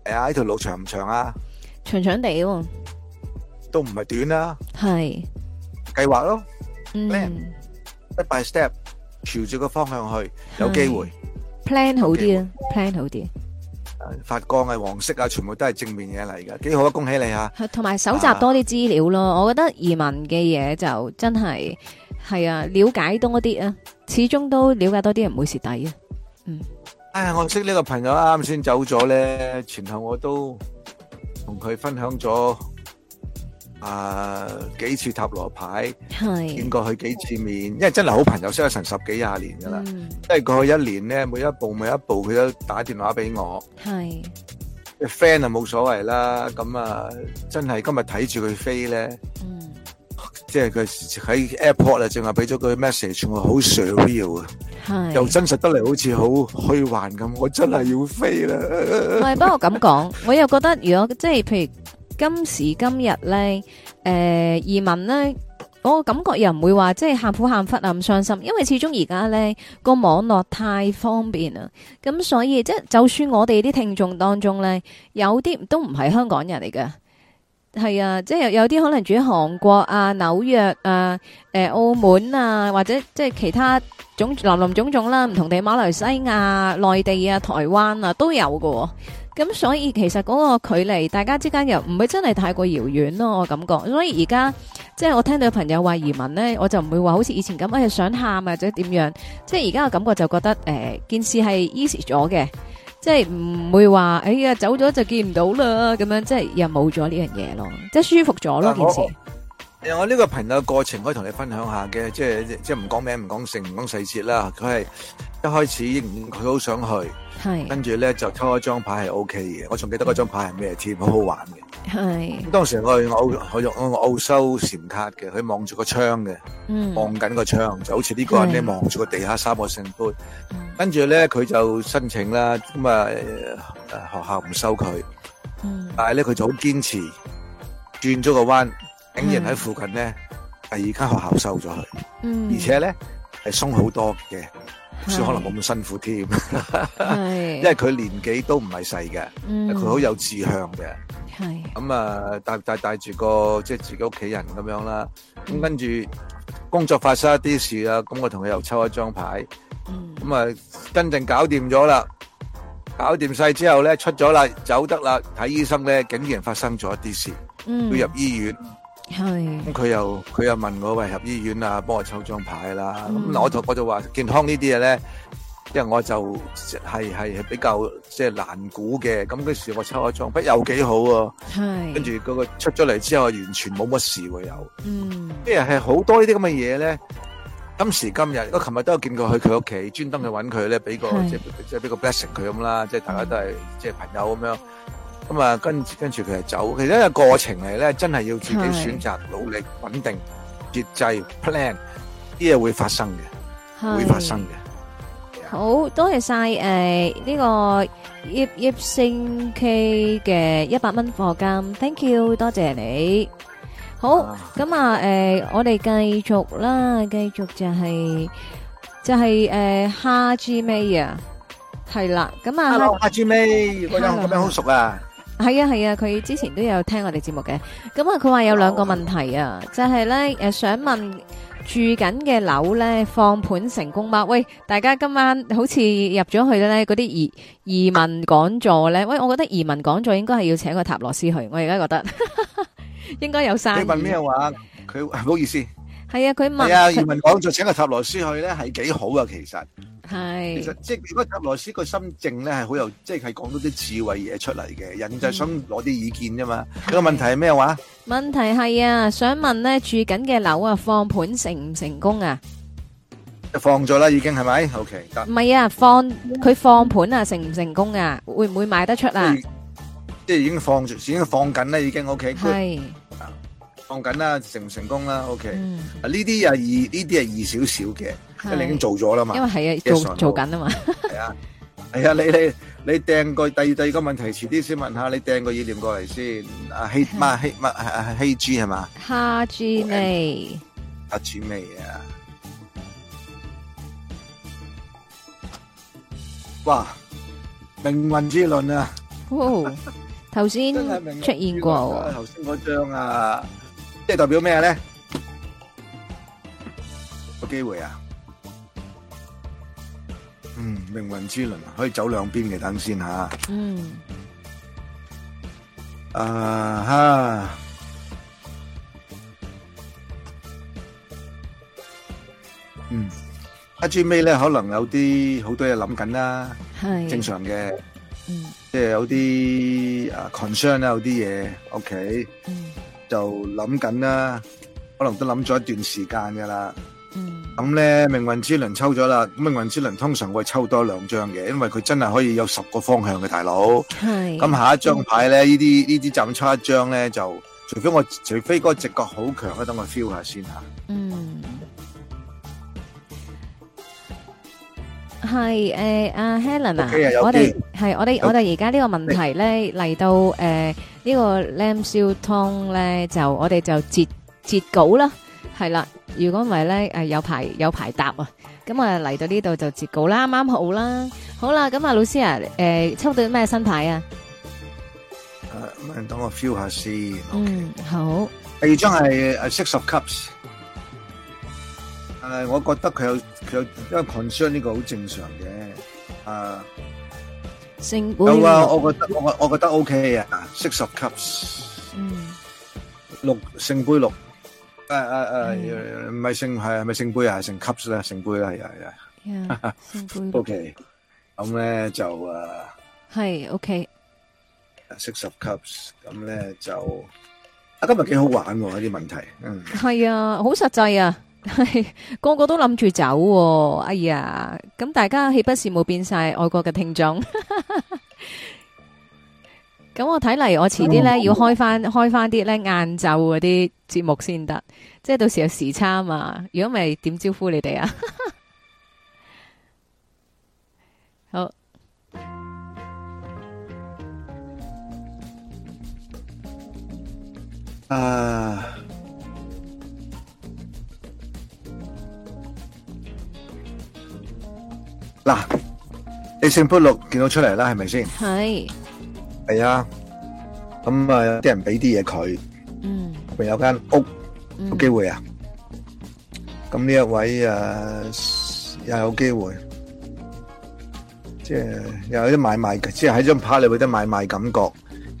Speaker 2: 係啊！呢條是、哎、路長唔長啊？
Speaker 4: 長長地喎、哦。
Speaker 2: 都唔係短啦，係計劃咯
Speaker 1: ，plan step
Speaker 2: by step，朝住個方向去，有機會
Speaker 1: plan 好啲啊，plan 好啲，
Speaker 2: 發光啊，黃色啊，全部都係正面嘢嚟㗎，幾好啊，恭喜你啊！
Speaker 1: 同埋搜集多啲資料咯，我覺得移民嘅嘢就真係係啊，了解多啲啊，始終都了解多啲唔會
Speaker 2: 蝕底啊。嗯，誒，我識呢個朋友啱先走咗咧，前後我都同佢分享咗。啊、呃，幾次塔羅牌，是見過佢幾次面，因為真係好朋友，識咗成十幾廿年㗎啦。即係、嗯、過去一年咧，每一步每一步佢都打電話俾我。係，friend 是就冇所謂啦。咁啊，真係今日睇住佢飛咧，嗯、即係佢喺 airport 啊，淨係俾咗佢 message 我，好 surreal 啊是，又真實得嚟，好似好虛幻咁。我真係要飛啦。唔
Speaker 1: 係，不過我咁講，我又覺得如果即係譬如。今時今日咧、呃，移民呢，我感覺又唔會話即係喊苦喊忽啊咁傷心，因為始終而家呢個網絡太方便啦，咁所以即係就算我哋啲聽眾當中呢，有啲都唔係香港人嚟㗎。係啊，即係有啲可能住喺韓國啊、紐約啊、呃、澳門啊，或者即係其他種林林種種啦，唔同地馬來西亞、內地啊、台灣啊都有喎、哦。咁所以其實嗰個距離，大家之間又唔會真係太過遙遠咯，我感覺。所以而家即係我聽到朋友話移民咧，我就唔會話好似以前咁，哎呀想喊或者點樣。即係而家嘅感覺就覺得，誒、呃、件事係 ease 咗嘅，即係唔會話，哎呀走咗就見唔到啦咁樣，即係又冇咗呢樣嘢咯，即係舒服咗咯好件事。
Speaker 2: 我呢個朋友過程可以同你分享下嘅，即係即係唔講名、唔講姓、唔講細節啦。佢係一開始佢好想去，跟住咧就抽一張牌係 O K 嘅。我仲記得嗰張牌係咩添，好是好玩嘅。係是當時我用我澳，我用奧修禪卡嘅，佢望住個窗嘅，
Speaker 4: 望
Speaker 2: 緊、嗯、個窗就好似呢個人咧望住個地下三個聖杯。跟住咧佢就申請啦，咁啊學校唔收佢，嗯、但係咧佢就好堅持，轉咗個彎。竟然喺附近咧，第二間學校收咗佢，嗯、
Speaker 4: 而且
Speaker 2: 咧係鬆好多嘅，
Speaker 4: 算是可能冇
Speaker 2: 咁辛苦添。是 因為佢年紀都唔係細嘅，佢好、嗯、有志向嘅。咁啊是、嗯嗯，帶帶帶住個即係自己屋企人咁樣啦。咁、嗯、跟住工作發生一啲事啊，咁我同佢又抽一張牌。咁啊、嗯，真正搞掂咗啦，搞掂晒之後咧，出咗啦，走得啦，睇醫生咧，竟然發生咗一啲事，嗯、要入醫院。係咁佢又佢又問我，喂，入醫院啊，幫我抽張牌啦咁，嗱我就我就話健康呢啲嘢咧，因為我就係係係比較即係難估嘅，咁嗰時我抽咗張，不又幾好喎，係跟住嗰個出咗嚟之後，完全冇乜事喎又，嗯，即係係好多呢啲咁嘅嘢咧，今時今日我琴日都有見過去佢屋企，專登去揾佢咧，俾個即係即係俾個 blessing 佢咁啦，即係大家都係即係朋友咁樣。咁啊，跟跟住佢就走，其實一個過程嚟咧，真係要自己選擇、努力、穩定、節制、plan，啲嘢會發生嘅，會發生嘅。
Speaker 1: 好多謝晒誒呢個葉葉勝 K 嘅一百蚊課金，Thank you，多謝你。好，咁啊誒，我哋繼續啦，繼續就係就係誒，哈 G May 啊，係啦，咁啊，Hello，阿阿 G May，
Speaker 2: 個音咁樣好熟啊！
Speaker 1: 係啊，係啊，佢、啊、之前都有聽我哋節目嘅，咁啊佢話有兩個問題啊，就係咧誒想問住緊嘅樓咧放盤成功嗎？喂，大家今晚好似入咗去咧嗰啲移移民講座咧，喂，我覺得移民講座應該係要請個塔羅師去，我而家覺得 應該有生意。你問咩話？
Speaker 2: 佢唔好意思。
Speaker 1: 係啊，佢問。係啊，移民
Speaker 2: 港就請個塔羅斯去咧，係幾好啊，其實。
Speaker 1: 係。其
Speaker 2: 實即係如果塔羅斯個心靜咧，係好有，即係講到啲智慧嘢出嚟嘅。人就係想攞啲意見啫嘛。個問題係咩話？
Speaker 1: 問題係啊，想問咧住緊嘅樓啊，放盤成唔成功啊？
Speaker 2: 放咗啦，已經係咪？OK，得。
Speaker 1: 唔係啊，放佢放盤啊，成唔成功啊？會唔會賣得出啊？
Speaker 2: 即係已經放住，已經放緊啦，已經 OK。係。放緊啦，成唔成功啦？OK，啊呢啲又易，呢啲係易少少嘅，你已經做咗啦嘛。因為係啊，做做緊啊嘛。係啊，係啊，你你你掟個第二第二個問題，遲啲先問下你掟個意念過嚟先阿希嘛，希嘛，阿阿希 G 係嘛？
Speaker 1: 蝦 G 未？
Speaker 2: 阿主未啊？哇！命運之輪啊！哇！
Speaker 1: 頭先出現過，
Speaker 2: 頭先嗰張啊！即係代表咩咧？個機會啊，嗯，命運之輪可以走兩邊嘅，等先吓。嗯。啊哈。嗯。啊，最尾咧，可能有啲好多嘢諗緊啦，係正常嘅。嗯。即係有啲啊 concern 啦，有啲嘢，OK。嗯。就諗緊啦，可能都諗咗一段時間噶啦。咁咧、嗯，命運之輪抽咗啦。咁命運之輪通常會抽多兩張嘅，因為佢真係可以有十個方向嘅大佬。係咁是，下一張牌咧，些站出一張呢啲呢啲就咁抽一張咧，就除非我除非嗰個直覺好強，等、嗯、我 feel 下先吓。嗯，
Speaker 1: 係誒，阿 Helen 啊，okay, 我哋係我哋 Okay. 我哋而家呢個問題咧嚟 Hey. 到誒。Uh, 呢個 lem 燒湯咧就我哋就截截稿啦，係啦。如果唔係咧，誒有排有排搭啊。咁啊嚟到呢度就截稿啦，啱啱好啦。好啦，咁啊老師啊，誒抽到咩新牌啊？
Speaker 2: 誒，等我 feel 下先。嗯，好。第二張係係 Six of Cups。誒，我覺得佢有佢有，因為 concern 呢個好正常嘅，誒。
Speaker 4: 有啊，我覺得我我
Speaker 2: 我覺得 O K 啊，Six of Cups，六聖杯六，誒誒誒，唔聖係咪聖杯啊？係聖級啦，聖杯啦，係啊，聖杯 O K，咁咧就誒，係 O K，Six of Cups，咁咧就，啊今日幾好玩喎，呢啲問題，嗯，
Speaker 1: 係啊，好實際啊。係、哎、個個都諗住走、哦，哎呀！咁大家豈不是冇變晒外國嘅聽眾？咁 我睇嚟，我遲啲咧要開翻開翻啲咧晏晝嗰啲節目先得，即係到時有時差啊嘛！如果唔係點招呼你哋啊？ 好
Speaker 3: 啊。
Speaker 2: 嗱，你聖杯六見到出嚟啦，係咪先？係係是啊，咁啊有啲人俾啲嘢佢，嗯，咪有間屋，個機會啊，咁呢、嗯、一位誒、啊、又有機會，即係又有啲買賣，即係喺張牌裏會得買賣感覺，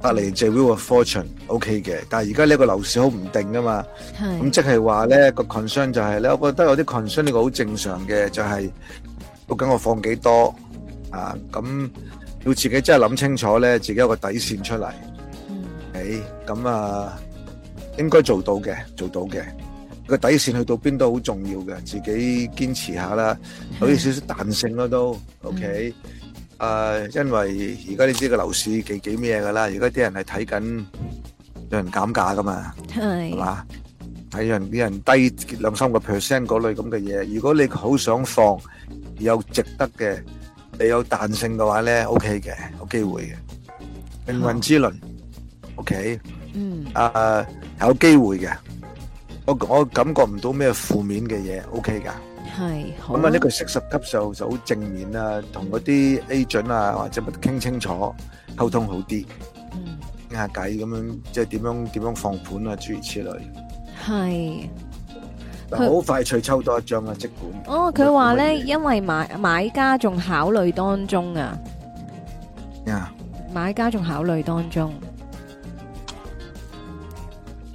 Speaker 2: 隔籬就 Wheel of Fortune、okay 嘅，但係而家呢個樓市好唔定噶嘛，咁是即係話咧個 concern 就係、是、咧，我覺得有啲 concern 呢個好正常嘅、就是，就係。究竟我放幾多啊？咁要自己真係諗清楚咧，自己有一個底線出嚟。OK，咁啊，應該做到嘅，做到嘅個底線去到邊都好重要嘅。自己堅持下啦，有啲少少彈性啦都 OK。誒，因為而家你知個樓市幾幾咩嘅啦，而家啲人係睇緊有人減價噶嘛，
Speaker 4: 係嘛？
Speaker 2: 係有人啲人低兩三個 percent 嗰類咁嘅嘢。如果你好想放。有值得嘅，你有彈性嘅話咧，OK 嘅，有機會嘅。命運之輪，OK，嗯，啊，有機會嘅。我我感覺唔到咩負面嘅嘢，OK 噶。
Speaker 4: 係，咁啊呢個
Speaker 2: 食十級數就就好正面啦。同嗰啲 agent 啊或者咪傾清楚，溝通好啲。嗯，傾下偈咁樣，即係點樣點樣放盤啊？諸如此類。
Speaker 1: 係。
Speaker 2: 好快脆抽多一張啊！即管哦，
Speaker 1: 佢話咧，因為買買家仲考慮當中啊，
Speaker 2: 啊，
Speaker 1: 買家仲考慮當中，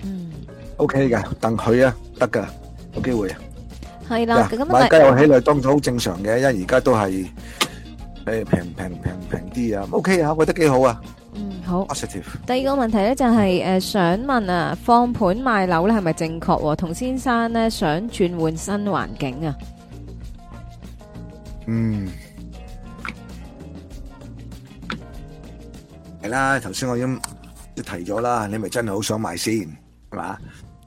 Speaker 2: 嗯，O K 嘅，等佢啊，得噶，冇機會啊，
Speaker 1: 係啦，買家又起
Speaker 2: 來當然好正常嘅，因而家都係誒平平平平啲啊，O K 啊，我覺得幾好啊。好，
Speaker 1: 第二個問題咧就係誒，想問啊，放盤賣樓咧係咪正確？同先生咧想轉換新環境啊？嗯，
Speaker 2: 係啦，頭先我已經都提咗啦，你咪真係好想賣先係嘛？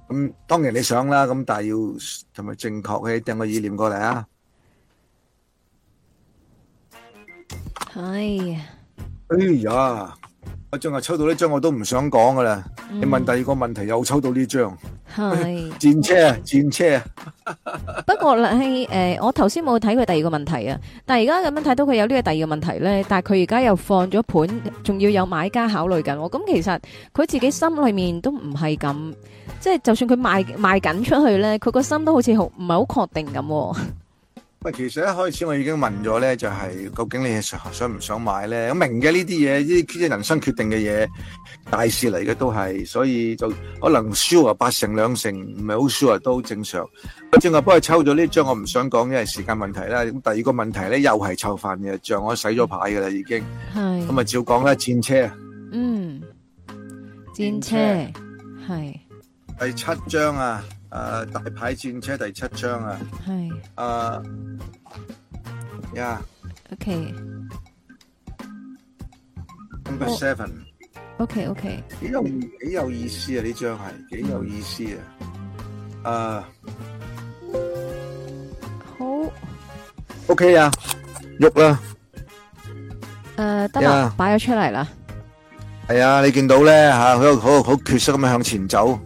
Speaker 2: 咁當然你想啦，咁但係要係咪正確？你掟個意念過嚟啊！Hi，哎呀！仲係抽到呢張，我都唔想講噶啦。你問第二個問題又抽到呢張，係戰車啊，戰車。
Speaker 1: 不過咧，誒，我頭先冇睇佢第二個問題啊，但係而家咁樣睇到佢有呢個第二個問題咧，但係佢而家又放咗盤，仲要有買家考慮緊。咁其實佢自己心裏面都唔係咁，即係就算佢賣賣緊出去咧，佢個心都好似好唔係好確定咁。
Speaker 2: 喂，其實一開始我已經問咗咧，就係究竟你想唔想買咧？我明嘅呢啲嘢，呢啲人生決定嘅嘢，大事嚟嘅都係，所以就可能 sure 八成兩成，唔係好 sure 都正常。我正話幫佢抽咗呢張，我唔想講，因為時間問題啦。咁第二個問題咧，又係湊飯嘅，仗我洗咗牌噶啦已經。係。咁啊，照講啦，戰車。嗯。
Speaker 1: 戰車
Speaker 4: 係。
Speaker 2: 第七張啊！誒，大牌戰車第七張啊，係，誒，呀
Speaker 4: ，OK，Number
Speaker 2: Seven，OK OK，幾有幾有意思啊呢張係，幾有意思啊，誒，好，OK 啊，喐啦，
Speaker 1: 誒得啦，擺咗出嚟啦，
Speaker 2: 係啊，你見到咧吓，佢好好好決心咁樣向前走。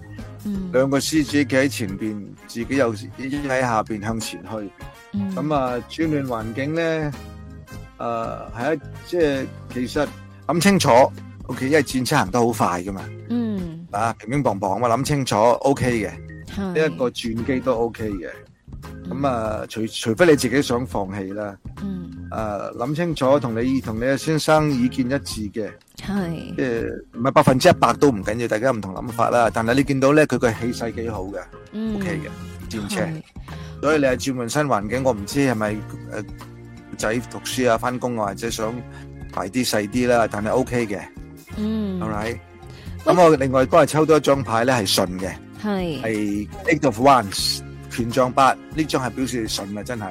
Speaker 2: 嗯、兩個獅子企喺前邊，自己又喺下邊向前去。咁啊、嗯，轉亂環境咧，誒、呃，係啊，即係其實諗清楚，OK，因為戰車行得好快噶嘛。
Speaker 3: 嗯，
Speaker 2: 啊，乒乒乓乓嘛，諗清楚 OK 嘅，呢的一個轉機都 OK 嘅。咁、嗯、啊，除除非你自己想放棄啦，嗯，啊，諗清楚同你同你嘅先生意見一致嘅，係是，即係唔係百分之一百都唔緊要，大家唔同諗法啦。但係你見到咧，佢個氣勢幾好嘅、
Speaker 3: 嗯
Speaker 4: ，OK 嘅
Speaker 2: 戰車。是是所以你係轉換新環境，我唔知係咪誒仔讀書啊、翻工啊，或者想大啲細啲啦，但係 OK 嘅，
Speaker 4: 嗯，係咪、
Speaker 2: 嗯？咁喂、啊、我另外都係抽多一張牌咧，係順嘅，係是，係 Eight of Wands 全象八呢張係表示順啊，真係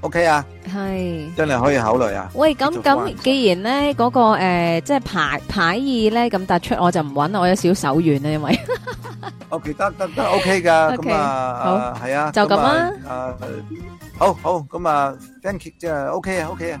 Speaker 2: ，OK 啊，
Speaker 1: 係，
Speaker 2: 真係可以考慮啊。
Speaker 1: 喂，咁咁既然咧嗰個誒，即係牌牌意咧，咁突出我就唔揾啦，我有少手軟啊，因為。
Speaker 2: OK，得得得，OK 噶，咁啊，好係啊，就咁啊，啊，好好咁啊，thank you，即係 OK 啊，OK 啊。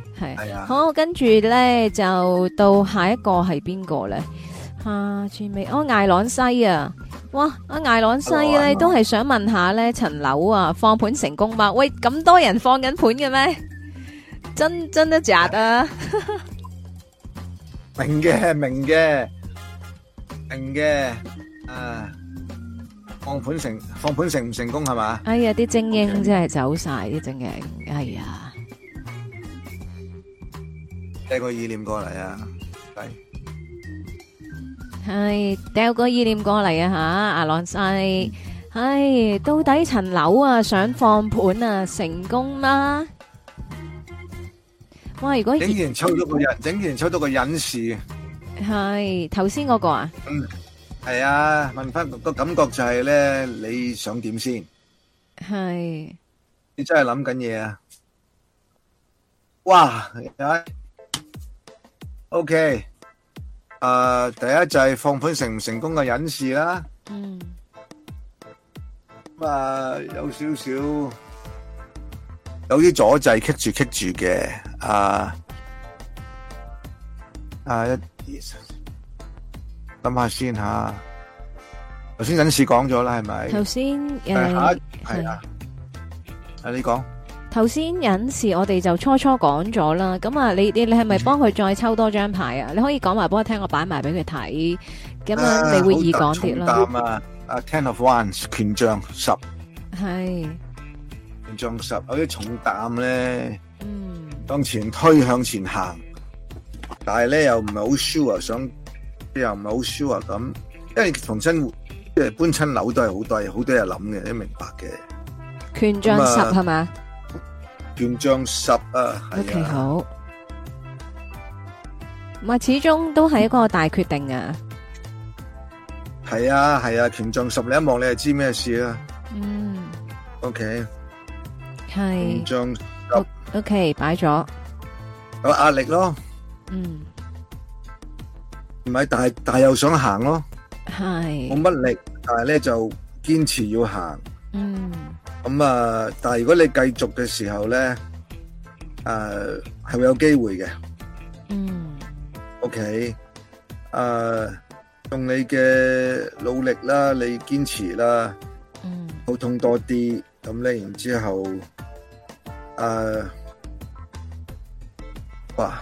Speaker 1: 係好，跟住咧就到下一個係邊個咧？下邊哦艾朗西啊，哇！阿艾朗西咧都係想問下咧層樓啊，放盤成功嗎？喂，咁多人放緊盤嘅咩？真真得咋啊！
Speaker 2: 明嘅，明嘅，明嘅，誒，放盤成放盤成唔成功係嘛？哎呀，
Speaker 1: 啲精英真係走晒啲精英，哎呀。
Speaker 2: 帶個意念過嚟
Speaker 1: 啊！係，係掉個意念過嚟啊吓，阿朗西，係到底層樓啊想放盤啊成功啦？哇！如果整完抽到個忍，
Speaker 2: 整完抽到個隱士，
Speaker 1: 係頭先嗰個啊？嗯，
Speaker 2: 係啊。問翻個感覺就係咧，你想點先？係，你真係諗緊嘢啊！哇，哎。O K，誒，第一就係放盤成唔成功嘅隱士啦。嗯。咁啊，有少少有啲阻滯，棘住棘住嘅。啊啊，一二三諗下先吓。頭先隱士講咗啦，係咪？頭
Speaker 1: 先誒，係
Speaker 2: 啊，係你講。
Speaker 1: 頭先隱士，我哋就初初講咗啦。咁啊，你你你係咪幫佢再抽多張牌啊？你可以講埋幫我聽，我擺埋俾佢睇。咁啊，你會易講啲啦。
Speaker 2: 啊，啊 ，Ten of Wands，權杖十。係是。權杖十，有啲重擔咧。嗯。向前推，向前行，但係咧又唔係好 sure，想又唔係好 sure 咁，因為同親即係搬親樓都係好多好多嘢諗嘅，你明白嘅。
Speaker 1: 權杖十係嘛？那啊
Speaker 2: 權杖十啊，係、啊 okay, 好。
Speaker 1: 咁啊，始終都係一個大決定、嗯、啊，
Speaker 2: 係啊，係啊，權杖十你一望你就知咩事啊。嗯，OK，係權杖
Speaker 1: 十，OK 擺咗，
Speaker 2: 有壓力咯，嗯，唔係但係又想行咯，
Speaker 4: 係冇
Speaker 2: 乜力，但係咧就堅持要行，嗯。咁啊、嗯！但係如果你繼續嘅時候咧，誒、呃，係會有機會嘅。嗯。O.K. 誒、呃，用你嘅努力啦，你堅持啦，嗯，溝通多啲，咁、嗯、咧，然之後誒、呃，哇！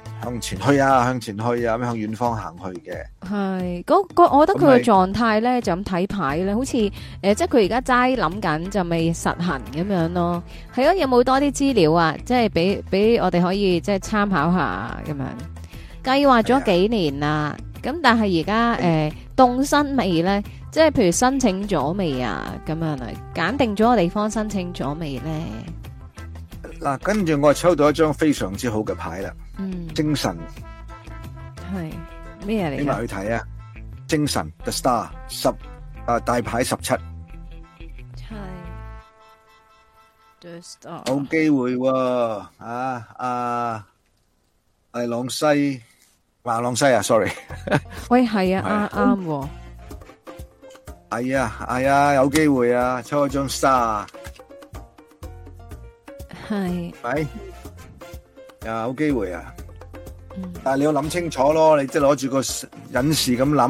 Speaker 2: 向前去啊！向前去啊！咁向遠方行去嘅
Speaker 1: 係嗰個，我覺得佢嘅狀態咧就咁睇牌咧，好似誒、呃，即係佢而家齋諗緊，就未實行咁樣咯。係咯，有冇多啲資料啊？即係俾俾我哋可以即係參考下咁樣。計劃咗幾年啦，咁、啊、但係而家誒動身未咧？即係譬如申請咗未啊？咁樣啊？揀定咗個地方申請咗未咧？
Speaker 2: 嗱，跟住我抽到一張非常之好嘅牌啦！精神
Speaker 4: 係咩嚟？點解去
Speaker 2: 睇啊？精神 the star 十啊大牌十七係 the star 有機會喎啊啊！係朗西華朗西啊，sorry。
Speaker 1: 喂係啊啱啱喎，
Speaker 2: 係啊係啊，有機會啊，抽一張 star 係喂。啊，有機會啊！但係你要諗清楚咯，嗯、你即係攞住個隱者咁諗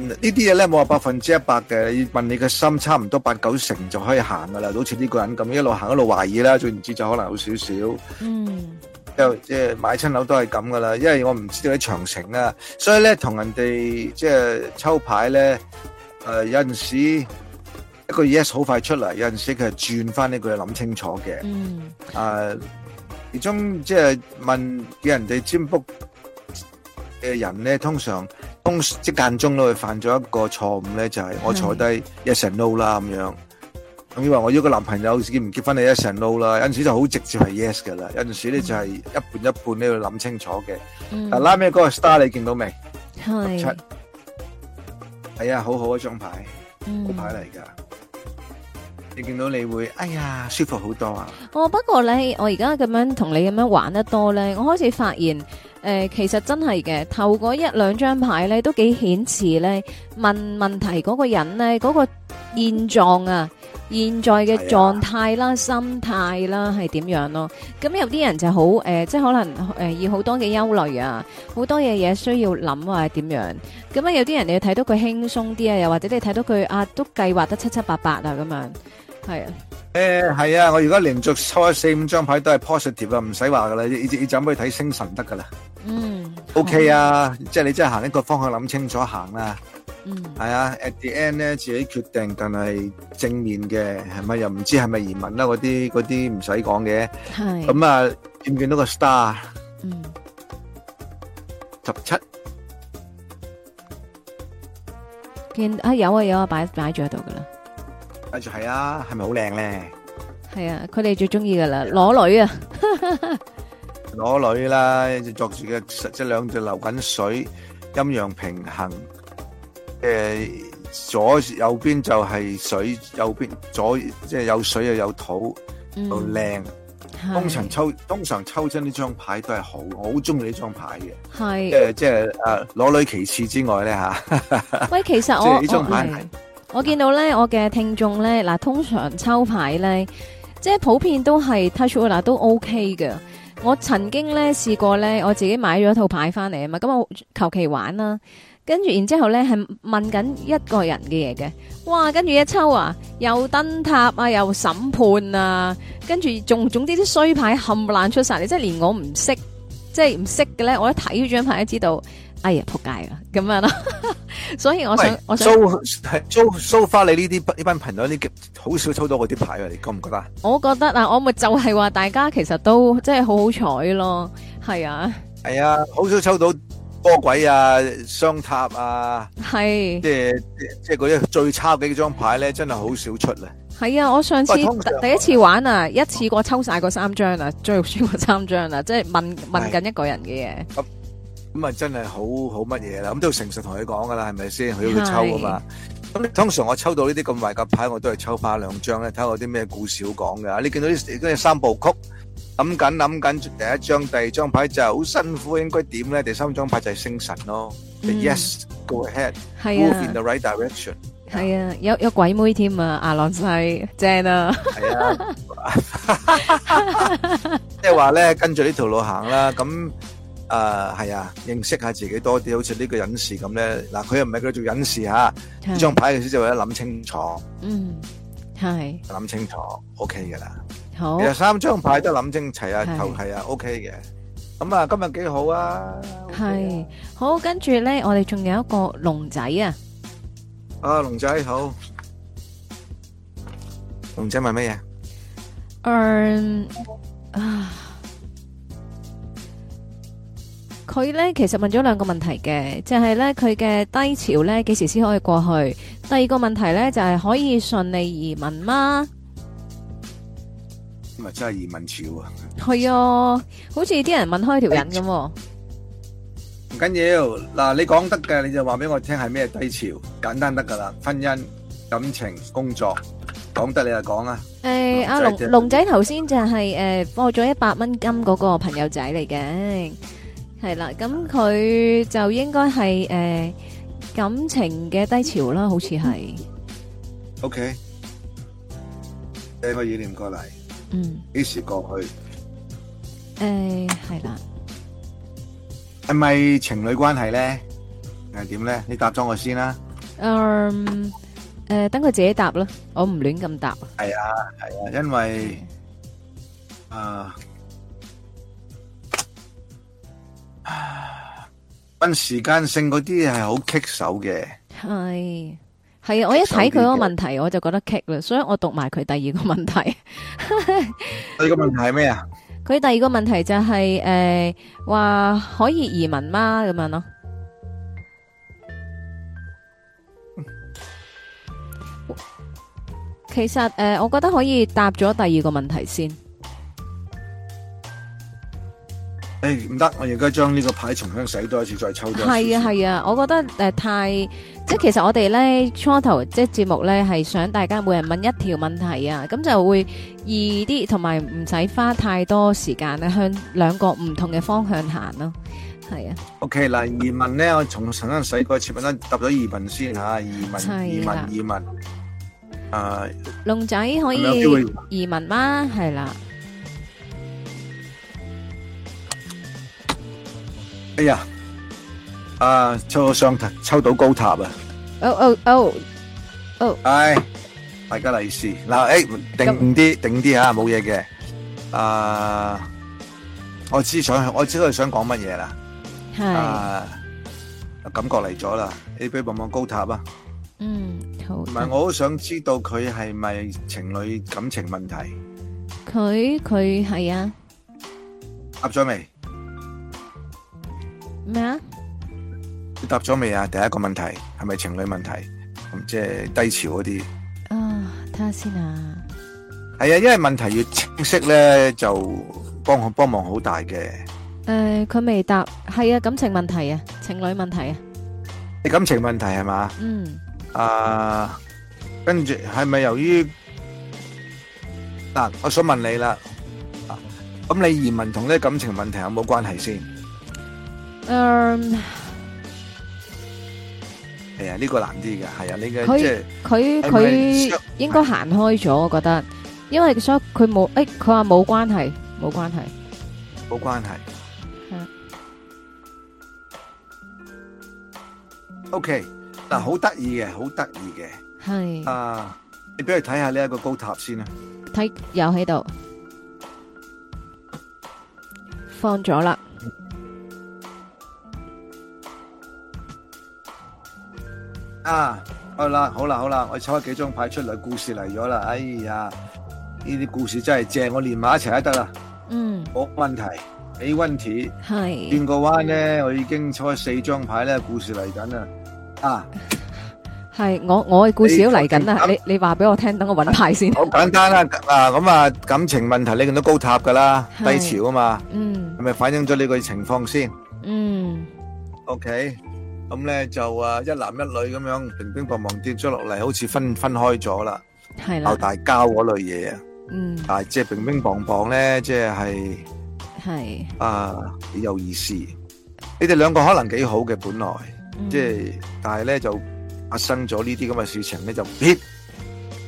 Speaker 2: 呢啲嘢咧，冇話百分之一百嘅，問你個心差唔多八九成就可以行噶啦。好似呢個人咁，一路行一路懷疑啦，總言之，就可能好少少。
Speaker 3: 嗯，
Speaker 2: 又即係買親樓都係咁噶啦，因為我唔知道啲詳情啊，所以咧同人哋即係抽牌咧，誒、呃、有陣時一個 yes 好快出嚟，有陣時佢係轉翻呢句諗清楚嘅。嗯，誒、呃。其中即係問人哋占卜嘅人咧，通常，通即間中都會犯咗一個錯誤咧，就係我坐低 yes and no 啦咁樣。咁以為，我要個男朋友，佢唔結婚，你 yes and no 啦。有陣時就好直接係 yes 噶啦，有陣時咧就係一半一半，都要諗清楚嘅。嗱，last 嗰個 star 你見到未？係。係啊，好好一張牌，牌嚟噶。你見到你會哎呀，舒服好多啊！
Speaker 1: 我、哦、不過咧，我而家咁樣同你咁樣玩得多咧，我開始發現誒、呃，其實真係嘅頭嗰一兩張牌咧，都幾顯示咧問問題嗰個人咧嗰、嗰個現狀啊，現在嘅狀態啦、哎、呀心態啦係點樣咯？咁有啲人就好誒、呃，即係可能誒，有、呃、好多嘅憂慮啊，好多嘢嘢需要諗啊，點樣咁啊？有啲人你要睇到佢輕鬆啲啊，又或者你睇到佢啊都計劃得七七八八啊，咁樣。
Speaker 2: 係啊，誒係啊，我而家連續抽咗四五張牌都係 positive 啊，唔使話噶啦，你你就可以睇星神得噶啦。嗯。OK 啊，啊即係你真係行一個方向諗清楚行啦。嗯。係啊，at the end 咧自己決定，但係正面嘅係咪又唔知係咪移民啦？嗰啲啲唔使講嘅。係。咁啊，見唔見到個 star？嗯。十七。見啊，
Speaker 1: 有啊，有啊，擺擺咗喺度噶啦。
Speaker 2: 就係啊，係咪好靚咧？
Speaker 1: 係啊，佢哋最中意噶啦，裸女啊，
Speaker 2: 裸女啦，作住嘅實質兩隻流緊水，陰陽平衡。誒，左右邊就係水，右邊左即係有水又有土，又靚。通常抽通常抽出呢張牌都係好，我好中意呢張牌嘅。係，即係即係誒，裸女其次之外咧吓。
Speaker 1: 喂，其實我呢張牌。我見到咧，我嘅聽眾咧，嗱，通常抽牌咧，即係普遍都係 touch wood 都 OK 嘅。我曾經咧試過咧，我自己買咗一套牌翻嚟啊嘛，咁我求其玩啦。跟住然之後咧，係問緊一個人嘅嘢嘅，哇！跟住一抽啊，又登塔啊，又審判啊，跟住仲總之啲衰牌冚爛出晒，你即係連我唔識，即係唔識嘅咧，我一睇住張牌都知道。
Speaker 2: 哎呀，仆街啊！
Speaker 1: 咁樣咯， 所以我想喂我想，
Speaker 2: 收收收翻你呢啲呢班朋友呢，好少抽到嗰啲牌啊！你覺唔覺，覺得？
Speaker 1: 我覺得啊，我咪就係話大家其實都真係好好彩咯，係啊，
Speaker 2: 係啊，好少抽到波鬼啊、雙塔啊，
Speaker 1: 係、啊啊，即
Speaker 2: 係即係嗰啲最差幾張牌咧，真係好少出啊！
Speaker 1: 係啊，我上次是第一次玩啊，啊一次過抽晒嗰三張啊，啊最衰嗰三張啊，即係問問緊、啊、一個人嘅嘢。啊
Speaker 2: 咁啊，真係好好乜嘢啦！咁都要誠實同佢講噶啦，係咪先？佢要抽啊嘛。咁通常我抽到呢啲咁壞嘅牌，我都係抽翻兩張咧，睇下有啲咩故事講嘅。你見到啲嗰啲三部曲，諗緊諗緊第一張、第二張牌就好辛苦，應該點咧？第三張牌就係星神咯。Yes, go ahead, move in the right direction。
Speaker 1: 係啊，有有鬼妹添啊，阿浪西正啊。即
Speaker 2: 係話咧，跟住呢條路行啦，咁。誒，係、uh, 啊，認識一下自己多啲，好似呢個隱士咁咧。嗱，佢又唔係叫做隱士吓，呢張是牌嘅意思就係諗清楚。嗯，
Speaker 4: 係
Speaker 2: 諗清楚，OK 嘅啦。
Speaker 1: 好，其實三
Speaker 2: 張牌都諗清齊啊，係啊是，OK 嘅。咁、嗯、啊，今日幾好啊？係是、OK
Speaker 1: 啊、好，跟住咧，我哋仲有一個龍仔啊。啊、
Speaker 2: uh,，龍仔好，龍仔，問乜嘢？
Speaker 1: 嗯啊、um,。佢咧其實問咗兩個問題嘅，就係咧佢嘅低潮咧幾時先可以過去？第二個問題咧就係可以順利移民嗎？
Speaker 2: 咁啊真係移民潮啊！
Speaker 1: 係啊，好似啲人問開條癮咁。唔
Speaker 2: 緊要，嗱，你講得嘅，你就話俾我聽係咩低潮，簡單得噶啦。婚姻、感情、工作，講得你就講啊。
Speaker 1: 誒，阿龍龍仔頭先就係誒，播咗一百蚊金嗰個朋友仔嚟嘅。係啦，咁佢就應該係誒感情嘅低潮啦，好似係。
Speaker 2: OK，帶個意念過嚟。嗯。幾時過去？
Speaker 4: 誒，係啦。
Speaker 2: 係咪情侶關係咧？係點咧？你答咗我先啦。
Speaker 1: 嗯，誒，等佢自己答囉，我唔亂咁答。
Speaker 2: 係啊，係啊，因為啊。分時間性嗰啲係好棘手嘅，
Speaker 1: 係係啊！我一睇佢個問題，我就覺得棘啦，所以我讀埋佢第二個問題。
Speaker 2: 第二個問題係咩啊？
Speaker 1: 佢第二個問題就係、是、誒，話、呃、可以移民嗎？咁樣咯。 其實誒、呃，我覺得可以答咗第二個問題先。
Speaker 2: 誒，唔得，我而家將呢個牌重新洗多一次，再抽多。係啊係
Speaker 1: 啊，我覺得誒太即係，其實我哋咧初頭即係節目咧係想大家每人問一條問題啊，咁就會易啲，同埋唔使花太多時間咧向兩個唔同嘅方向行咯。
Speaker 2: 係啊。OK，嗱，移民咧，我重新洗過，切換啦，揼咗移民先吓，移民移民移民。
Speaker 1: 誒，龍仔可以移民嗎？係啦。
Speaker 2: 哎呀！啊，抽到上塔，抽到高塔啊！哦哦哦哦！哎，大家嚟試嗱，哎，定啲，定啲吓，冇嘢嘅。啊，我知想，我知佢想講乜嘢啦。係。啊，感覺嚟咗啦，畀我望望高塔啊！嗯，好。唔係，我好想知道佢係咪情侶感情問題？
Speaker 1: 佢佢係啊。
Speaker 2: 壓咗未？咩啊？什麼你答咗未啊？第一個問題係咪情侶問題？咁即係低潮嗰啲啊？
Speaker 1: 睇下先啊。
Speaker 2: 係啊，因為問題越清晰咧，就幫我幫忙好大嘅。
Speaker 1: 誒、呃，佢未答。係啊，感情問題啊，情侶問題啊。
Speaker 2: 你感情問題係嘛？嗯。啊，跟住係咪由於嗱、啊？我想問你啦，咁你移民同呢感情問題有冇關係先？嗯，係啊，呢個難啲嘅，係啊，呢個即係佢佢
Speaker 1: 應該行開咗，我覺得，因為所以佢冇，誒，佢話冇關係，冇關係，
Speaker 2: 冇關係。嗯。OK，嗱，好得意嘅，好得意嘅，係。啊，你俾佢睇下呢一個高塔先啦。
Speaker 1: 睇又喺度，放咗啦。
Speaker 2: 啊，好啦，好啦，好啦，我抽咗幾張牌出嚟，故事嚟咗啦。哎呀，呢啲故事真係正，我連埋一齊都得啦。
Speaker 4: 嗯，
Speaker 2: 冇問題喺 twenty，係轉個彎咧，我已經抽咗四張牌咧，故事嚟緊啊。
Speaker 1: 啊，係我我嘅故事都嚟緊啦，你你話俾我聽，等我揾牌先。好
Speaker 2: 簡單啦，嗱咁啊感情問題，你見到高塔噶啦，低潮啊嘛，嗯，係咪反映咗呢個情況先？嗯，OK。咁咧就啊一男一女咁樣乒乒乓乓跌咗落嚟，好似分分開咗啦，鬧大交嗰類嘢啊。嗯，但係即係乒乒乓乓咧，即係係啊幾有意思。你哋兩個可能幾好嘅本來，
Speaker 4: 即係
Speaker 2: 但係咧就發生咗呢啲咁嘅事情咧就唔 fit。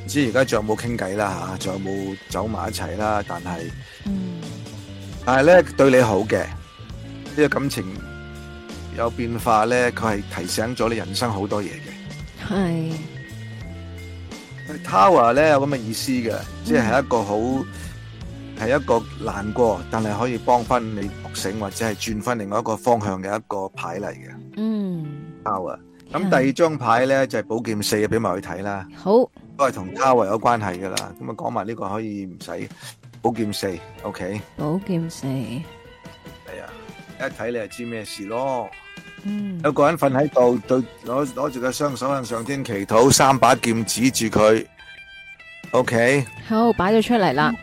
Speaker 2: 唔知而家仲有冇傾偈啦吓，仲有冇走埋一齊啦？但係，嗯，但係咧對你好嘅呢個感情。有變化咧，佢係提醒咗你人生好多嘢
Speaker 4: 嘅。
Speaker 2: 係，Tower 咧有咁嘅意思嘅，即、就、係、是、一個好，係、mm. 一個難過，但係可以幫翻你復醒或者係轉翻另外一個方向嘅一個牌嚟嘅。嗯，Tower 咁第二張牌咧就係、是、寶劍四，俾埋去睇啦。好，都係同 Tower 有關係噶啦。咁啊，講埋呢個可以唔使、okay？寶劍四，OK。
Speaker 4: 寶劍四。
Speaker 2: 一睇你就知咩事咯。嗯，有個人瞓喺度，對攞攞住個雙手向上天祈禱，三把劍指住佢。OK，
Speaker 1: 好，擺咗出嚟啦。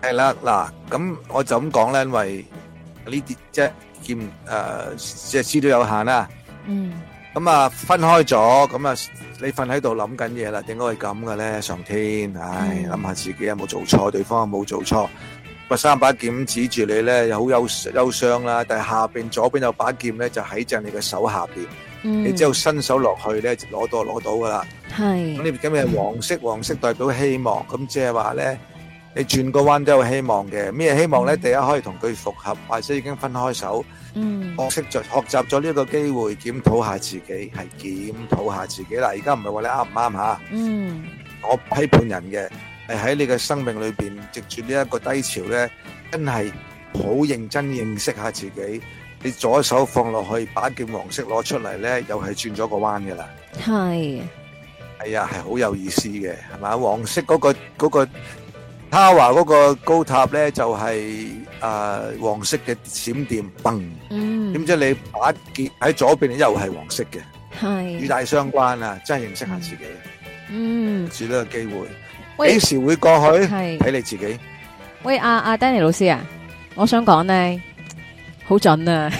Speaker 2: 係啦，嗱，咁我就咁講咧，因為呢啲即係劍誒，即係資料有限啦。嗯。咁啊，分開咗，咁啊，你瞓喺度諗緊嘢啦，點解會咁嘅咧？上天，唉，諗下自己有冇做錯，對方有冇做錯。三把劍指住你咧，好憂憂傷啦。但係下邊左邊有把劍咧，就喺正你嘅手下邊。嗯、你只有伸手落去咧，攞到攞到噶啦。咁呢邊係今日黃色，嗯、黃色代表希望。咁即係話咧，你轉個彎都有希望嘅。咩希望咧？第一可以同佢復合，或者已經分開手。嗯。學識咗學習咗呢個機會，檢討下自己，係檢討下自己啦。而家唔係話你啱唔啱下，
Speaker 3: 嗯。
Speaker 2: 我批判人嘅。係喺你嘅生命裏邊，藉住呢一個低潮咧，真係好認真認識下自己。你左手放落去，把件黃色攞出嚟咧，又係轉咗個彎噶啦。
Speaker 4: 係是，
Speaker 2: 係啊、哎，係好有意思嘅，係嘛？黃色嗰個嗰個，Tower 嗰個高塔咧，就係、是、誒、呃、黃色嘅閃電，嘣。嗯。點知你把件喺左邊，又係黃色嘅。
Speaker 4: 係是。與大
Speaker 2: 相關啊，真係認識下自己。嗯。
Speaker 1: 藉
Speaker 2: 住呢個機會。幾時會過去？係睇你自己。
Speaker 1: 喂，阿、啊、阿、啊、Danny 老師啊，我想講呢，好準啊！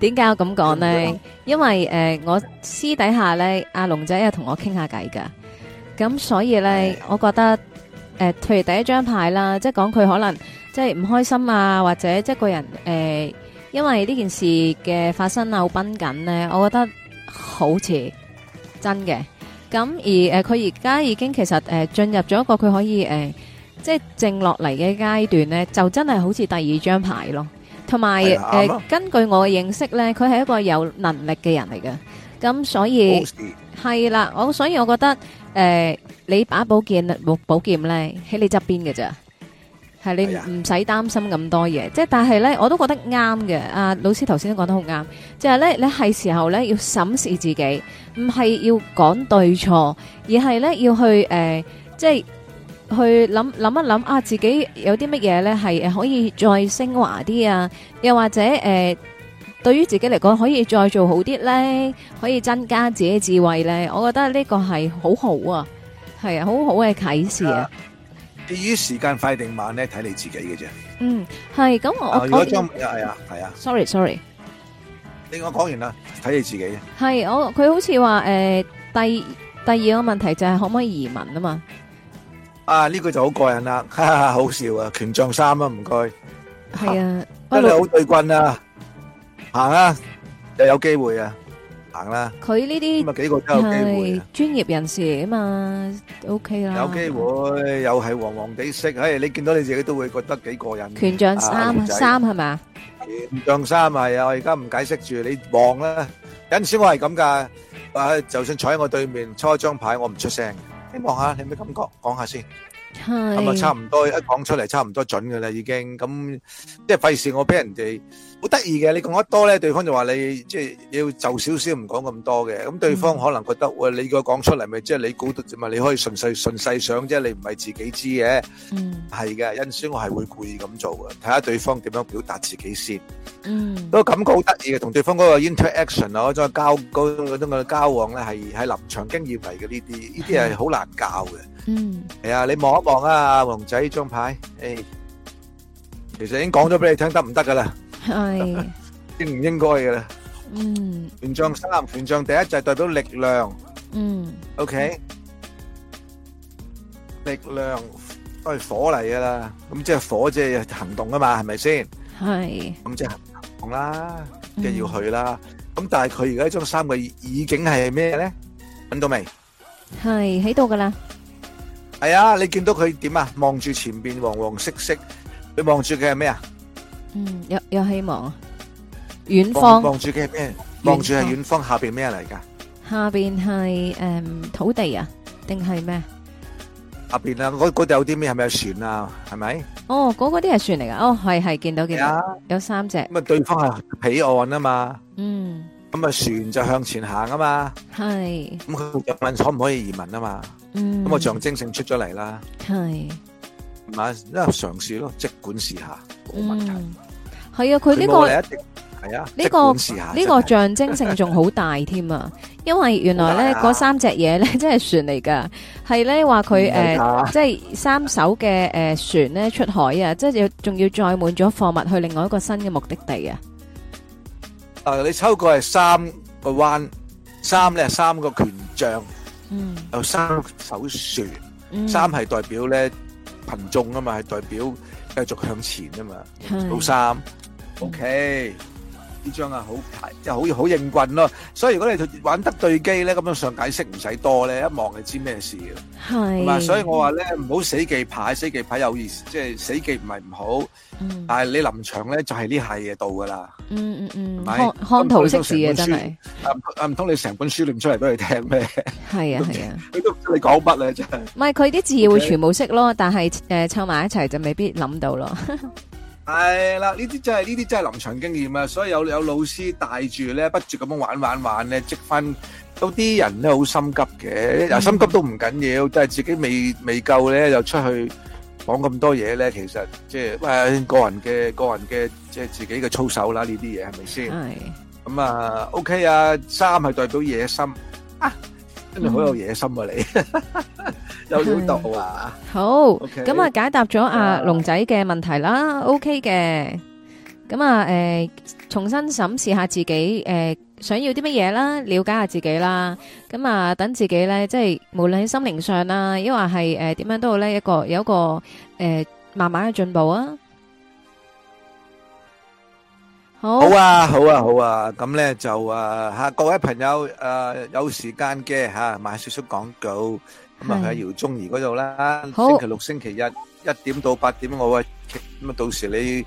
Speaker 1: 點 解我咁講呢？因為誒、呃，我私底下呢，阿龍仔一日同我傾下偈噶。咁所以呢，是我覺得誒，譬、呃、如第一張牌啦，即係講佢可能即係唔開心啊，或者即係個人誒、呃，因為呢件事嘅發生啊，好繃緊，呢，我覺得好似真嘅。咁、嗯、而誒，佢而家已經其實誒、呃、進入咗一個佢可以誒、呃，即係靜落嚟嘅階段咧，就真係好似第二張牌咯。同埋誒，根據我嘅認識咧，佢係一個有能力嘅人嚟嘅。咁、嗯、所以係啦，我、哦、所以我覺得誒、呃，你把寶劍寶劍呢，咧喺你側邊嘅咋。係你唔使擔心咁多嘢，即係但係咧，我都覺得啱嘅。阿老師頭先都講得好啱，就係咧，你係時候咧要審視自己，唔係要講對錯，而係咧要去誒，即係去諗諗一諗啊，自己有啲乜嘢咧係可以再升華啲啊，又或者誒，對於自己嚟講可以再做好啲咧，可以增加自己智慧咧，我覺得呢個係好好啊，係啊，好好嘅啟示啊。
Speaker 2: 至於時間快定慢咧，睇你自己嘅啫。嗯，
Speaker 1: 係咁我我如果張
Speaker 2: 係啊係啊。
Speaker 1: Sorry，Sorry，
Speaker 2: 你我講完啦，睇你自己。
Speaker 1: 係我佢好似話誒，第第二個問題就係可唔可以移民啊嘛？
Speaker 2: 啊，呢個就好過癮啦哈哈，好笑啊，權杖三啊，唔該。係啊，不過你好對棍啊，行啊，又有機會啊。行啦，
Speaker 1: 佢呢啲咁啊，幾個都有機會。專業人士嚟啊嘛，OK 啦。有機
Speaker 2: 會，又係黃黃地色，唉，你見到你自己都會覺得幾過癮。權杖三啊，三係咪？權杖三係啊，我而家唔解釋住。你望啦，有陣時我係咁噶，唉，就算坐喺我對面抽一張牌，我唔出聲。你望下，你有咩感覺？講下先。
Speaker 4: 係。咁啊，差唔
Speaker 2: 多一講出嚟，差唔多準㗎喇，已經。咁即係費事我俾人哋。好得意嘅，你講得多咧，對方就話你即係要就少少，唔講咁多嘅。咁對方可能覺得，喂，你個講出嚟咪即係你估，嘛你可以順勢順勢想啫。你唔係自己知嘅，嗯，係嘅。因陣時，我係會故意咁做嘅，睇下對方點樣表達自己先。嗯，都感覺好得意嘅，同對方嗰個 interaction 哦，再交嗰種嗰種嘅交往咧，係喺臨場經驗嚟嘅呢啲，呢啲係好難教嘅。嗯，係啊，你望一望啊，阿黃仔呢張牌，誒，其實已經講咗俾你聽得唔得噶啦。係應唔應該嘅啦。嗯。權杖三、權杖第一就係代表力量。嗯。O K。力量都係火嚟噶啦，咁即係火即係行動啊嘛，係咪先？係。咁即係行動啦，即係要去啦。咁但係佢而家呢張三嘅意境係咩咧？揾到未？
Speaker 1: 係喺度噶啦。
Speaker 2: 係啊，你見到佢點啊？望住前邊黃黃色色，你望住佢係咩啊？
Speaker 1: 嗯，有有希望。啊，遠方望
Speaker 2: 住嘅係咩？望住係遠方下邊咩嚟噶？
Speaker 1: 下邊係誒土地啊，定係咩？
Speaker 2: 下邊啊，嗰嗰度有啲咩？係咪有船啊？係咪？
Speaker 1: 哦，嗰個？哦，嗰啲係船嚟噶。哦，係係見到見到，見到啊，有三隻。咁
Speaker 2: 啊，對方係彼岸啊嘛。嗯。咁啊，船就向前行啊嘛。
Speaker 4: 係。
Speaker 2: 咁佢問可唔可以移民啊嘛？
Speaker 4: 嗯。咁啊，象
Speaker 2: 徵性出咗嚟啦。係。唔係，因為嘗試咯，即管試下，
Speaker 1: 冇問題。嗯，係啊，佢
Speaker 2: 呢個係啊，呢個呢個象徵性
Speaker 1: 仲好大添啊！因為原來咧，嗰三隻嘢咧，即係船嚟噶，係咧話佢誒，即係三艘嘅誒船咧出海啊，即係仲要載滿咗貨物去另外一個新嘅目的地啊！
Speaker 2: 誒，你抽個係三個彎，三咧係三個權杖，嗯，有三艘船，三係代表咧。群眾啊嘛，係代表繼續向前啊嘛，老、mm. 三，OK。Mm. 呢張啊，好即係好好應棍咯，所以如果你玩得對機咧，咁樣上解釋唔使多咧，一望你知咩事嘅。
Speaker 4: 係是、嗯。所以我話
Speaker 2: 咧，唔好死記牌，死記牌有意思，即、就、係、是、死記唔係唔好，嗯、但係你臨場咧就係呢下嘢到噶啦、嗯。嗯嗯嗯。
Speaker 1: 咪看圖識字
Speaker 2: 的啊，真係。啊唔通你成本書念出嚟俾佢聽咩？係啊係啊。佢、 啊啊、都唔知你講乜咧真係。唔係佢啲字會全
Speaker 1: 部識咯，Okay? 但係誒湊埋一齊就未必諗到咯。
Speaker 2: 係啦，呢啲真係呢啲真係臨場經驗啊！所以有有老師帶住咧，不斷咁樣玩玩玩咧，積翻有啲人咧好心急嘅，又心急都唔緊要，就係自己未未夠咧，就出去講咁多嘢咧。其實即係誒個人嘅個人嘅即係自己嘅操守啦，呢啲嘢係咪先？咁啊，OK 啊，三係代表野心啊。真係好有野心啊！你有料到啊！
Speaker 1: 好，咁啊解答咗阿龍仔嘅問題啦。OK 嘅，咁啊誒，重新審視下自己誒，想要啲乜嘢啦？了解下自己啦。咁啊，等自己咧，即係無論喺心靈上啦，亦或係誒點樣都好咧，一個有一個誒慢慢嘅進步啊！Oh, 好啊，好
Speaker 2: 啊，好啊，咁咧就啊吓，各位朋友誒、啊、有時間嘅嚇、啊、賣少少廣告，
Speaker 1: 咁啊喺姚
Speaker 2: 宗儀嗰度啦，好星期六、星期日一點到八點我會，咁啊到時你。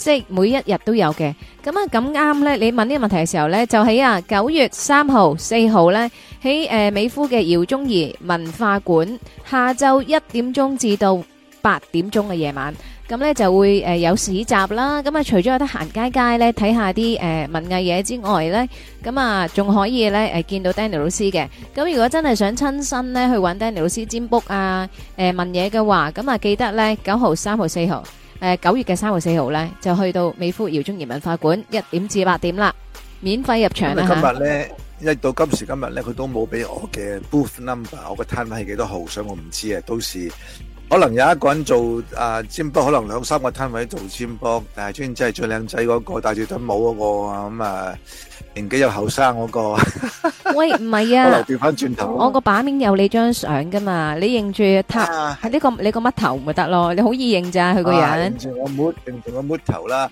Speaker 1: 即每一日都有嘅，咁啊咁啱咧，你問呢個問題嘅時候咧，就喺啊九月三號、四號咧，喺誒美孚嘅饒宗頤文化館下晝一點鐘至到八點鐘嘅夜晚，咁咧就會誒有市集啦，咁啊除咗有得行街街咧，睇下啲誒文藝嘢之外咧，咁啊仲可以咧誒見到 Danny 老師嘅，咁如果真係想親身咧去搵 Danny 老師占卜啊，誒問嘢嘅話，咁啊記得咧九號、三號、四號。誒，九、呃、月嘅三號、四號咧，就去到美孚饒宗頤文化館，一點至八點啦，免費入場啦，啊、今日
Speaker 2: 咧，一到今時今日咧，佢都冇俾我嘅 booth number，我個攤位係幾多號，所以我唔知啊，到時。可能有一個人做啊占卜，可能兩三個攤位做占卜，但係穿真係最靚仔嗰個，戴住頂帽嗰、那個，咁、嗯、啊年紀有後生嗰個。
Speaker 1: 喂，唔係啊，我又調
Speaker 2: 翻轉頭。我個
Speaker 1: 版面有你張相噶嘛？你認住、啊這個、你頭，係呢個你個乜頭咪得咯？你好易認咋佢個人、啊。認住
Speaker 2: 我抹，認住我抹頭啦。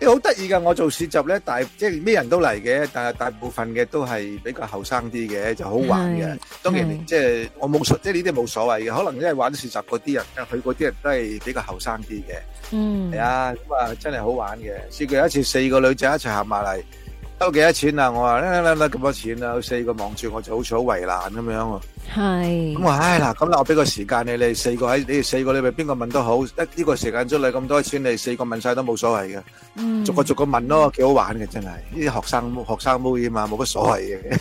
Speaker 2: 你好得意噶，我做市集咧，大即係咩人都嚟嘅，但係大部分嘅都係比較後生啲嘅，就好玩嘅。當然，即係我冇所，即係呢啲冇所謂嘅。可能因為玩市集嗰啲人，佢嗰啲人都係比較後生啲嘅。嗯，係啊，咁啊，真係好玩嘅。試過有一次四個女仔一齊合埋嚟。收幾多錢啊？我話啦啦啦咁多錢啊！四個望住我就好似好為難咁樣
Speaker 4: 喎。係。咁話唉嗱，
Speaker 2: 咁嗱，我俾個時間你哋四個喺你哋四個裏面，邊個問都好，一呢個時間出嚟咁多錢，你四個問晒都冇所謂嘅。嗯。逐個逐個問咯，幾好玩嘅真係。呢啲學生學生妹啊，冇乜所謂
Speaker 1: 嘅。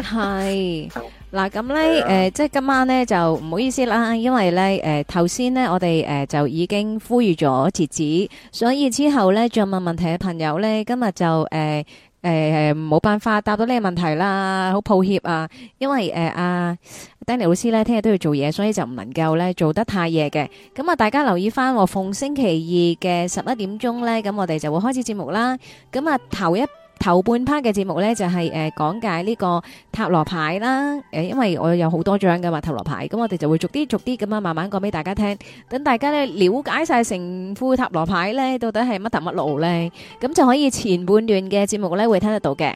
Speaker 1: 係。嗱咁咧，誒，即係今晚咧就唔好意思啦，因為咧，誒，頭先咧我哋誒就已經呼籲咗截止，所以之後咧再問問題嘅朋友咧，今日就誒。誒，冇、呃、辦法答到呢個問題啦，好抱歉啊！因為誒阿 Danny 老師咧聽日都要做嘢，所以就唔能夠咧做得太夜嘅。咁啊，大家留意翻、哦，逢星期二嘅十一點鐘咧，咁我哋就會開始節目啦。咁啊，頭一。頭半 part 嘅節目咧就係誒講解呢個塔羅牌啦，誒因為我有好多張噶嘛塔羅牌，咁我哋就會逐啲逐啲咁啊慢慢講俾大家聽，等大家咧了解晒成副塔羅牌咧到底係乜塔乜路咧，咁就可以前半段嘅節目咧會聽得到嘅，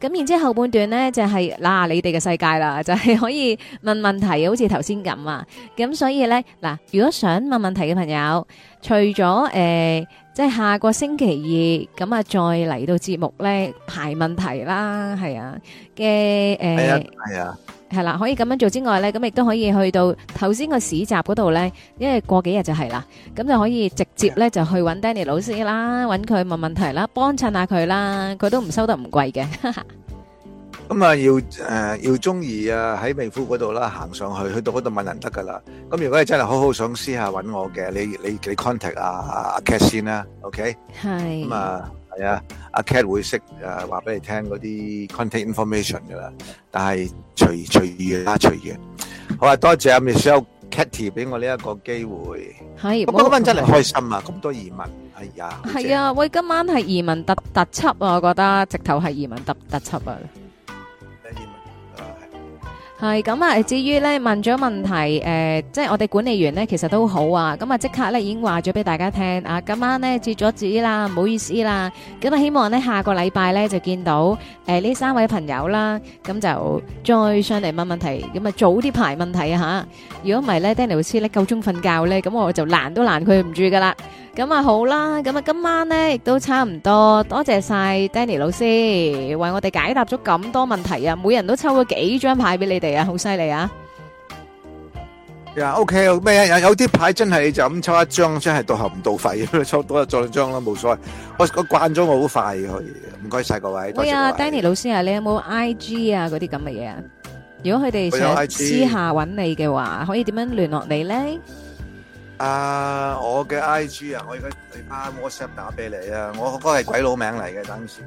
Speaker 1: 咁然之後後半段咧就係嗱你哋嘅世界啦，就係可以問問題，好似頭先咁啊，咁所以咧嗱如果想問問題嘅朋友，除咗誒。即係下個星期二，咁啊再嚟到節目咧排問題啦，係啊嘅誒，係啊，係啦，可以咁樣做之外咧，咁亦都可以去到頭先個市集嗰度咧，因為過幾日就係啦，咁就可以直接咧就去揾 Danny 老師啦，揾佢問問題啦，幫襯下佢啦，佢都唔收得唔貴嘅。
Speaker 2: 咁啊，要誒要中意啊，喺名夫嗰度啦，行上去，去到嗰度問人得噶啦。咁如果你真係好好想私下揾我嘅，你你你 contact 阿阿 cat 先啦，OK？係。咁啊，係啊，阿 cat 會識誒話俾你聽嗰啲 contact information 噶啦。但係隨隨意啦，隨意。好啊，多謝阿 Michelle Cathy 俾我呢一個機會。
Speaker 1: 係。不過今晚真係開
Speaker 2: 心啊！咁多移民係啊。係
Speaker 1: 啊，喂，今晚係移民特特輯啊，我覺得直頭係移民特特輯啊。係咁啊！至於咧問咗問題，誒，即係我哋管理員咧，其實都好啊。咁啊，即刻咧已經話咗俾大家聽啊，今晚咧截咗止啦，唔好意思啦。咁啊，希望咧下個禮拜咧就見到誒呢三位朋友啦。咁就再上嚟問問題。咁啊，早啲排問題啊嚇！如果唔係咧，Danny 老師咧夠鍾瞓覺咧，咁我就攔都攔佢唔住噶啦。咁啊好啦，咁啊今晚咧亦都差唔多，多謝晒 Danny 老師為我哋解答咗咁多問題啊！每人都抽咗幾張牌俾你哋啊，好犀利啊！
Speaker 2: 呀，OK，咩啊？有有啲牌真係就咁抽一張，真係到喉唔到肺，抽多一張啦，冇所謂。我我慣咗我好快去，唔該晒各位。喂啊，Danny 老師啊，你
Speaker 1: 有冇 IG 啊嗰啲咁嘅嘢啊？如果佢哋想私下揾你嘅話，可以點樣聯絡你咧？
Speaker 2: 啊！我嘅 I G 啊，我而家俾翻 WhatsApp 打俾你啊，我嗰個係鬼佬名嚟嘅，等陣先。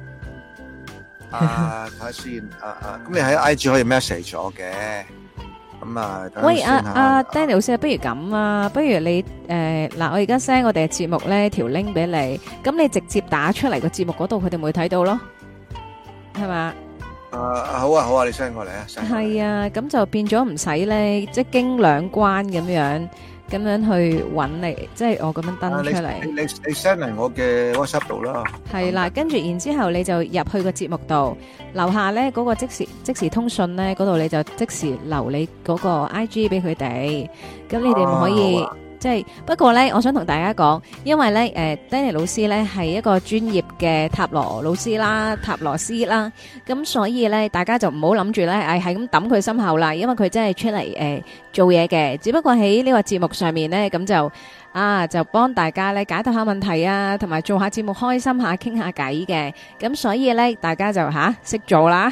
Speaker 2: 啊，睇下先，啊啊，咁你喺 I G 可以 message 我嘅，咁啊。喂，阿阿
Speaker 1: Danny 老師，不如咁啊，不如你誒，嗱，我而家 send 我哋嘅節目咧條 link 俾你，咁你直接打出嚟個節目嗰度，佢哋會睇到咯，係嘛？
Speaker 2: 啊，好啊，好啊，你 send 過嚟啊，send，
Speaker 1: 係啊，咁就變咗唔使咧，即係經兩關咁樣。咁樣去揾你，即係我咁樣登出嚟。
Speaker 2: 你你你 send 嚟我嘅 WhatsApp 度啦。
Speaker 1: 係啦，跟住然之後你就入去個節目度，樓下咧嗰個即時即時通訊咧嗰度，你就即時留你嗰個 IG 俾佢哋。咁你哋唔可以。即係不過咧，我想同大家講，因為咧誒，Danny 老師咧係一個專業嘅塔羅老師啦，塔羅師啦，咁所以咧，大家就唔好諗住咧，誒係咁抌佢心口啦，因為佢真係出嚟誒、呃、做嘢嘅，只不過喺呢個節目上面咧，咁就啊就幫大家咧解答下問題啊，同埋做下節目開心下傾下偈嘅，咁所以咧，大家就吓、啊、識做啦。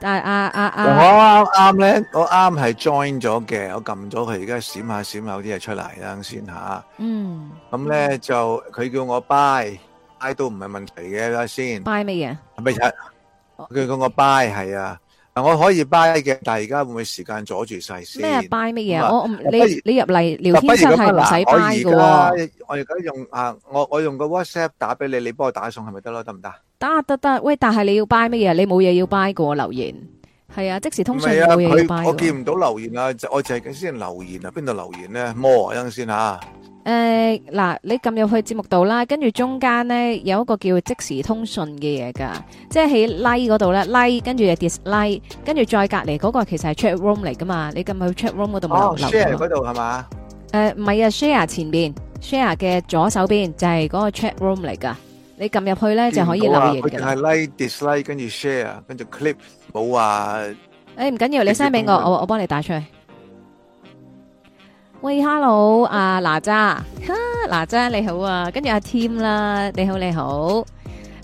Speaker 1: 但係啊啊啊！啊啊我啱啱咧，
Speaker 2: 我啱係 join 咗嘅，我撳咗佢，而家閃下閃下有啲嘢出嚟啦先吓。嗯，咁咧、嗯嗯、就佢叫我 buy buy 都唔係問題嘅啦先。buy 咩嘢？咪柒、啊？佢叫我 buy 係啊。我可以拜嘅，但係而家會唔會時間阻住晒先？咩拜乜嘢啊？我你如
Speaker 1: 你入嚟，聊天室係唔使 buy
Speaker 2: 噶喎。我而家用啊，我我用個 WhatsApp 打俾你，你幫我打送係咪得咯？得唔得？
Speaker 1: 打下得得，喂！ 但係你要拜乜嘢？你冇嘢要拜過留言係啊，即時通訊冇嘢要拜啊。我見
Speaker 2: 唔到留言啊，我淨係先留言啊，邊度留言咧？摸我，先吓。
Speaker 1: 誒嗱，你撳入去節目度啦，跟住中間咧有一個叫即時通訊嘅嘢㗎，即係喺 like 嗰度咧 like，跟住就 dislike，跟住再隔離嗰個其實係 chat room 嚟噶嘛，你撳去 chat room 嗰度咪留？哦，share 嗰度係嘛？誒唔係啊，share 前邊 share 嘅左手邊就係嗰個 chat room 嚟㗎，你撳入去咧就可以留言㗎。冇話佢淨係
Speaker 2: like dislike 跟住 share 跟住 clip，冇話。
Speaker 1: 誒唔緊要，你 send 俾我，我我幫你打出去。喂，hello，啊，娜吒，哈，娜吒你好啊，跟住阿 Tim 啦，你好你好，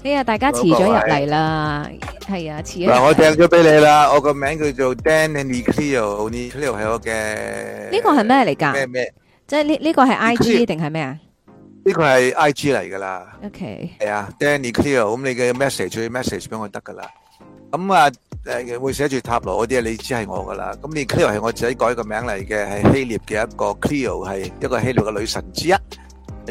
Speaker 1: 呢日大家遲咗入嚟啦，係啊，遲咗。嗱，我訂
Speaker 2: 咗俾你啦，我個名叫做 Danny Clear，Clear 係我嘅，呢個係
Speaker 1: 咩嚟噶？咩咩？即係呢呢個係 IG 定係咩啊？
Speaker 2: 呢個係 IG 嚟噶啦。OK。係啊，Danny Clear，咁你嘅 message message 俾我得噶啦，咁啊。誒，會寫住塔羅嗰啲啊，你知係我噶啦。咁你 Clio 係我自己改個名嚟嘅，係希臘嘅一個 Clio，係一個希臘嘅女神之一，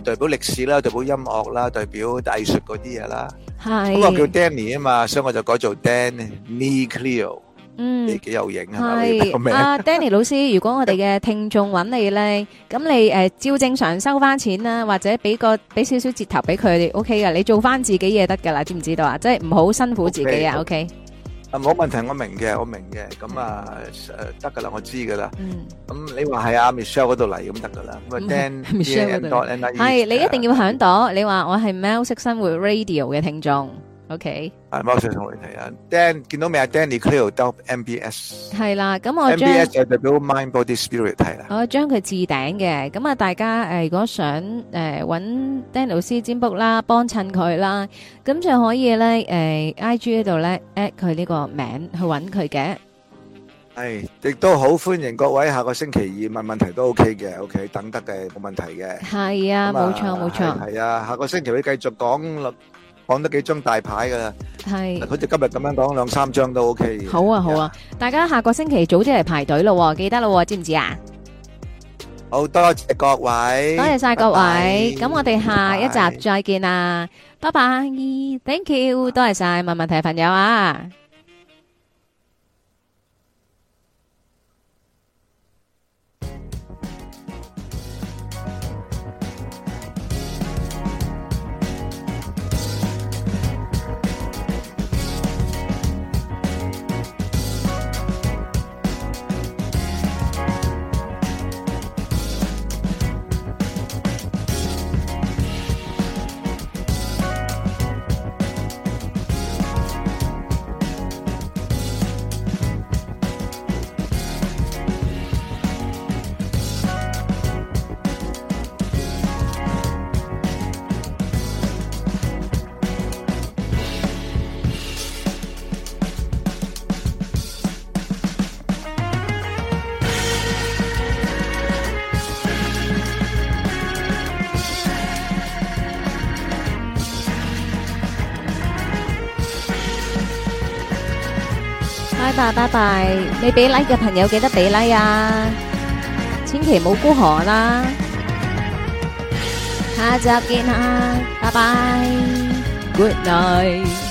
Speaker 2: 代表歷史啦，代表音樂啦，代表藝術嗰啲嘢啦。
Speaker 4: 係咁是我叫
Speaker 2: Danny 啊嘛，所以我就改做 Danny Clio。嗯，幾有型啊！係啊
Speaker 1: ，Danny 老師，如果我哋嘅聽眾揾你咧，咁 你誒、呃、照正常收翻錢啦、啊，或者俾個俾少少折頭俾佢，OK 噶。你做翻自己嘢得噶啦，知唔知道啊？即係唔好辛苦自己啊。OK。okay? okay?
Speaker 2: 啊，冇問題，我明嘅，我明嘅，咁啊，誒得㗎喇，我知㗎喇。嗯。咁你話係阿 Michelle 嗰度嚟，咁得㗎喇。咁啊，Dan，Michelle，係
Speaker 1: 你一定要響朵。你話我係喵式生活 Radio 嘅聽眾。O K，
Speaker 2: 啊，我想送嚟睇啊。Danny 見到未啊？Danny CleodotM B S
Speaker 1: 係啦，咁我 M B S 就
Speaker 2: 就代表 Mind Body Spirit 睇啦。
Speaker 1: 我將佢置頂嘅，咁啊，大家誒，如果想誒搵 Danny 老師占卜啦，幫襯佢啦，咁就可以咧，誒 I G 喺度咧，at 佢呢個名去搵佢嘅。
Speaker 2: 係，亦都好歡迎各位下個星期二問問題都 O K 嘅，O K 等得嘅冇問題嘅。係啊，
Speaker 1: 冇錯
Speaker 2: 冇錯。係啊，下個星期會繼續講律。講得幾張大牌噶啦，係，好似今日咁樣講兩三張都 OK。好
Speaker 1: 啊好啊，大家下個星期早啲嚟排隊咯，記得咯，知唔知啊？
Speaker 2: 好多謝各位，多謝晒各位，咁
Speaker 1: 我哋下一集再見啦，拜拜，Thank you，多謝晒問問題嘅朋友啊。拜拜！你俾 like 嘅朋友記得俾 like 啊，千祈唔好孤寒啦。下集見啦，拜拜，Good night。